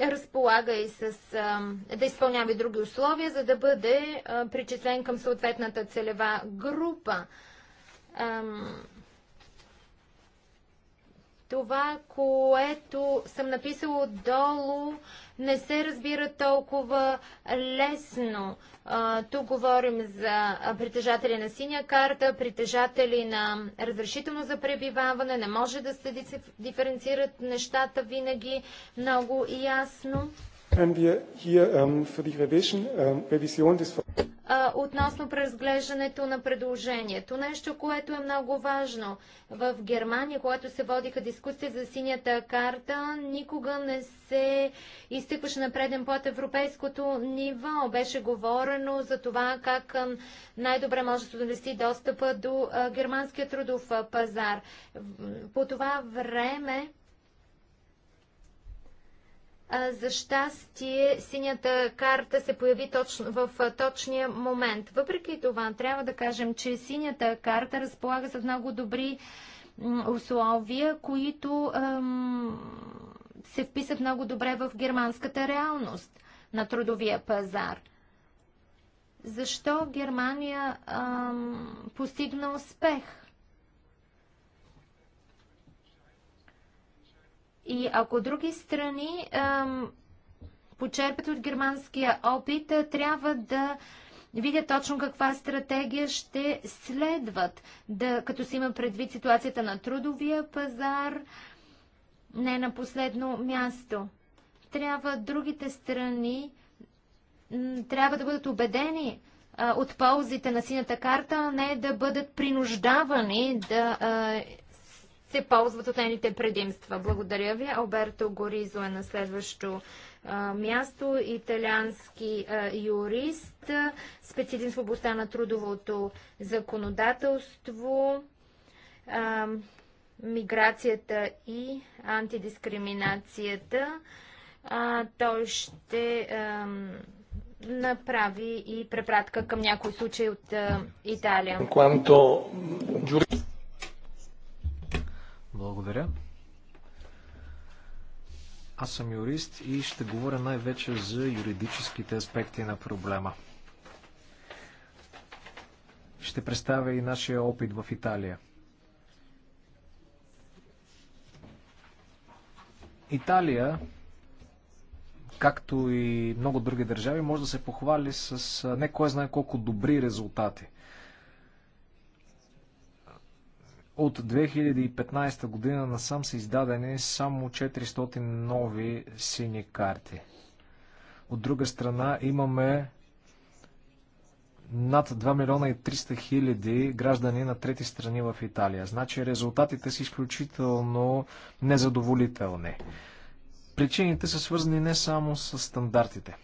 разполага и с, да изпълнява и други условия, за да бъде причислен към съответната целева група. А, това, което съм написала отдолу, не се разбира толкова лесно. тук говорим за притежатели на синя карта, притежатели на разрешително за пребиваване. Не може да се диференцират нещата винаги много ясно. Относно преразглеждането на предложението. Нещо, което е много важно. В Германия, когато се водиха дискусия за синята карта, никога не се изтъкваше на преден плат европейското ниво. Беше говорено за това как най-добре може да се достъпа до германския трудов пазар. По това време за щастие, синята карта се появи точно, в точния момент. Въпреки това, трябва да кажем, че синята карта разполага с много добри условия, които ем, се вписат много добре в германската реалност на трудовия пазар. Защо Германия ем, постигна успех? И ако други страни ам, почерпят от германския опит, трябва да видят точно каква стратегия ще следват, да, като се има предвид ситуацията на трудовия пазар, не на последно място. Трябва другите страни трябва да бъдат убедени а, от ползите на синята карта, а не да бъдат принуждавани да а, се ползват от нейните предимства. Благодаря ви. Алберто Горизо е на следващо място. Италиански юрист, специалист в областта на трудовото законодателство, миграцията и антидискриминацията. Той ще направи и препратка към някои случаи от Италия. Quanto... Благодаря. Аз съм юрист и ще говоря най-вече за юридическите аспекти на проблема. Ще представя и нашия опит в Италия. Италия, както и много други държави, може да се похвали с не кой знае колко добри резултати – От 2015 година насам са издадени само 400 нови сини карти. От друга страна имаме над 2 милиона и 300 хиляди граждани на трети страни в Италия. Значи резултатите са изключително незадоволителни. Причините са свързани не само с стандартите.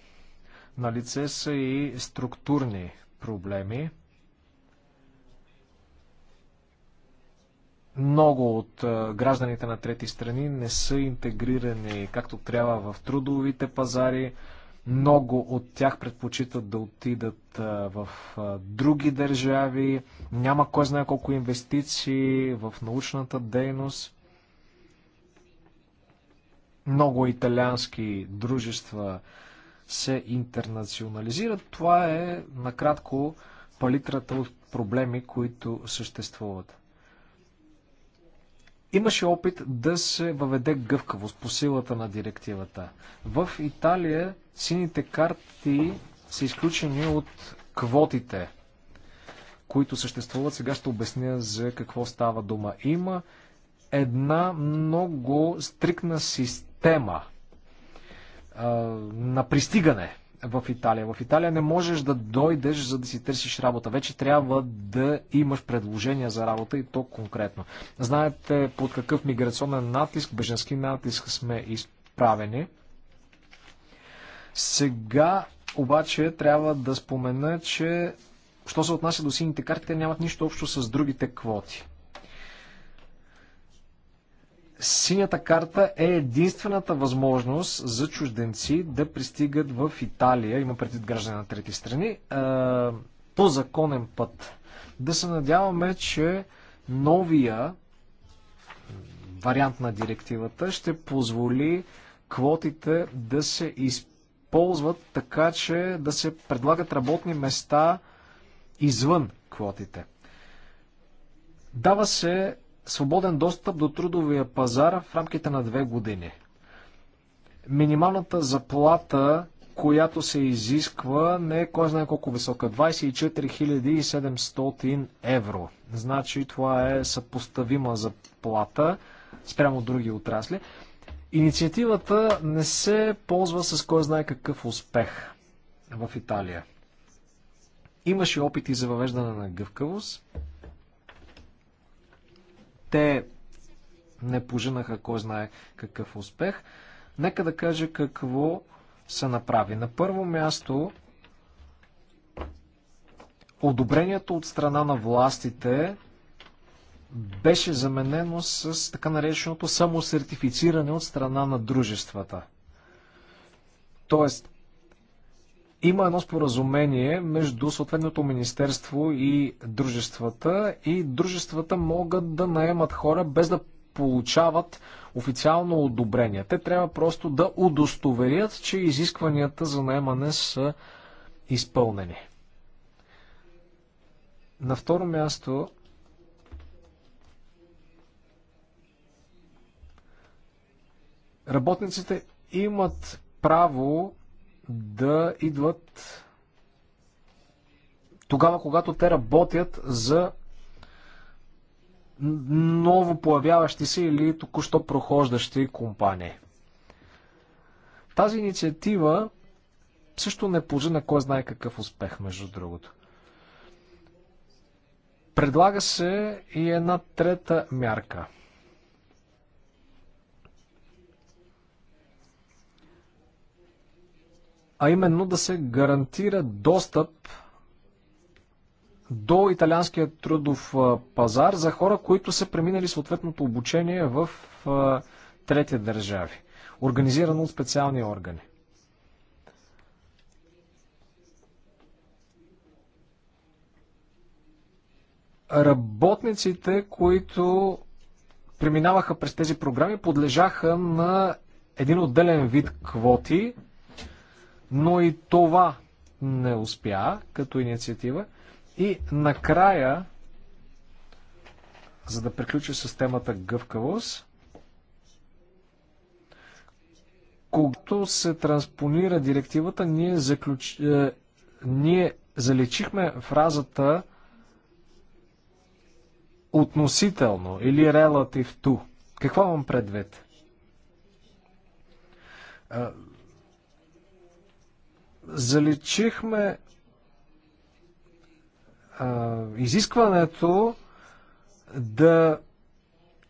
На лице са и структурни проблеми. Много от гражданите на трети страни не са интегрирани както трябва в трудовите пазари. Много от тях предпочитат да отидат в други държави. Няма кой знае колко инвестиции в научната дейност. Много италиански дружества се интернационализират. Това е накратко палитрата от проблеми, които съществуват. Имаше опит да се въведе гъвкавост по силата на директивата. В Италия сините карти са изключени от квотите, които съществуват. Сега ще обясня за какво става дума. Има една много стрикна система а, на пристигане в Италия. В Италия не можеш да дойдеш за да си търсиш работа. Вече трябва да имаш предложения за работа и то конкретно. Знаете под какъв миграционен натиск, беженски натиск сме изправени. Сега обаче трябва да спомена, че що се отнася до сините карти, те нямат нищо общо с другите квоти. Синята карта е единствената възможност за чужденци да пристигат в Италия, има предвид граждани на трети страни, по законен път. Да се надяваме, че новия вариант на директивата ще позволи квотите да се използват така, че да се предлагат работни места извън квотите. Дава се свободен достъп до трудовия пазар в рамките на две години. Минималната заплата, която се изисква, не е кой знае колко висока. 24 700 евро. Значи това е съпоставима заплата спрямо други отрасли. Инициативата не се ползва с кой знае какъв успех в Италия. Имаше опити за въвеждане на гъвкавост, те не пожинаха кой знае какъв успех. Нека да кажа какво се направи. На първо място, одобрението от страна на властите беше заменено с така нареченото самосертифициране от страна на дружествата. Тоест, има едно споразумение между съответното министерство и дружествата и дружествата могат да наемат хора без да получават официално одобрение. Те трябва просто да удостоверят, че изискванията за наемане са изпълнени. На второ място работниците имат право да идват тогава, когато те работят за ново появяващи се или току-що прохождащи компании. Тази инициатива също не пожи на кой знае какъв успех, между другото. Предлага се и една трета мярка – а именно да се гарантира достъп до италианския трудов пазар за хора, които са преминали съответното обучение в трети държави, организирано от специални органи. Работниците, които преминаваха през тези програми, подлежаха на един отделен вид квоти – но и това не успя като инициатива. И накрая, за да приключи с темата гъвкавост, когато се транспонира директивата, ние, заключ... Е, ние заличихме фразата относително или relative to. Какво имам предвид? Е, заличихме а, изискването да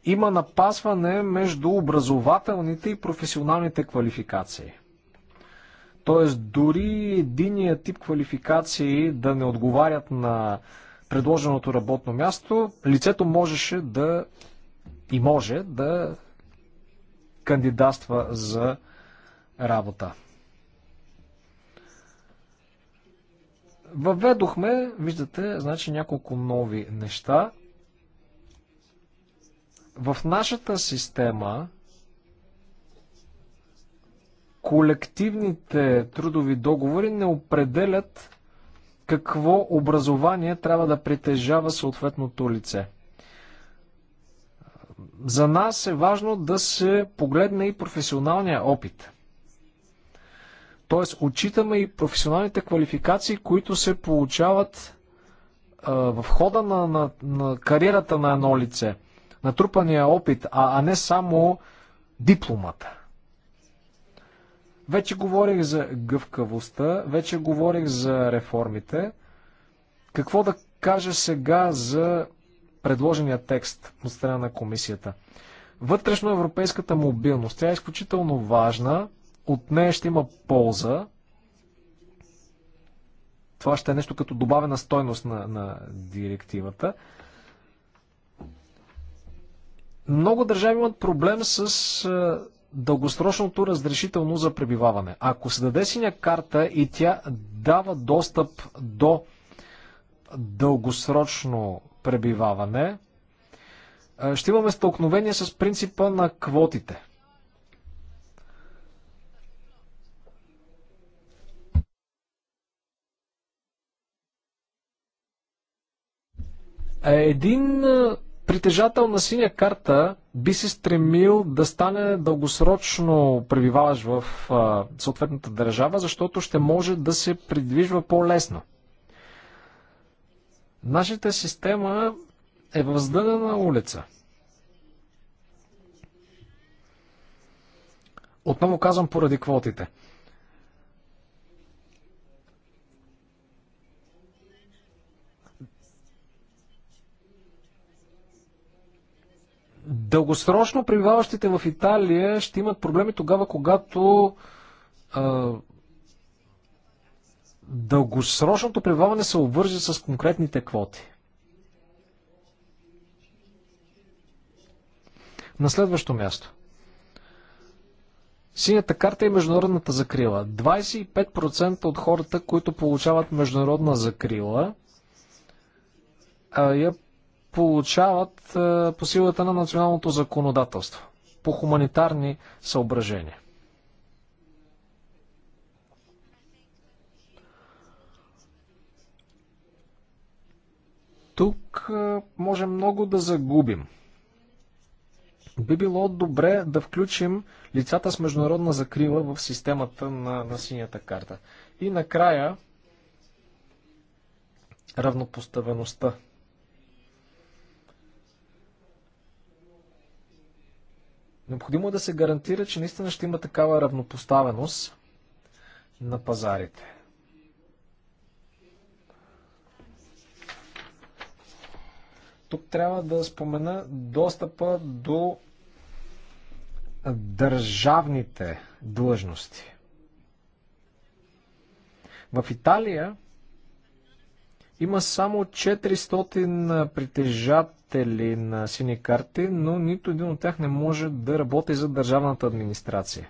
има напасване между образователните и професионалните квалификации. Тоест, дори единия тип квалификации да не отговарят на предложеното работно място, лицето можеше да и може да кандидатства за работа. Въведохме, виждате, значи няколко нови неща. В нашата система колективните трудови договори не определят какво образование трябва да притежава съответното лице. За нас е важно да се погледне и професионалния опит Тоест, отчитаме и професионалните квалификации, които се получават а, в хода на, на, на кариерата на едно лице, натрупания опит, а, а не само дипломата. Вече говорих за гъвкавостта, вече говорих за реформите. Какво да кажа сега за предложения текст от страна на комисията? Вътрешно европейската мобилност. Тя е изключително важна. От нея ще има полза. Това ще е нещо като добавена стойност на, на директивата. Много държави имат проблем с дългосрочното разрешително за пребиваване. Ако се даде синя карта и тя дава достъп до дългосрочно пребиваване, ще имаме столкновение с принципа на квотите – Е, един е, притежател на синя карта би се стремил да стане дългосрочно пребиваваш в е, съответната държава, защото ще може да се придвижва по-лесно. Нашата система е въздънена улица. Отново казвам поради квотите. Дългосрочно пребиваващите в Италия ще имат проблеми тогава, когато а, дългосрочното пребиваване се обвърже с конкретните квоти. На следващо място. Синята карта и е международната закрила. 25% от хората, които получават международна закрила, я получават е, по силата на националното законодателство, по хуманитарни съображения. Тук е, може много да загубим. Би било добре да включим лицата с международна закрива в системата на, на синята карта. И накрая равнопоставеността. Необходимо е да се гарантира, че наистина ще има такава равнопоставеност на пазарите. Тук трябва да спомена достъпа до държавните длъжности. В Италия има само 400 притежатели на сини карти, но нито един от тях не може да работи за държавната администрация.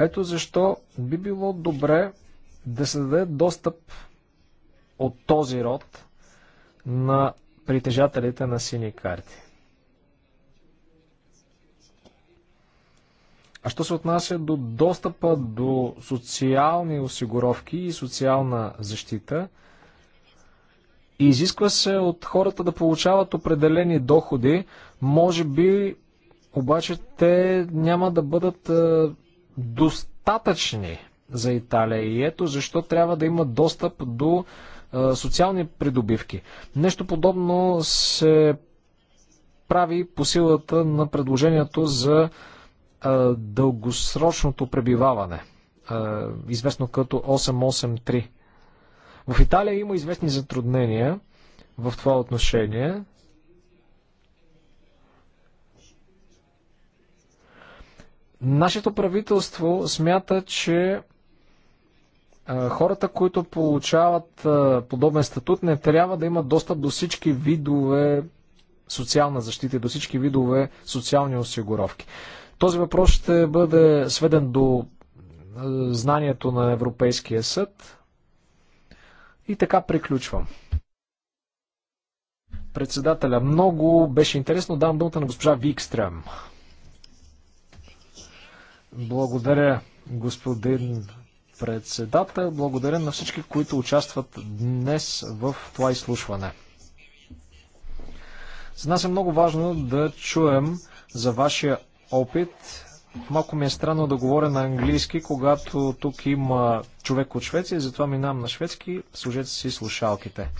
Ето защо би било добре да се даде достъп от този род на притежателите на сини карти. А що се отнася до достъпа до социални осигуровки и социална защита, изисква се от хората да получават определени доходи, може би обаче те няма да бъдат е, достатъчни за Италия. И ето защо трябва да има достъп до е, социални придобивки. Нещо подобно се прави по силата на предложението за дългосрочното пребиваване, известно като 883. В Италия има известни затруднения в това отношение. Нашето правителство смята, че хората, които получават подобен статут, не трябва да имат достъп до всички видове социална защита до всички видове социални осигуровки. Този въпрос ще бъде сведен до знанието на Европейския съд. И така приключвам. Председателя, много беше интересно. Давам думата на госпожа Викстрем. Благодаря, господин председател. Благодаря на всички, които участват днес в това изслушване. За нас е много важно да чуем за вашия опит. Малко ми е странно да говоря на английски, когато тук има човек от Швеция, затова минавам на шведски. Служете си слушалките.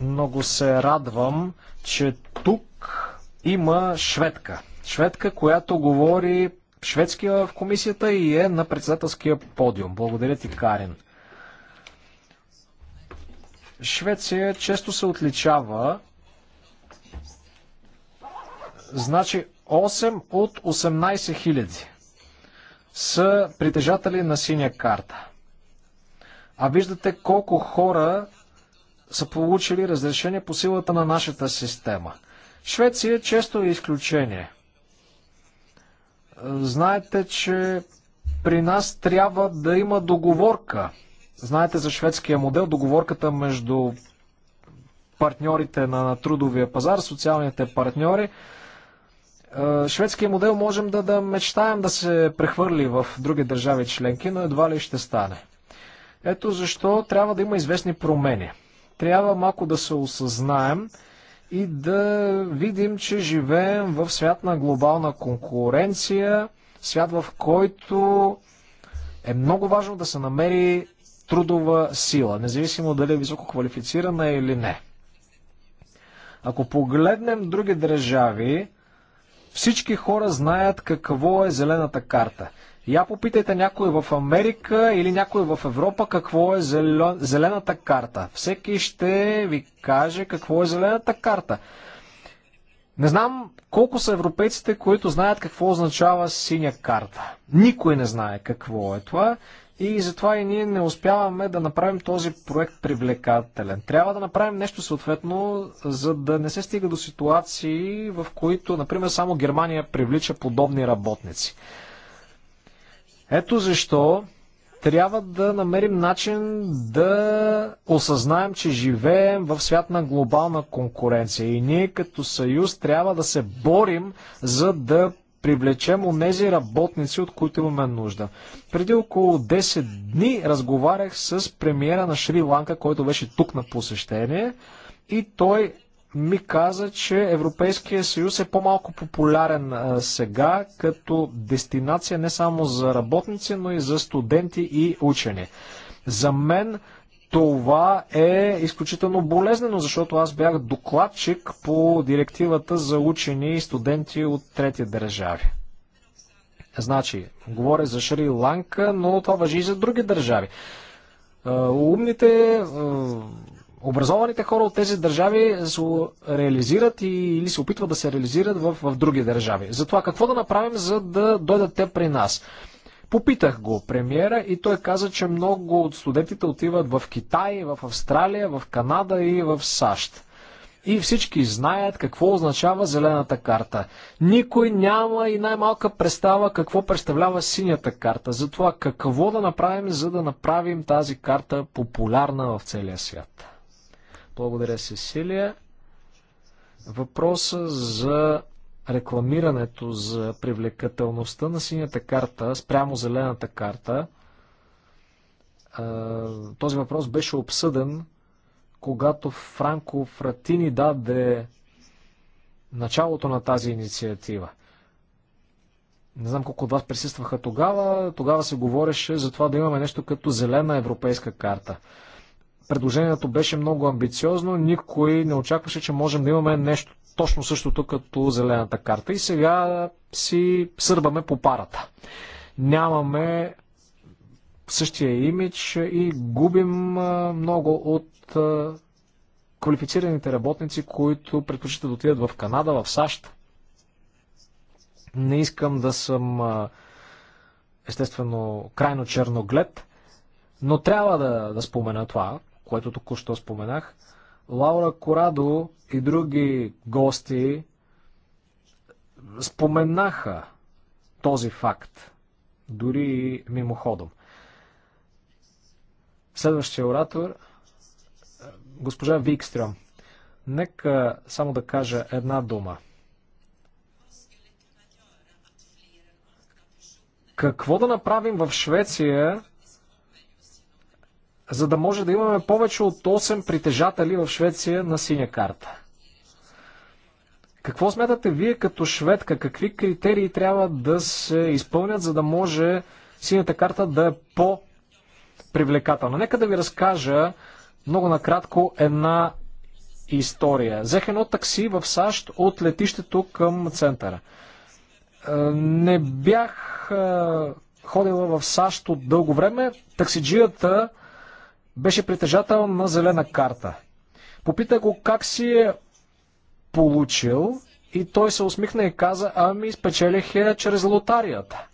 Много се радвам, че тук има шведка. Шведка, която говори шведски в комисията и е на председателския подиум. Благодаря ти, Карин. Швеция често се отличава Значи 8 от 18 хиляди са притежатели на синя карта. А виждате колко хора са получили разрешение по силата на нашата система. Швеция често е изключение. Знаете, че при нас трябва да има договорка. Знаете за шведския модел, договорката между партньорите на, на трудовия пазар, социалните партньори. Е, шведския модел можем да, да мечтаем да се прехвърли в други държави членки, но едва ли ще стане. Ето защо трябва да има известни промени. Трябва малко да се осъзнаем и да видим, че живеем в свят на глобална конкуренция, свят в който е много важно да се намери трудова сила, независимо дали е високо квалифицирана или не. Ако погледнем други държави, всички хора знаят какво е зелената карта. Я попитайте някой в Америка или някой в Европа какво е зелен... зелената карта. Всеки ще ви каже какво е зелената карта. Не знам колко са европейците, които знаят какво означава синя карта. Никой не знае какво е това и затова и ние не успяваме да направим този проект привлекателен. Трябва да направим нещо съответно, за да не се стига до ситуации, в които, например, само Германия привлича подобни работници. Ето защо трябва да намерим начин да осъзнаем, че живеем в свят на глобална конкуренция. И ние като съюз трябва да се борим, за да привлечем онези работници, от които имаме нужда. Преди около 10 дни разговарях с премиера на Шри-Ланка, който беше тук на посещение и той ми каза, че Европейския съюз е по-малко популярен а, сега като дестинация не само за работници, но и за студенти и учени. За мен това е изключително болезнено, защото аз бях докладчик по директивата за учени и студенти от трети държави. Значи, говоря за Шри-Ланка, но това въжи и за други държави. Е, умните, е, образованите хора от тези държави се реализират и, или се опитват да се реализират в, в други държави. Затова какво да направим, за да дойдат те при нас? Попитах го премиера и той каза, че много от студентите отиват в Китай, в Австралия, в Канада и в САЩ. И всички знаят какво означава зелената карта. Никой няма и най-малка представа какво представлява синята карта. Затова какво да направим, за да направим тази карта популярна в целия свят. Благодаря, Сесилия. Въпроса за рекламирането за привлекателността на синята карта спрямо зелената карта. Този въпрос беше обсъден, когато Франко Фратини даде началото на тази инициатива. Не знам колко от вас присъстваха тогава. Тогава се говореше за това да имаме нещо като зелена европейска карта. Предложението беше много амбициозно. Никой не очакваше, че можем да имаме нещо точно същото като зелената карта. И сега си сърбаме по парата. Нямаме същия имидж и губим много от квалифицираните работници, които предпочитат да отидат в Канада, в САЩ. Не искам да съм естествено крайно черноглед, но трябва да, да спомена това, което току-що споменах. Лаура Корадо и други гости споменаха този факт, дори и мимоходом. Следващия оратор, госпожа Викстрем. Нека само да кажа една дума. Какво да направим в Швеция, за да може да имаме повече от 8 притежатели в Швеция на синя карта. Какво смятате вие като шведка? Какви критерии трябва да се изпълнят, за да може синята карта да е по-привлекателна? Нека да ви разкажа много накратко една история. Взех едно такси в САЩ от летището към центъра. Е, не бях е, ходила в САЩ от дълго време. Таксиджията беше притежател на зелена карта. Попита го как си е получил и той се усмихна и каза, ами спечелих я чрез лотарията.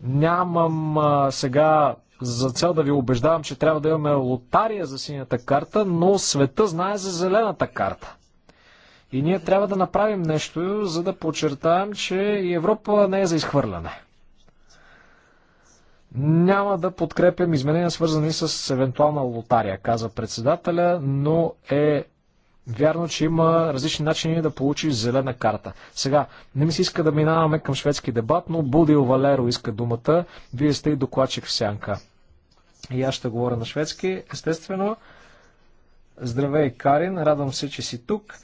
Нямам а, сега за цел да ви убеждавам, че трябва да имаме лотария за синята карта, но света знае за зелената карта. И ние трябва да направим нещо, за да подчертаем, че и Европа не е за изхвърляне. Няма да подкрепям изменения, свързани с евентуална лотария, каза председателя, но е вярно, че има различни начини да получиш зелена карта. Сега, не ми се иска да минаваме към шведски дебат, но Будил Валеро иска думата. Вие сте и докладчик в сянка. И аз ще говоря на шведски, естествено. Здравей, Карин, радвам се, че си тук.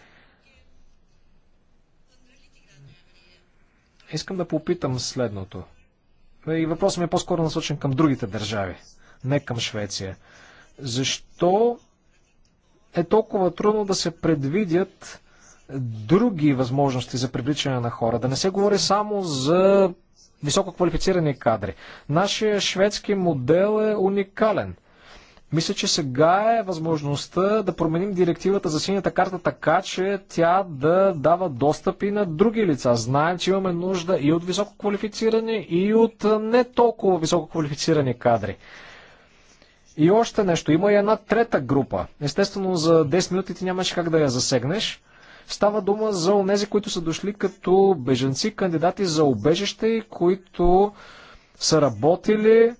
Искам да попитам следното. И въпросът ми е по-скоро насочен към другите държави, не към Швеция. Защо е толкова трудно да се предвидят други възможности за привличане на хора? Да не се говори само за висококвалифицирани кадри. Нашия шведски модел е уникален – мисля, че сега е възможността да променим директивата за синята карта така, че тя да дава достъп и на други лица. Знаем, че имаме нужда и от високо и от не толкова високо квалифицирани кадри. И още нещо. Има и една трета група. Естествено, за 10 минути ти нямаш как да я засегнеш. Става дума за онези, които са дошли като беженци, кандидати за обежище, които са работили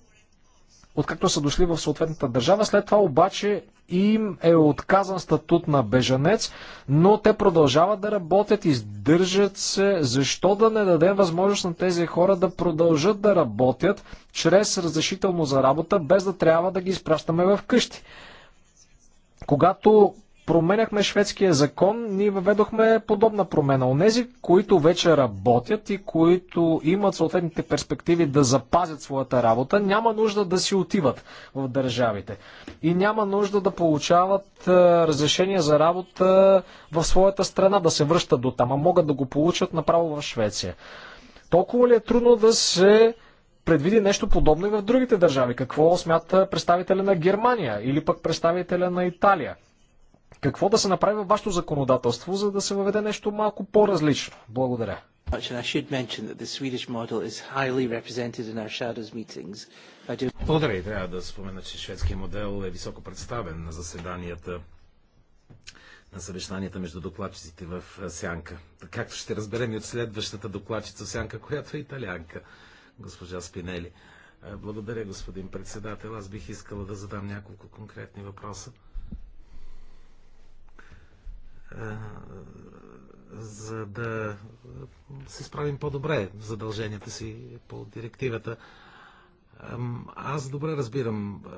откакто са дошли в съответната държава. След това обаче им е отказан статут на бежанец, но те продължават да работят, издържат се. Защо да не дадем възможност на тези хора да продължат да работят чрез разрешително за работа, без да трябва да ги изпращаме в къщи? Когато променяхме шведския закон, ние въведохме подобна промена. Онези, които вече работят и които имат съответните перспективи да запазят своята работа, няма нужда да си отиват в държавите. И няма нужда да получават е, разрешение за работа в своята страна, да се връщат до там, а могат да го получат направо в Швеция. Толкова ли е трудно да се предвиди нещо подобно и в другите държави? Какво смята представителя на Германия или пък представителя на Италия? Какво да се направи във вашето законодателство, за да се въведе нещо малко по-различно? Благодаря. Благодаря и трябва да спомена, че шведския модел е високо представен на заседанията на съвещанията между докладчиците в Сянка. Както ще разберем и от следващата докладчица Сянка, която е италянка, госпожа Спинели. Благодаря, господин председател. Аз бих искала да задам няколко конкретни въпроса. Е, за да се справим по-добре в задълженията си по директивата. Аз добре разбирам е,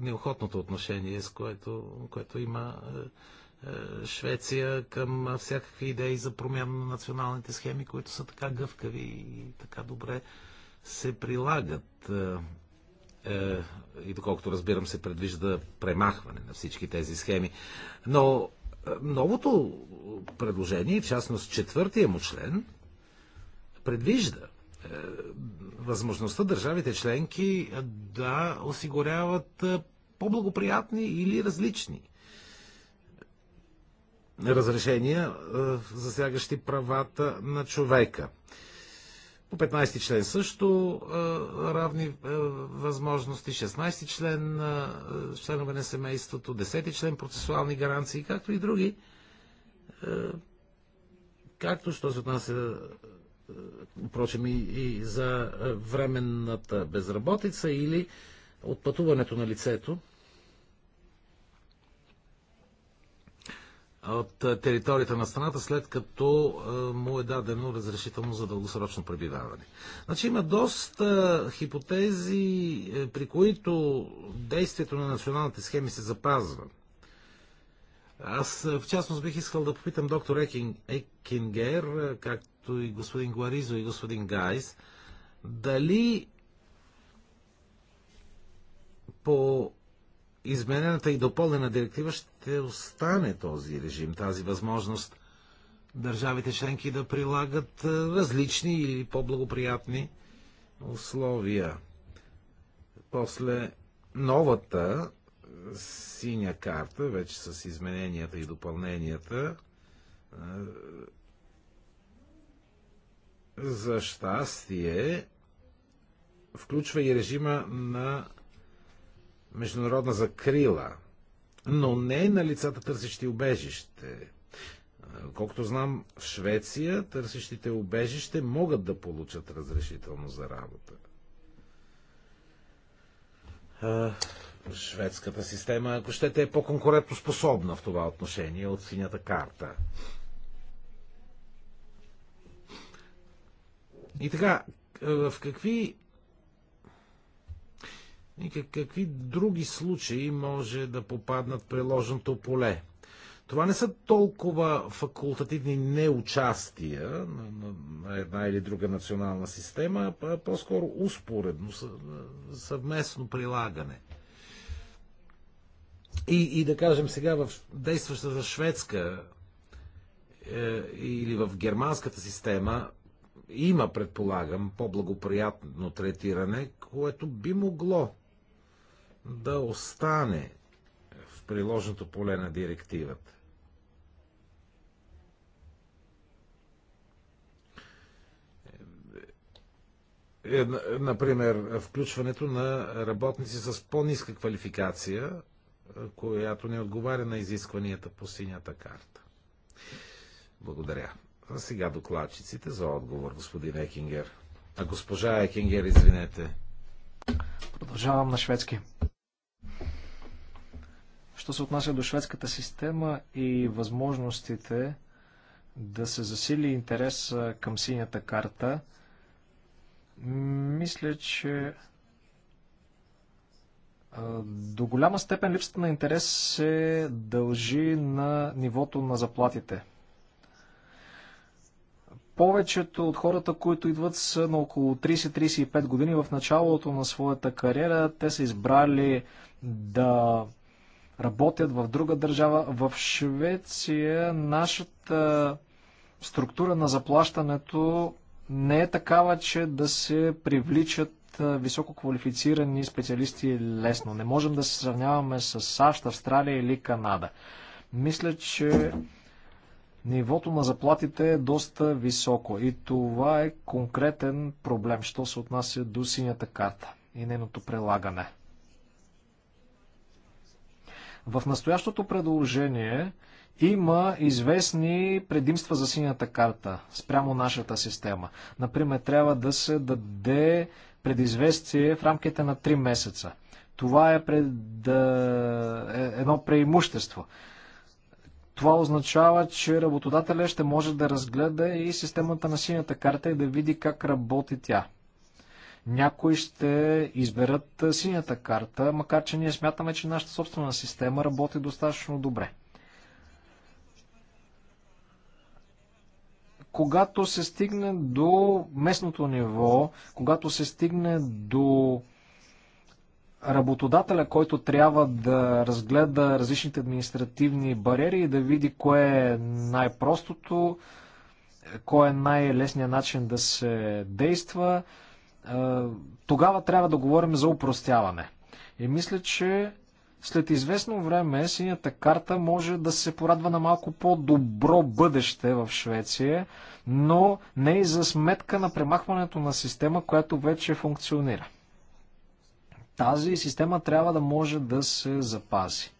неохотното отношение, с което, което има е, Швеция към всякакви идеи за промяна на националните схеми, които са така гъвкави и така добре се прилагат. И доколкото разбирам, се предвижда премахване на всички тези схеми. Но новото предложение, в частност четвъртия му член, предвижда е, възможността държавите членки да осигуряват е, по-благоприятни или различни разрешения, е, засягащи правата на човека – по 15 член също равни възможности, 16 ти член членове на семейството, 10 ти член процесуални гаранции, както и други. Както, що се отнася впрочем, и, и за временната безработица или отпътуването на лицето от е, територията на страната, след като е, му е дадено разрешително за дългосрочно пребиваване. Значи има доста е, хипотези, при които действието на националните схеми се запазва. Аз в частност бих искал да попитам доктор Екин, Екингер, както и господин Гуаризо и господин Гайс, дали по изменената и допълнена директива ще остане този режим, тази възможност държавите членки да прилагат е, различни или по-благоприятни условия. После новата е, синя карта, вече с измененията и допълненията, е, за щастие включва и режима на международна закрила, но не на лицата търсещи убежище. Колкото знам, в Швеция търсещите убежище могат да получат разрешително за работа. Шведската система, ако щете, е по-конкурентоспособна в това отношение от синята карта. И така, в какви и какви други случаи може да попаднат приложното поле? Това не са толкова факултативни неучастия на, на една или друга национална система, а по-скоро успоредно, съвместно прилагане. И, и да кажем сега в действащата шведска е, или в германската система има, предполагам, по-благоприятно третиране, което би могло да остане в приложното поле на директивата. Е, например, включването на работници с по-ниска квалификация, която не отговаря на изискванията по синята карта. Благодаря. А сега докладчиците за отговор, господин Екингер. А госпожа Екингер, извинете. Продължавам на шведски. Що се отнася до шведската система и възможностите да се засили интерес към синята карта, мисля, че до голяма степен липсата на интерес се дължи на нивото на заплатите. Повечето от хората, които идват са на около 30-35 години в началото на своята кариера. Те са избрали да работят в друга държава. В Швеция нашата структура на заплащането не е такава, че да се привличат високо квалифицирани специалисти лесно. Не можем да се сравняваме с САЩ, Австралия или Канада. Мисля, че нивото на заплатите е доста високо и това е конкретен проблем, що се отнася до синята карта и нейното прилагане. В настоящото предложение има известни предимства за синята карта спрямо нашата система. Например, трябва да се даде предизвестие в рамките на 3 месеца. Това е пред, е, едно преимущество. Това означава, че работодателя ще може да разгледа и системата на синята карта и да види как работи тя. Някои ще изберат синята карта, макар че ние смятаме, че нашата собствена система работи достатъчно добре. Когато се стигне до местното ниво, когато се стигне до работодателя, който трябва да разгледа различните административни бариери и да види кое е най-простото, кое е най-лесният начин да се действа, е, тогава трябва да говорим за упростяване. И мисля, че след известно време синята карта може да се порадва на малко по-добро бъдеще в Швеция, но не и за сметка на премахването на система, която вече функционира. Тази система трябва да може да се запази.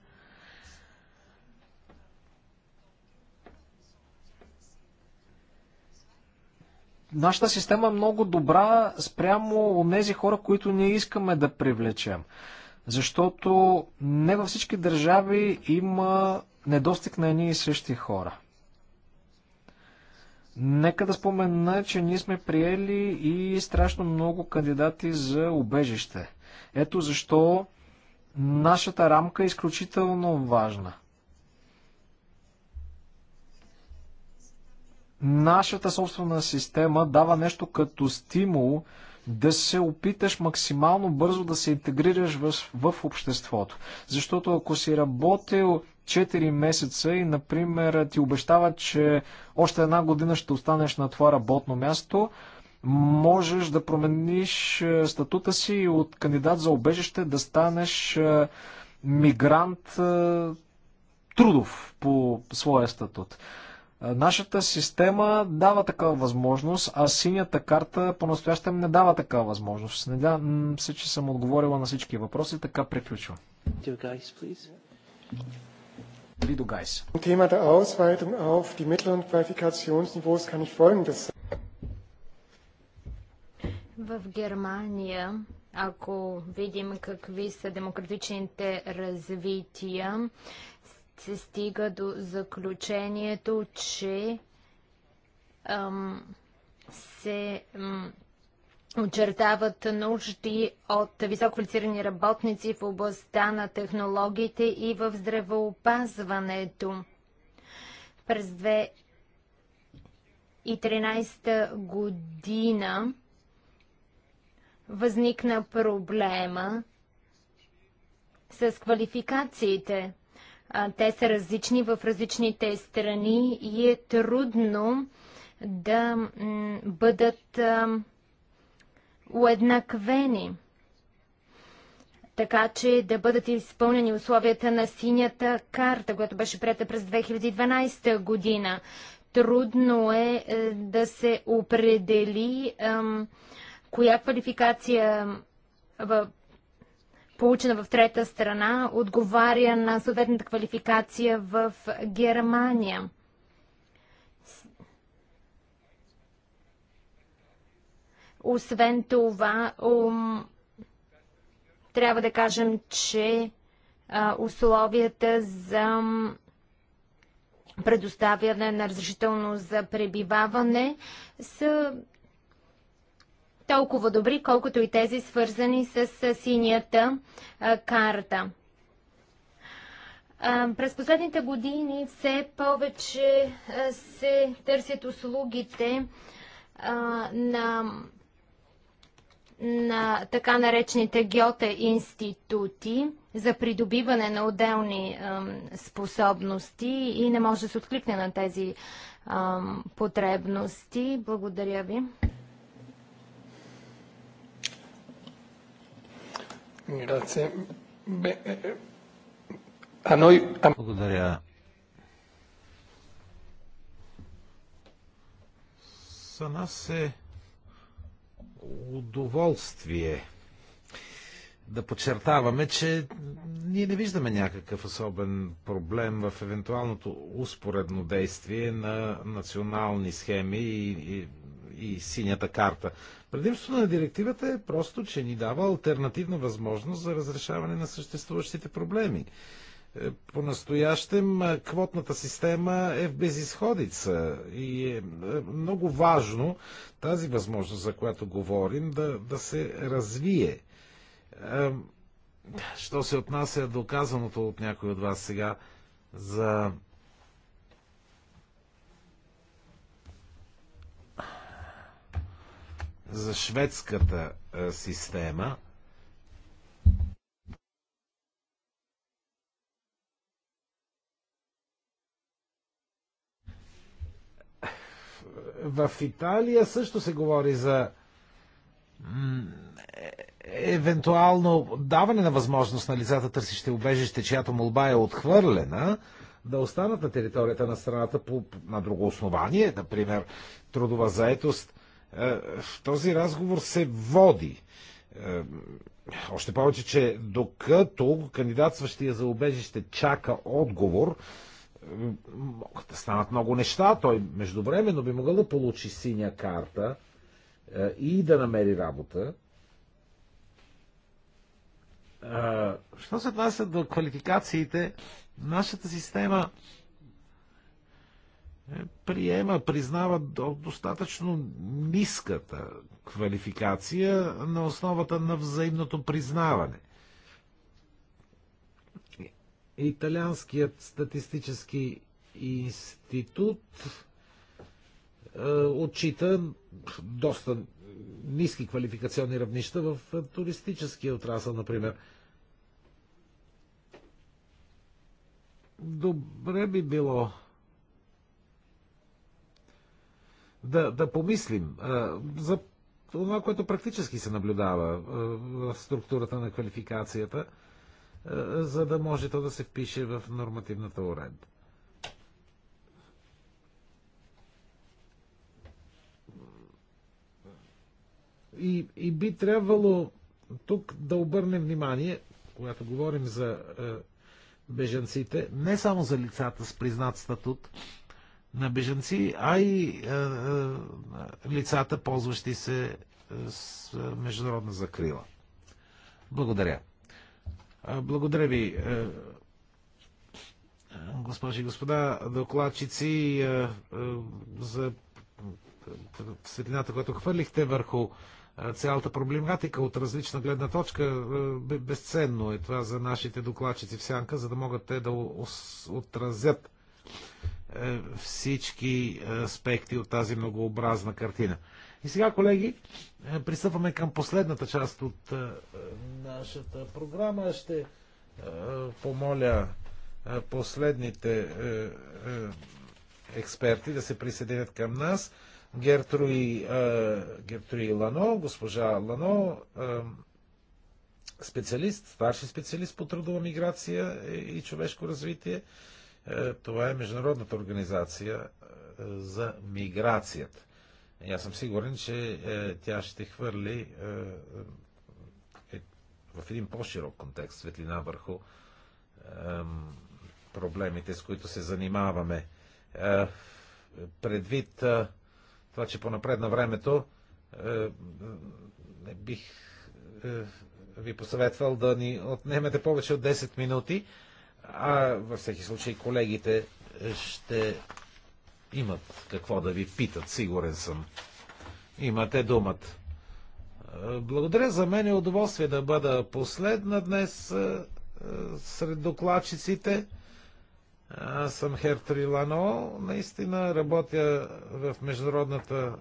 нашата система е много добра спрямо от тези хора, които ние искаме да привлечем. Защото не във всички държави има недостиг на едни и същи хора. Нека да спомена, че ние сме приели и страшно много кандидати за убежище. Ето защо нашата рамка е изключително важна. нашата собствена система дава нещо като стимул да се опиташ максимално бързо да се интегрираш в, в обществото. Защото ако си работил 4 месеца и, например, ти обещава, че още една година ще останеш на това работно място, можеш да промениш е, статута си и от кандидат за обежище да станеш е, мигрант е, трудов по своя статут. Нашата система дава такава възможност, а синята карта по-настоящем не дава такава възможност. Надявам се, че съм отговорила на всички въпроси, така приключвам. Ausweitung auf die Qualifikationsniveaus kann ich Folgendes В Германия, ако видим какви са демократичните развития, се стига до заключението, че ам, се ам, очертават нужди от висококвалифицирани работници в областта на технологиите и в здравеопазването. През 2013 година възникна проблема с квалификациите те са различни в различните страни и е трудно да бъдат уеднаквени, така че да бъдат изпълнени условията на синята карта, която беше прията през 2012 година. Трудно е, е, да се определи коя квалификация в получена в трета страна, отговаря на съответната квалификация в Германия. Освен това, трябва да кажем, че условията за предоставяне на разрешително за пребиваване са толкова добри, колкото и тези свързани с синята карта. През последните години все повече се търсят услугите на на така наречените геота институти за придобиване на отделни способности и не може да се откликне на тези потребности. Благодаря ви. Grazie. Eh, Благодаря. За нас е удоволствие да подчертаваме, че ние не виждаме някакъв особен проблем в евентуалното успоредно действие на национални схеми и, и и синята карта. Предимството на директивата е просто, че ни дава альтернативна възможност за разрешаване на съществуващите проблеми. Е, по-настоящем е, квотната система е в безисходица и е, е много важно тази възможност, за която говорим, да, да се развие. Що се отнася до казаното от някой от вас сега за за шведската е, система. В Италия също се говори за е, евентуално даване на възможност на лицата, търсище убежище, чиято молба е отхвърлена, да останат на територията на страната по, на друго основание, например трудова заетост е, този разговор се води. Е, още повече, че докато кандидатстващия за убежище чака отговор, е, могат да станат много неща. Той междувременно би могъл да получи синя карта и да намери работа. Що се отнася до квалификациите, нашата система е, приема, признава достатъчно ниската квалификация на основата на взаимното признаване. Италианският статистически институт е, отчита доста ниски квалификационни равнища в туристическия отрасъл, например. Добре би било да, да помислим за това, което практически се наблюдава в структурата на квалификацията, за да може то да се впише в нормативната уредба. И, и би трябвало тук да обърнем внимание, когато говорим за е, бежанците, не само за лицата с признат статут, на бежанци, а и е, е, лицата, ползващи се е, с международна закрила. Благодаря. Благодаря ви, госпожи и господа докладчици, за светлината, която хвърлихте върху цялата проблематика от различна гледна точка. Безценно е това за нашите докладчици в сянка, за да могат те да отразят е, всички е, аспекти от тази многообразна картина. И сега, колеги, е, пристъпваме към последната част от нашата програма. Ще помоля последните експерти да се присъединят към нас. Гертруи, Гертруи Лано, госпожа Лано, специалист, старши специалист по трудова миграция и човешко развитие е, това е Международната организация е, за миграцията. И аз съм сигурен, че е, тя ще хвърли в един по-широк контекст светлина върху проблемите, с които се занимаваме. Предвид това, че по-напред на времето бих ви посъветвал да ни отнемете повече от 10 минути. А във всеки случай колегите ще имат какво да ви питат, сигурен съм. Имате думата. Благодаря за мен е удоволствие да бъда последна днес сред докладчиците. Аз съм Хертри Лано. Наистина работя в Международната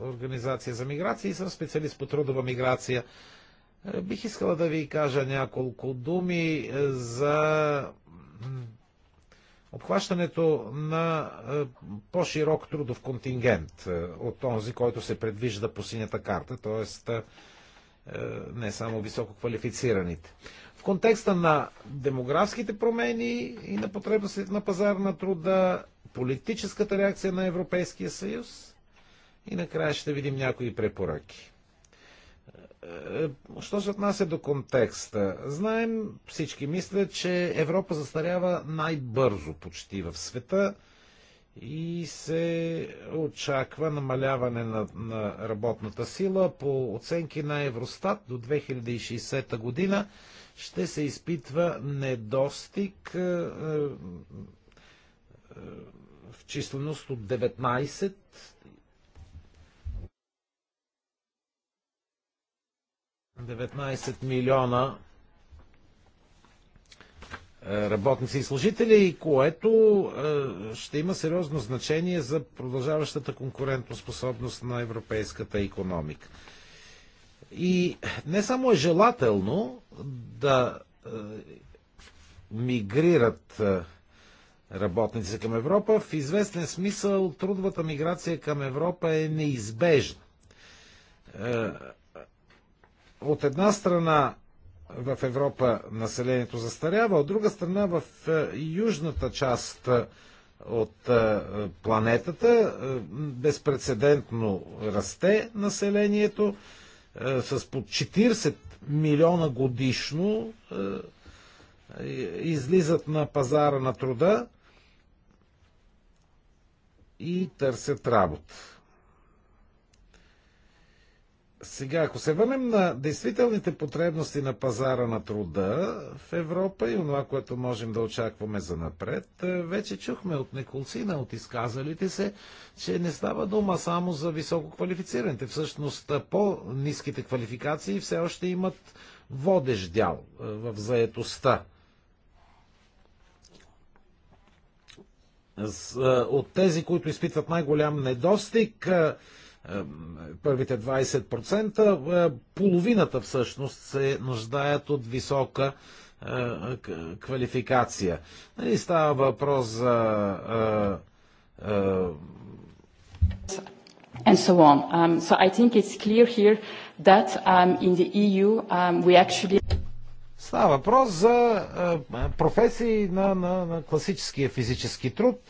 организация за миграция и съм специалист по трудова миграция. Е, бих искала да ви кажа няколко думи е, за обхващането на е, по-широк трудов контингент от този, който се предвижда по синята карта, т.е. не само високо квалифицираните. В контекста на демографските промени и на потребностите на пазар на труда, политическата реакция на Европейския съюз и накрая ще видим някои препоръки. Е, що се отнася до контекста? Знаем всички, мислят, че Европа застарява най-бързо почти в света и се очаква намаляване на, на работната сила. По оценки на Евростат до 2060 година ще се изпитва недостиг е, е, е в численост от 19 19 милиона е, работници и служители, и което е, ще има сериозно значение за продължаващата конкурентоспособност на европейската економика. И не само е желателно да е, мигрират работници към Европа, в известен смисъл трудовата миграция към Европа е неизбежна от една страна в Европа населението застарява, от друга страна в е, южната част е, от е, планетата безпредседентно расте населението с под 40 милиона годишно излизат на пазара на труда и търсят работа. Сега, ако се върнем на действителните потребности на пазара на труда в Европа и това, което можем да очакваме за напред, е, вече чухме от неколцина, от изказалите се, че не става дума само за високо квалифицираните. Всъщност, е, по-низките квалификации все още имат водещ дял е, в заетостта. От тези, които изпитват най-голям недостиг, е, първите 20%, е, половината всъщност се нуждаят от висока е, квалификация. И нали, става въпрос за and so on. Um, so I think it's clear here that um, in the EU um, we actually Става въпрос за професии на, на, на класическия физически труд,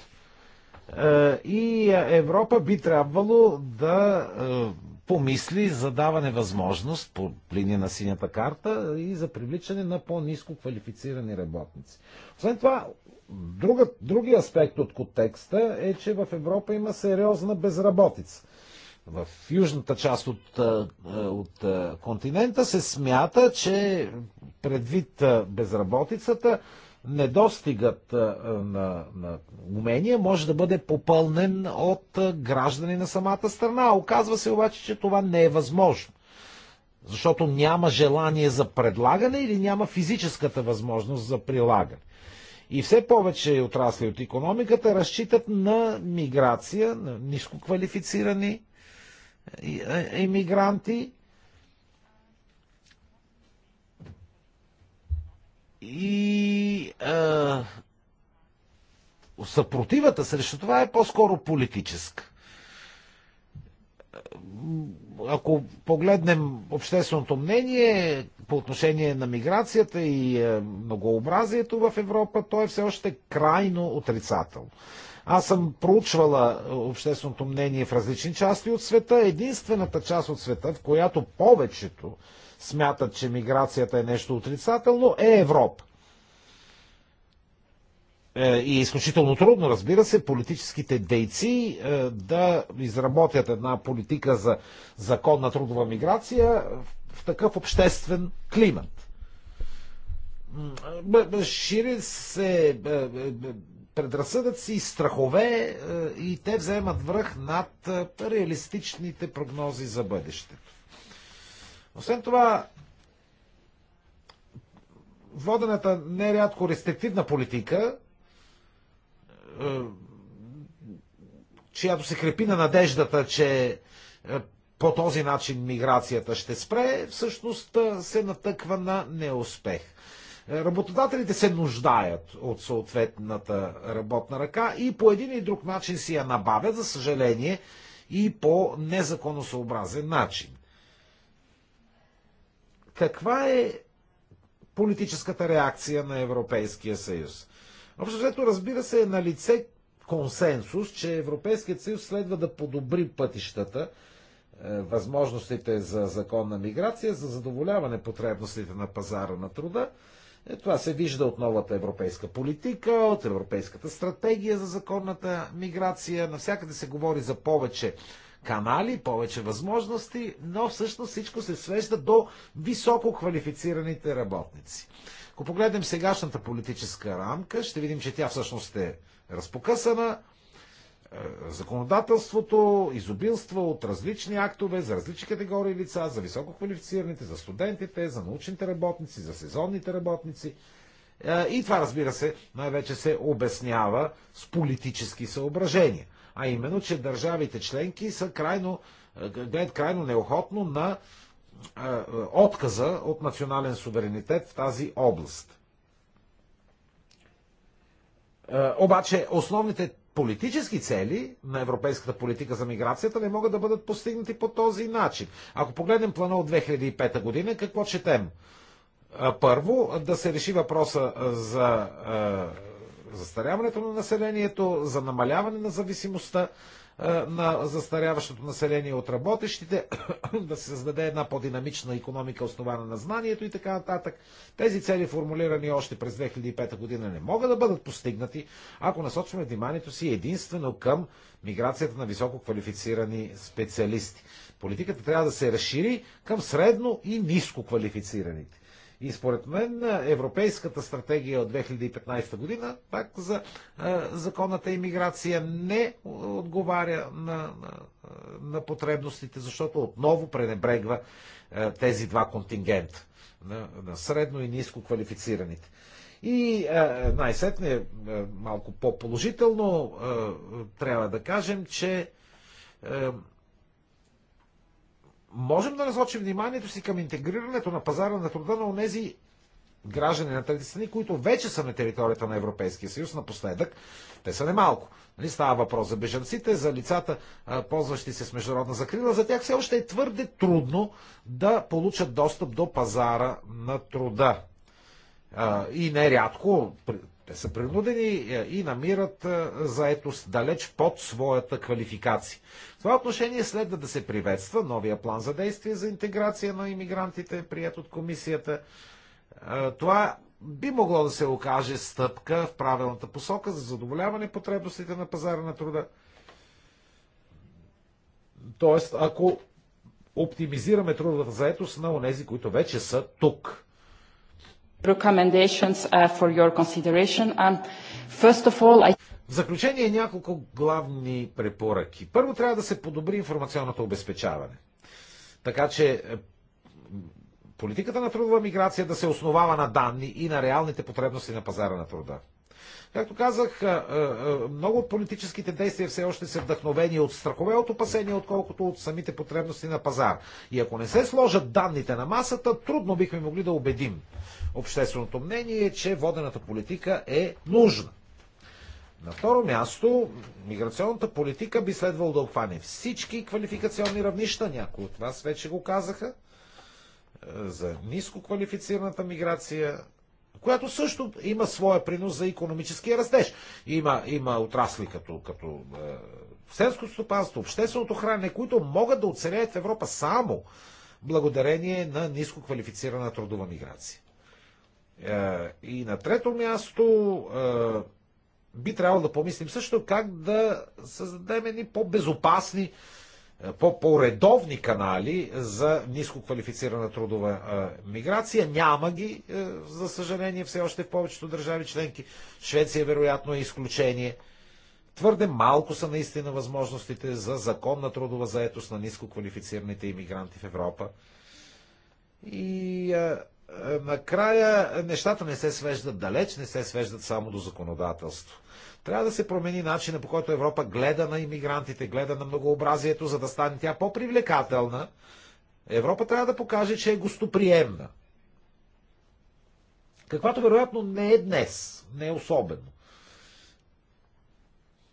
е, и Европа би трябвало да е, помисли за даване възможност по линия на синята карта и за привличане на по-низко квалифицирани работници. Освен това, друга, други аспект от контекста е, че в Европа има сериозна безработица. В южната част от, е, от континента се смята, че предвид безработицата, недостигът на, на умения може да бъде попълнен от граждани на самата страна. Оказва се обаче, че това не е възможно. Защото няма желание за предлагане или няма физическата възможност за прилагане. И все повече отрасли от економиката разчитат на миграция, на нискоквалифицирани иммигранти, И а, съпротивата срещу това е по-скоро политическа. Ако погледнем общественото мнение по отношение на миграцията и многообразието в Европа, то е все още крайно отрицателно. Аз съм проучвала общественото мнение в различни части от света. Единствената част от света, в която повечето смятат, че миграцията е нещо отрицателно, е Европа. Е, и е изключително трудно, разбира се, политическите дейци е, да изработят една политика за закон на трудова миграция в такъв обществен климат. Е, шири се предразсъдъци и страхове и те вземат връх над реалистичните прогнози за бъдещето. Освен това, водената нерядко рестриктивна политика, е, чиято се крепи на надеждата, че е, по този начин миграцията ще спре, всъщност е, се натъква на неуспех. Работодателите се нуждаят от съответната работна ръка и по един или друг начин си я набавят, за съжаление, и по незаконосъобразен начин каква е политическата реакция на Европейския съюз? Общо взето, разбира се, е на лице консенсус, че Европейският съюз следва да подобри пътищата, е, възможностите за законна миграция, за задоволяване потребностите на пазара на труда. Е, това се вижда от новата европейска политика, от европейската стратегия за законната миграция. Навсякъде се говори за повече канали, повече възможности, но всъщност всичко се свежда до високо квалифицираните работници. Ако погледнем сегашната политическа рамка, ще видим, че тя всъщност е разпокъсана. Е, законодателството изобилства от различни актове за различни категории лица, за висококвалифицираните, за студентите, за научните работници, за сезонните работници. Е, и това, разбира се, най-вече се обяснява с политически съображения – а именно, че държавите членки са крайно, гледат крайно неохотно на е, е, отказа от национален суверенитет в тази област. Е, обаче основните политически цели на европейската политика за миграцията не могат да бъдат постигнати по този начин. Ако погледнем плана от 2005 година, какво четем? Първо, да се реши въпроса за застаряването на населението, за намаляване на зависимостта на застаряващото население от работещите, да се създаде една по-динамична економика, основана на знанието и така нататък. Тези цели, формулирани още през 2005 година, не могат да бъдат постигнати, ако насочваме вниманието си единствено към миграцията на високо квалифицирани специалисти. Политиката трябва да се разшири към средно и ниско квалифицираните. И според мен Европейската стратегия от 2015 година, пак за законната иммиграция, не отговаря на, на, на потребностите, защото отново пренебрегва тези два контингента на, на средно и ниско квалифицираните. И най-сетне, малко по-положително, трябва да кажем, че можем да насочим вниманието си към интегрирането на пазара на труда на онези граждани на трети страни, които вече са на територията на Европейския съюз напоследък. Те са немалко. Нали? Става въпрос за бежанците, за лицата, ползващи се с международна закрила. За тях все още е твърде трудно да получат достъп до пазара на труда. И нерядко те са принудени е, и намират е, заетост далеч под своята квалификация. В това отношение следва да се приветства новия план за действие за интеграция на иммигрантите, прият от комисията. Е, това би могло да се окаже стъпка в правилната посока за задоволяване потребностите на пазара на труда. Тоест, ако оптимизираме трудовата заетост на онези, които вече са тук recommendations uh, for your consideration. Um, first of all, I... В заключение няколко главни препоръки. Първо трябва да се подобри информационното обезпечаване. Така че е, политиката на трудова миграция да се основава на данни и на реалните потребности на пазара на труда. Както казах, много от политическите действия все още са вдъхновени от страхове, от опасения, отколкото от самите потребности на пазар. И ако не се сложат данните на масата, трудно бихме могли да убедим общественото мнение, е, че водената политика е нужна. На второ място, миграционната политика би следвало да обхване всички квалификационни равнища, някои от вас вече го казаха, за ниско квалифицираната миграция, която също има своя принос за економическия растеж. Има, има отрасли като, като е, селско стопанство, общественото хранене, които могат да оцеляят в Европа само благодарение на ниско квалифицирана трудова миграция. Е, и на трето място е, би трябвало да помислим също как да създадем едни по-безопасни по, по редовни канали за нискоквалифицирана трудова а, миграция. Няма ги, а, за съжаление, все още в повечето държави членки. Швеция, вероятно, е изключение. Твърде малко са наистина възможностите за законна трудова заетост на нискоквалифицираните иммигранти в Европа. И а, а, накрая нещата не се свеждат далеч, не се свеждат само до законодателство. Трябва да се промени начина по който Европа гледа на иммигрантите, гледа на многообразието, за да стане тя по-привлекателна. Европа трябва да покаже, че е гостоприемна. Каквато вероятно не е днес, не е особено.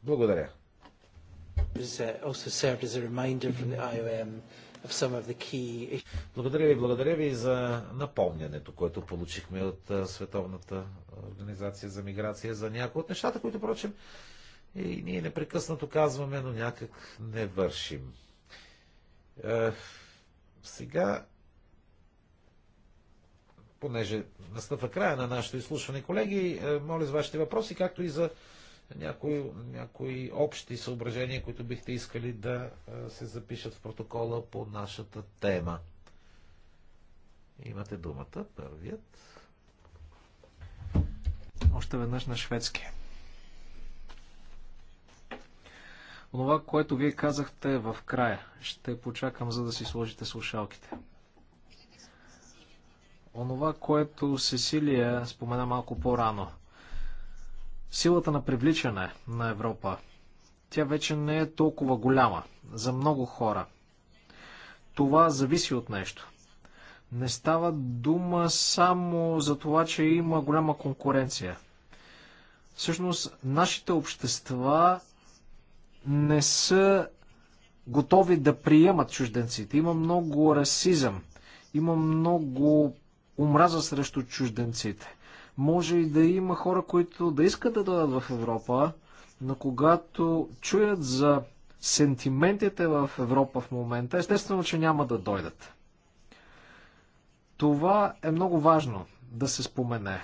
Благодаря. Uh, благодаря ви, благодаря ви за напомнянето, което получихме от Световната организация за миграция за някои от нещата, които, впрочем, и ние непрекъснато казваме, но някак не вършим. Е, сега, понеже настъпва края на нашето изслушване, колеги, е, моля за вашите въпроси, както и за някои, някои общи съображения, които бихте искали да се запишат в протокола по нашата тема. Имате думата, първият. Още веднъж на шведски. Онова, което вие казахте в края, ще почакам, за да си сложите слушалките. Онова, което Сесилия спомена малко по-рано – Силата на привличане на Европа, тя вече не е толкова голяма за много хора. Това зависи от нещо. Не става дума само за това, че има голяма конкуренция. Всъщност, нашите общества не са готови да приемат чужденците. Има много расизъм, има много омраза срещу чужденците. Може и да има хора, които да искат да дойдат в Европа, но когато чуят за сентиментите в Европа в момента, естествено, че няма да дойдат. Това е много важно да се спомене.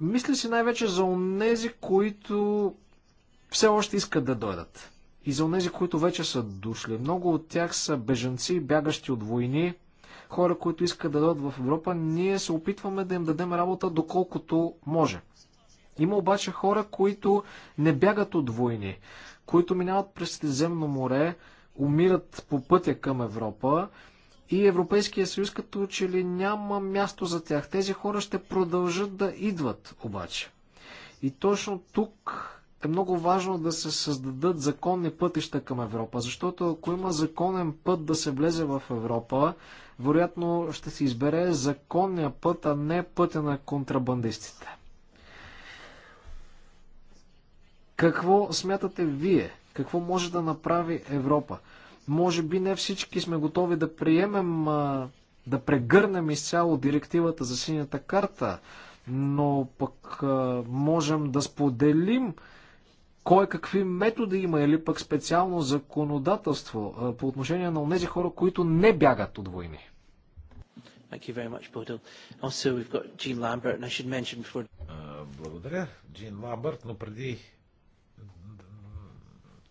Мисля си най-вече за онези, които все още искат да дойдат. И за онези, които вече са дошли. Много от тях са бежанци, бягащи от войни, хора, които искат да дойдат в Европа, ние се опитваме да им дадем работа доколкото може. Има обаче хора, които не бягат от войни, които минават през Средиземно море, умират по пътя към Европа и Европейския съюз като че ли няма място за тях. Тези хора ще продължат да идват обаче. И точно тук е много важно да се създадат законни пътища към Европа, защото ако има законен път да се влезе в Европа, вероятно ще се избере законния път, а не пътя на контрабандистите. Какво смятате вие? Какво може да направи Европа? Може би не всички сме готови да приемем, да прегърнем изцяло директивата за синята карта, но пък можем да споделим кой какви методи има или пък специално законодателство по отношение на тези хора, които не бягат от войни. Благодаря, Джин Ламбърт, но преди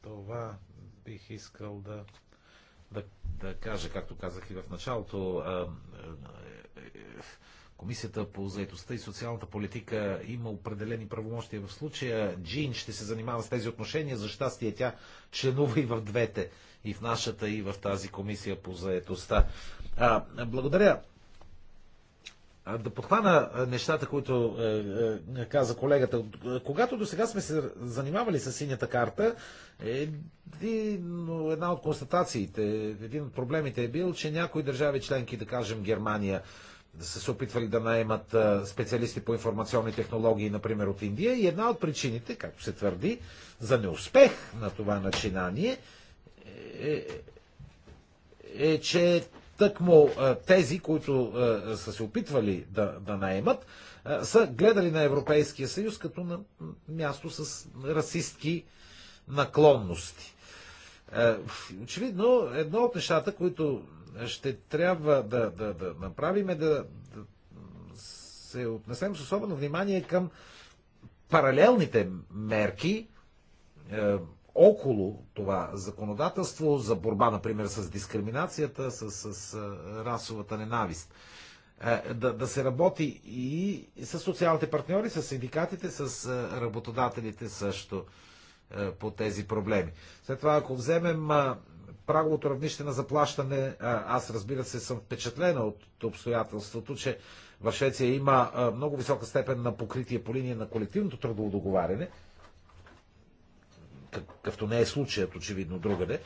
това бих искал да, да, да кажа, както казах и в началото, Комисията по заедостта и социалната политика има определени правомощия в случая. Джин ще се занимава с тези отношения. За щастие тя членува и в двете. И в нашата, и в тази комисия по заедостта. А, благодаря. А, да подхвана нещата, които е, е, каза колегата. Когато до сега сме се занимавали с синята карта, един, една от констатациите, един от проблемите е бил, че някои държави членки, да кажем Германия, да са се опитвали да наемат специалисти по информационни технологии, например от Индия. И една от причините, както се твърди, за неуспех на това начинание е, е, е че тъкмо тези, които е, са се опитвали да, да наемат, е, са гледали на Европейския съюз като на място с расистки наклонности. Очевидно, едно от нещата, които ще трябва да, да, да е да, да се отнесем с особено внимание към паралелните мерки е, около това законодателство за борба, например, с дискриминацията, с, с, с е, расовата ненавист. Е, да, да се работи и с социалните партньори, с синдикатите, с е, работодателите също по тези проблеми. След това, ако вземем праговото равнище на заплащане, аз разбира се съм впечатлена от обстоятелството, че в Швеция има много висока степен на покритие по линия на колективното трудово договаряне, какъвто не е случаят очевидно другаде.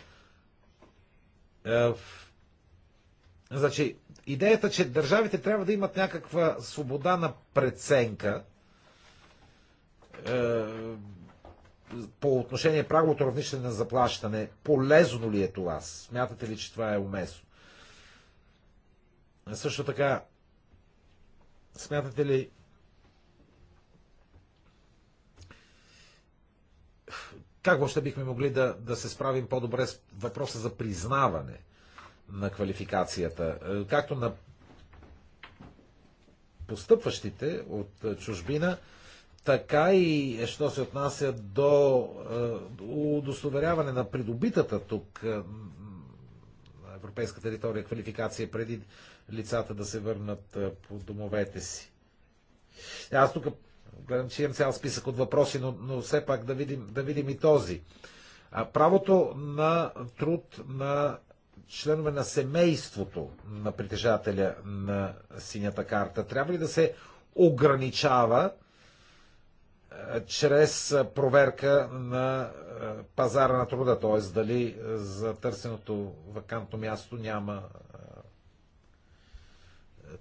Значи, идеята, че държавите трябва да имат някаква свобода на преценка, по отношение правото равнище на заплащане, полезно ли е това? Смятате ли, че това е уместно? Също така, смятате ли, как въобще бихме могли да, да се справим по-добре с въпроса за признаване на квалификацията, е, както на постъпващите от е, чужбина, така и е, що се отнася до е, удостоверяване на придобитата тук е, на европейска територия квалификация преди лицата да се върнат по домовете си. Аз тук гледам, че имам цял списък от въпроси, но, но все пак да видим, да видим и този. А правото на труд на членове на семейството на притежателя на синята карта трябва ли да се ограничава чрез проверка на е, пазара на труда, т.е. дали е, за търсеното вакантно място няма е,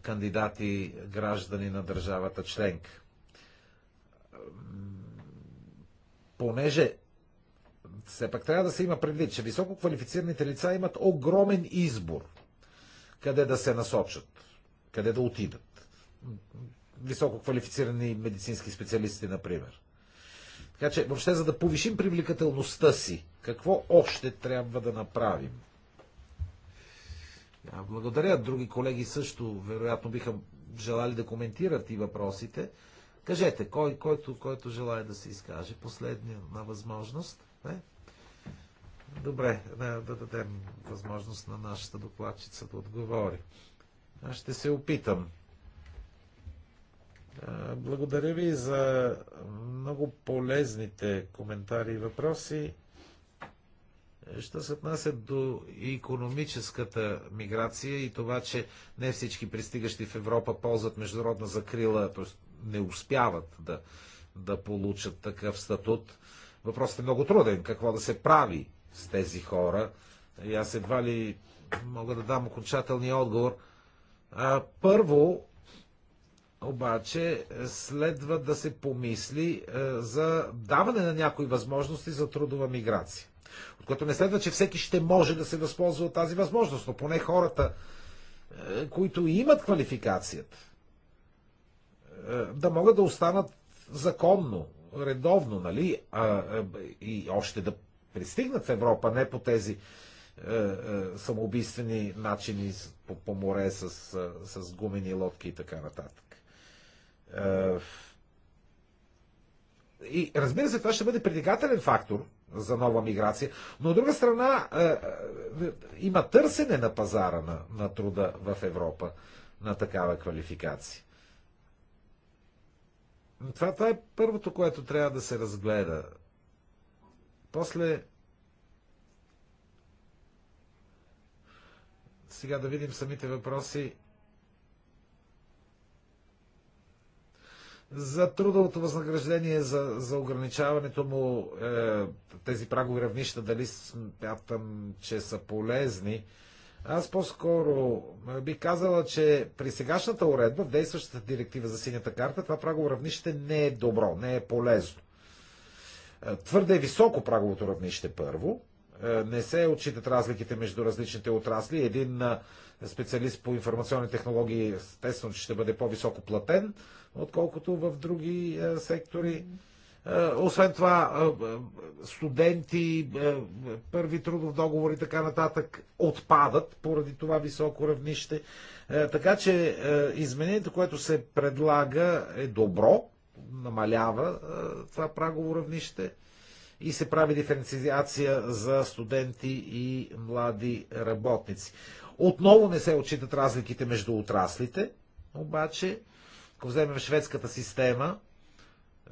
кандидати граждани на държавата членка. Понеже все пак трябва да се има предвид, че високо квалифицираните лица имат огромен избор къде да се насочат, къде да отидат високо квалифицирани медицински специалисти, например. Така че, въобще, за да повишим привлекателността си, какво още трябва да направим? благодаря. Други колеги също, вероятно, биха желали да коментират и въпросите. Кажете, кой, който, който желая да се изкаже, последния на възможност. Не? Добре, да, да дадем възможност на нашата докладчица да отговори. Аз ще се опитам. Благодаря ви за много полезните коментари и въпроси. Що се отнася до економическата миграция и това, че не всички пристигащи в Европа ползват международна закрила, т.е. не успяват да, да получат такъв статут, въпросът е много труден. Какво да се прави с тези хора? И аз едва ли мога да дам окончателния отговор. А, първо, обаче е, следва да се помисли е, за даване на някои възможности за трудова миграция. От което не следва, че всеки ще може да се възползва от тази възможност, но поне хората, е, които имат квалификацията, да могат да останат законно, редовно, нали? А, и още да пристигнат в Европа, не по тези самоубийствени начини по, по море с, с гумени лодки и така нататък. Е, И разбира се, това ще бъде предикателен фактор за нова миграция, но от друга страна е, е, има търсене на пазара на, на труда в Европа на такава квалификация. Това, това е първото, което трябва да се разгледа. После. Сега да видим самите въпроси. за трудовото възнаграждение, за, за ограничаването му е, тези прагови равнища, дали смятам, че са полезни. Аз по-скоро е, би казала, че при сегашната уредба, в действащата директива за синята карта, това прагово равнище не е добро, не е полезно. Е, твърде е високо праговото равнище първо, е, не се отчитат разликите между различните отрасли. Един специалист по информационни технологии, естествено, че ще бъде по-високо платен, отколкото в други е, сектори. Е, освен това, е, студенти, първи трудов договор и така нататък отпадат поради това високо равнище. Така че изменението, което се предлага е добро, намалява това прагово равнище и се прави диференциация за студенти и млади работници. Отново не се отчитат разликите между отраслите, обаче ако вземем шведската система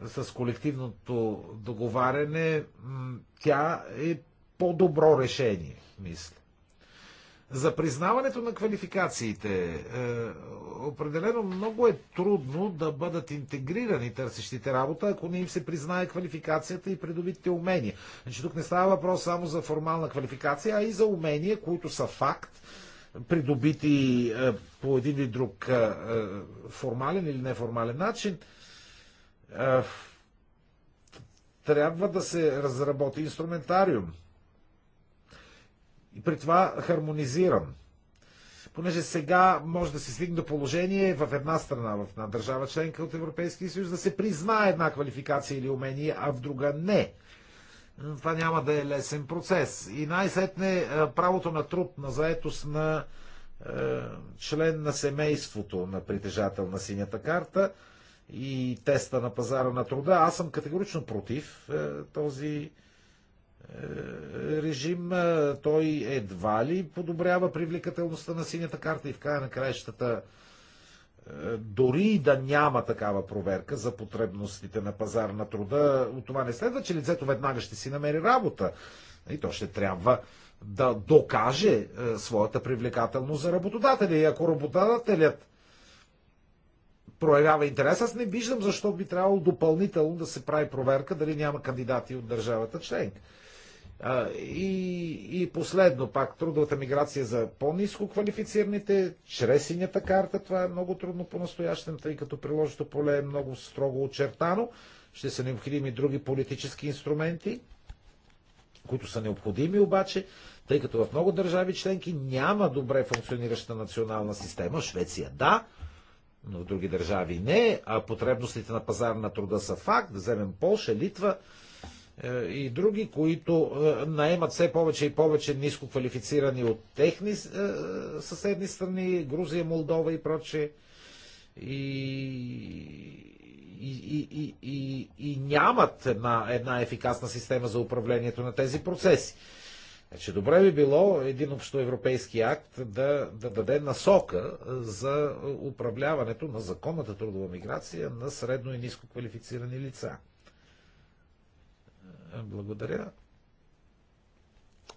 е, с колективното договаряне, тя е по-добро решение, мисля. За признаването на квалификациите е, определено много е трудно да бъдат интегрирани търсещите работа, ако не им се признае квалификацията и придобитите умения. Значи тук не става въпрос само за формална квалификация, а и за умения, които са факт придобити е, по един или друг е, е, формален или неформален начин, трябва да се разработи инструментариум. И при това хармонизиран. Понеже сега може да се стигне до положение в една страна, в една държава членка от Европейския съюз, да се признае една квалификация или умение, а в друга не това няма да е лесен процес. И най-сетне е, правото на труд, на заетост на е, член на семейството на притежател на синята карта и теста на пазара на труда. Аз съм категорично против е, този е, режим, е, той едва ли подобрява привлекателността на синята карта и в края на краищата дори и да няма такава проверка за потребностите на пазар на труда, от това не следва, че лицето веднага ще си намери работа. И то ще трябва да докаже е, своята привлекателност за работодателя. И ако работодателят проявява интерес, аз не виждам защо би трябвало допълнително да се прави проверка дали няма кандидати от държавата членка. И, и последно, пак трудовата миграция за по-низко квалифицираните, чрез синята карта, това е много трудно по-настоящем, тъй като приложното поле е много строго очертано. Ще са необходими други политически инструменти, които са необходими обаче, тъй като в много държави членки няма добре функционираща национална система. Швеция да, но в други държави не, а потребностите на пазарна на труда са факт. Да вземем Полша, Литва, е, и други, които е, наемат все повече и повече ниско квалифицирани от техни е, съседни страни, Грузия, Молдова и прочее. И и, и, и, и нямат една, една ефикасна система за управлението на тези процеси. Значи, добре би било един общоевропейски акт да, да даде насока за управляването на законната трудова миграция на средно и ниско квалифицирани лица. Благодаря.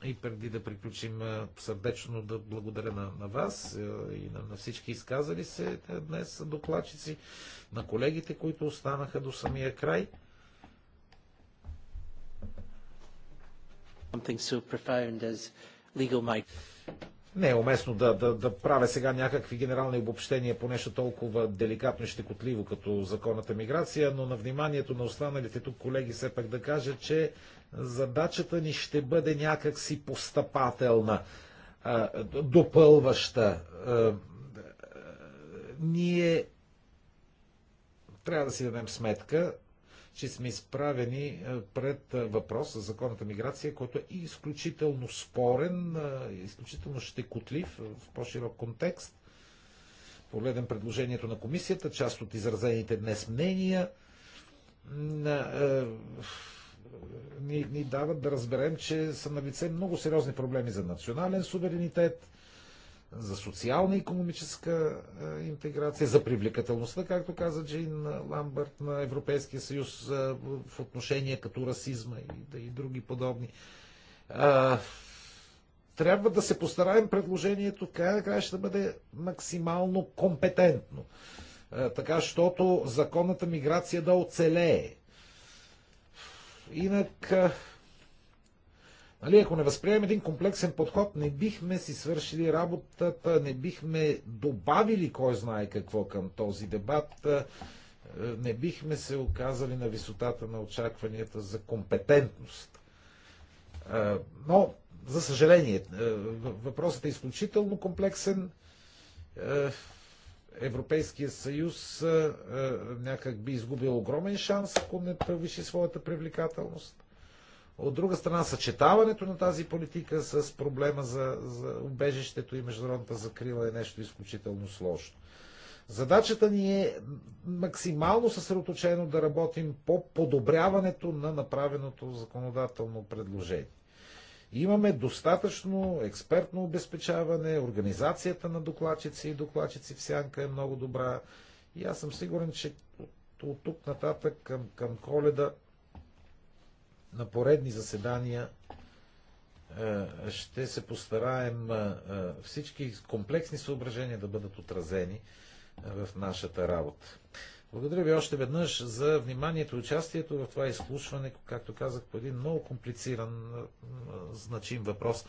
И преди да приключим, сърдечно да благодаря на, на вас и на, на всички изказали се днес докладчици, на колегите, които останаха до самия край. Something so profound as legal might не е уместно да, да, да правя сега някакви генерални обобщения по нещо толкова деликатно и щекотливо като законната миграция, но на вниманието на останалите тук колеги все пак да кажа, че задачата ни ще бъде някакси постъпателна, допълваща. Ние трябва да си дадем сметка, че сме изправени е, пред е, въпрос за законната миграция, който е изключително спорен, е, изключително щекотлив в по-широк контекст. Погледам предложението на комисията, част от изразените днес мнения ни, ни дават да разберем, че са на лице много сериозни проблеми за национален суверенитет, за социална и економическа е, интеграция, за привлекателността, както каза Джин Ламбърт на Европейския съюз е, в отношения като расизма и, и други подобни. Е, трябва да се постараем предложението, края края ще бъде максимално компетентно, така, защото законната миграция да оцелее. Инак Нали, ако не възприемем един комплексен подход, не бихме си свършили работата, не бихме добавили кой знае какво към този дебат, не бихме се оказали на висотата на очакванията за компетентност. Но, за съжаление, въпросът е изключително комплексен. Европейския съюз някак би изгубил огромен шанс, ако не превиши своята привлекателност. От друга страна, съчетаването на тази политика с проблема за, за убежището и международната закрила е нещо изключително сложно. Задачата ни е максимално съсредоточено да работим по подобряването на направеното законодателно предложение. Имаме достатъчно експертно обезпечаване, организацията на докладчици и докладчици в сянка е много добра и аз съм сигурен, че от тук нататък към, към коледа на поредни заседания е, ще се постараем е, е, всички комплексни съображения да бъдат отразени в нашата работа. Благодаря ви още веднъж за вниманието и участието в това изслушване, както казах, по един много комплициран, значим въпрос.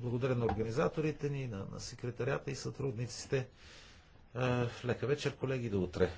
Благодаря на организаторите ни, на, на секретарята и сътрудниците. Лека вечер, колеги, до утре.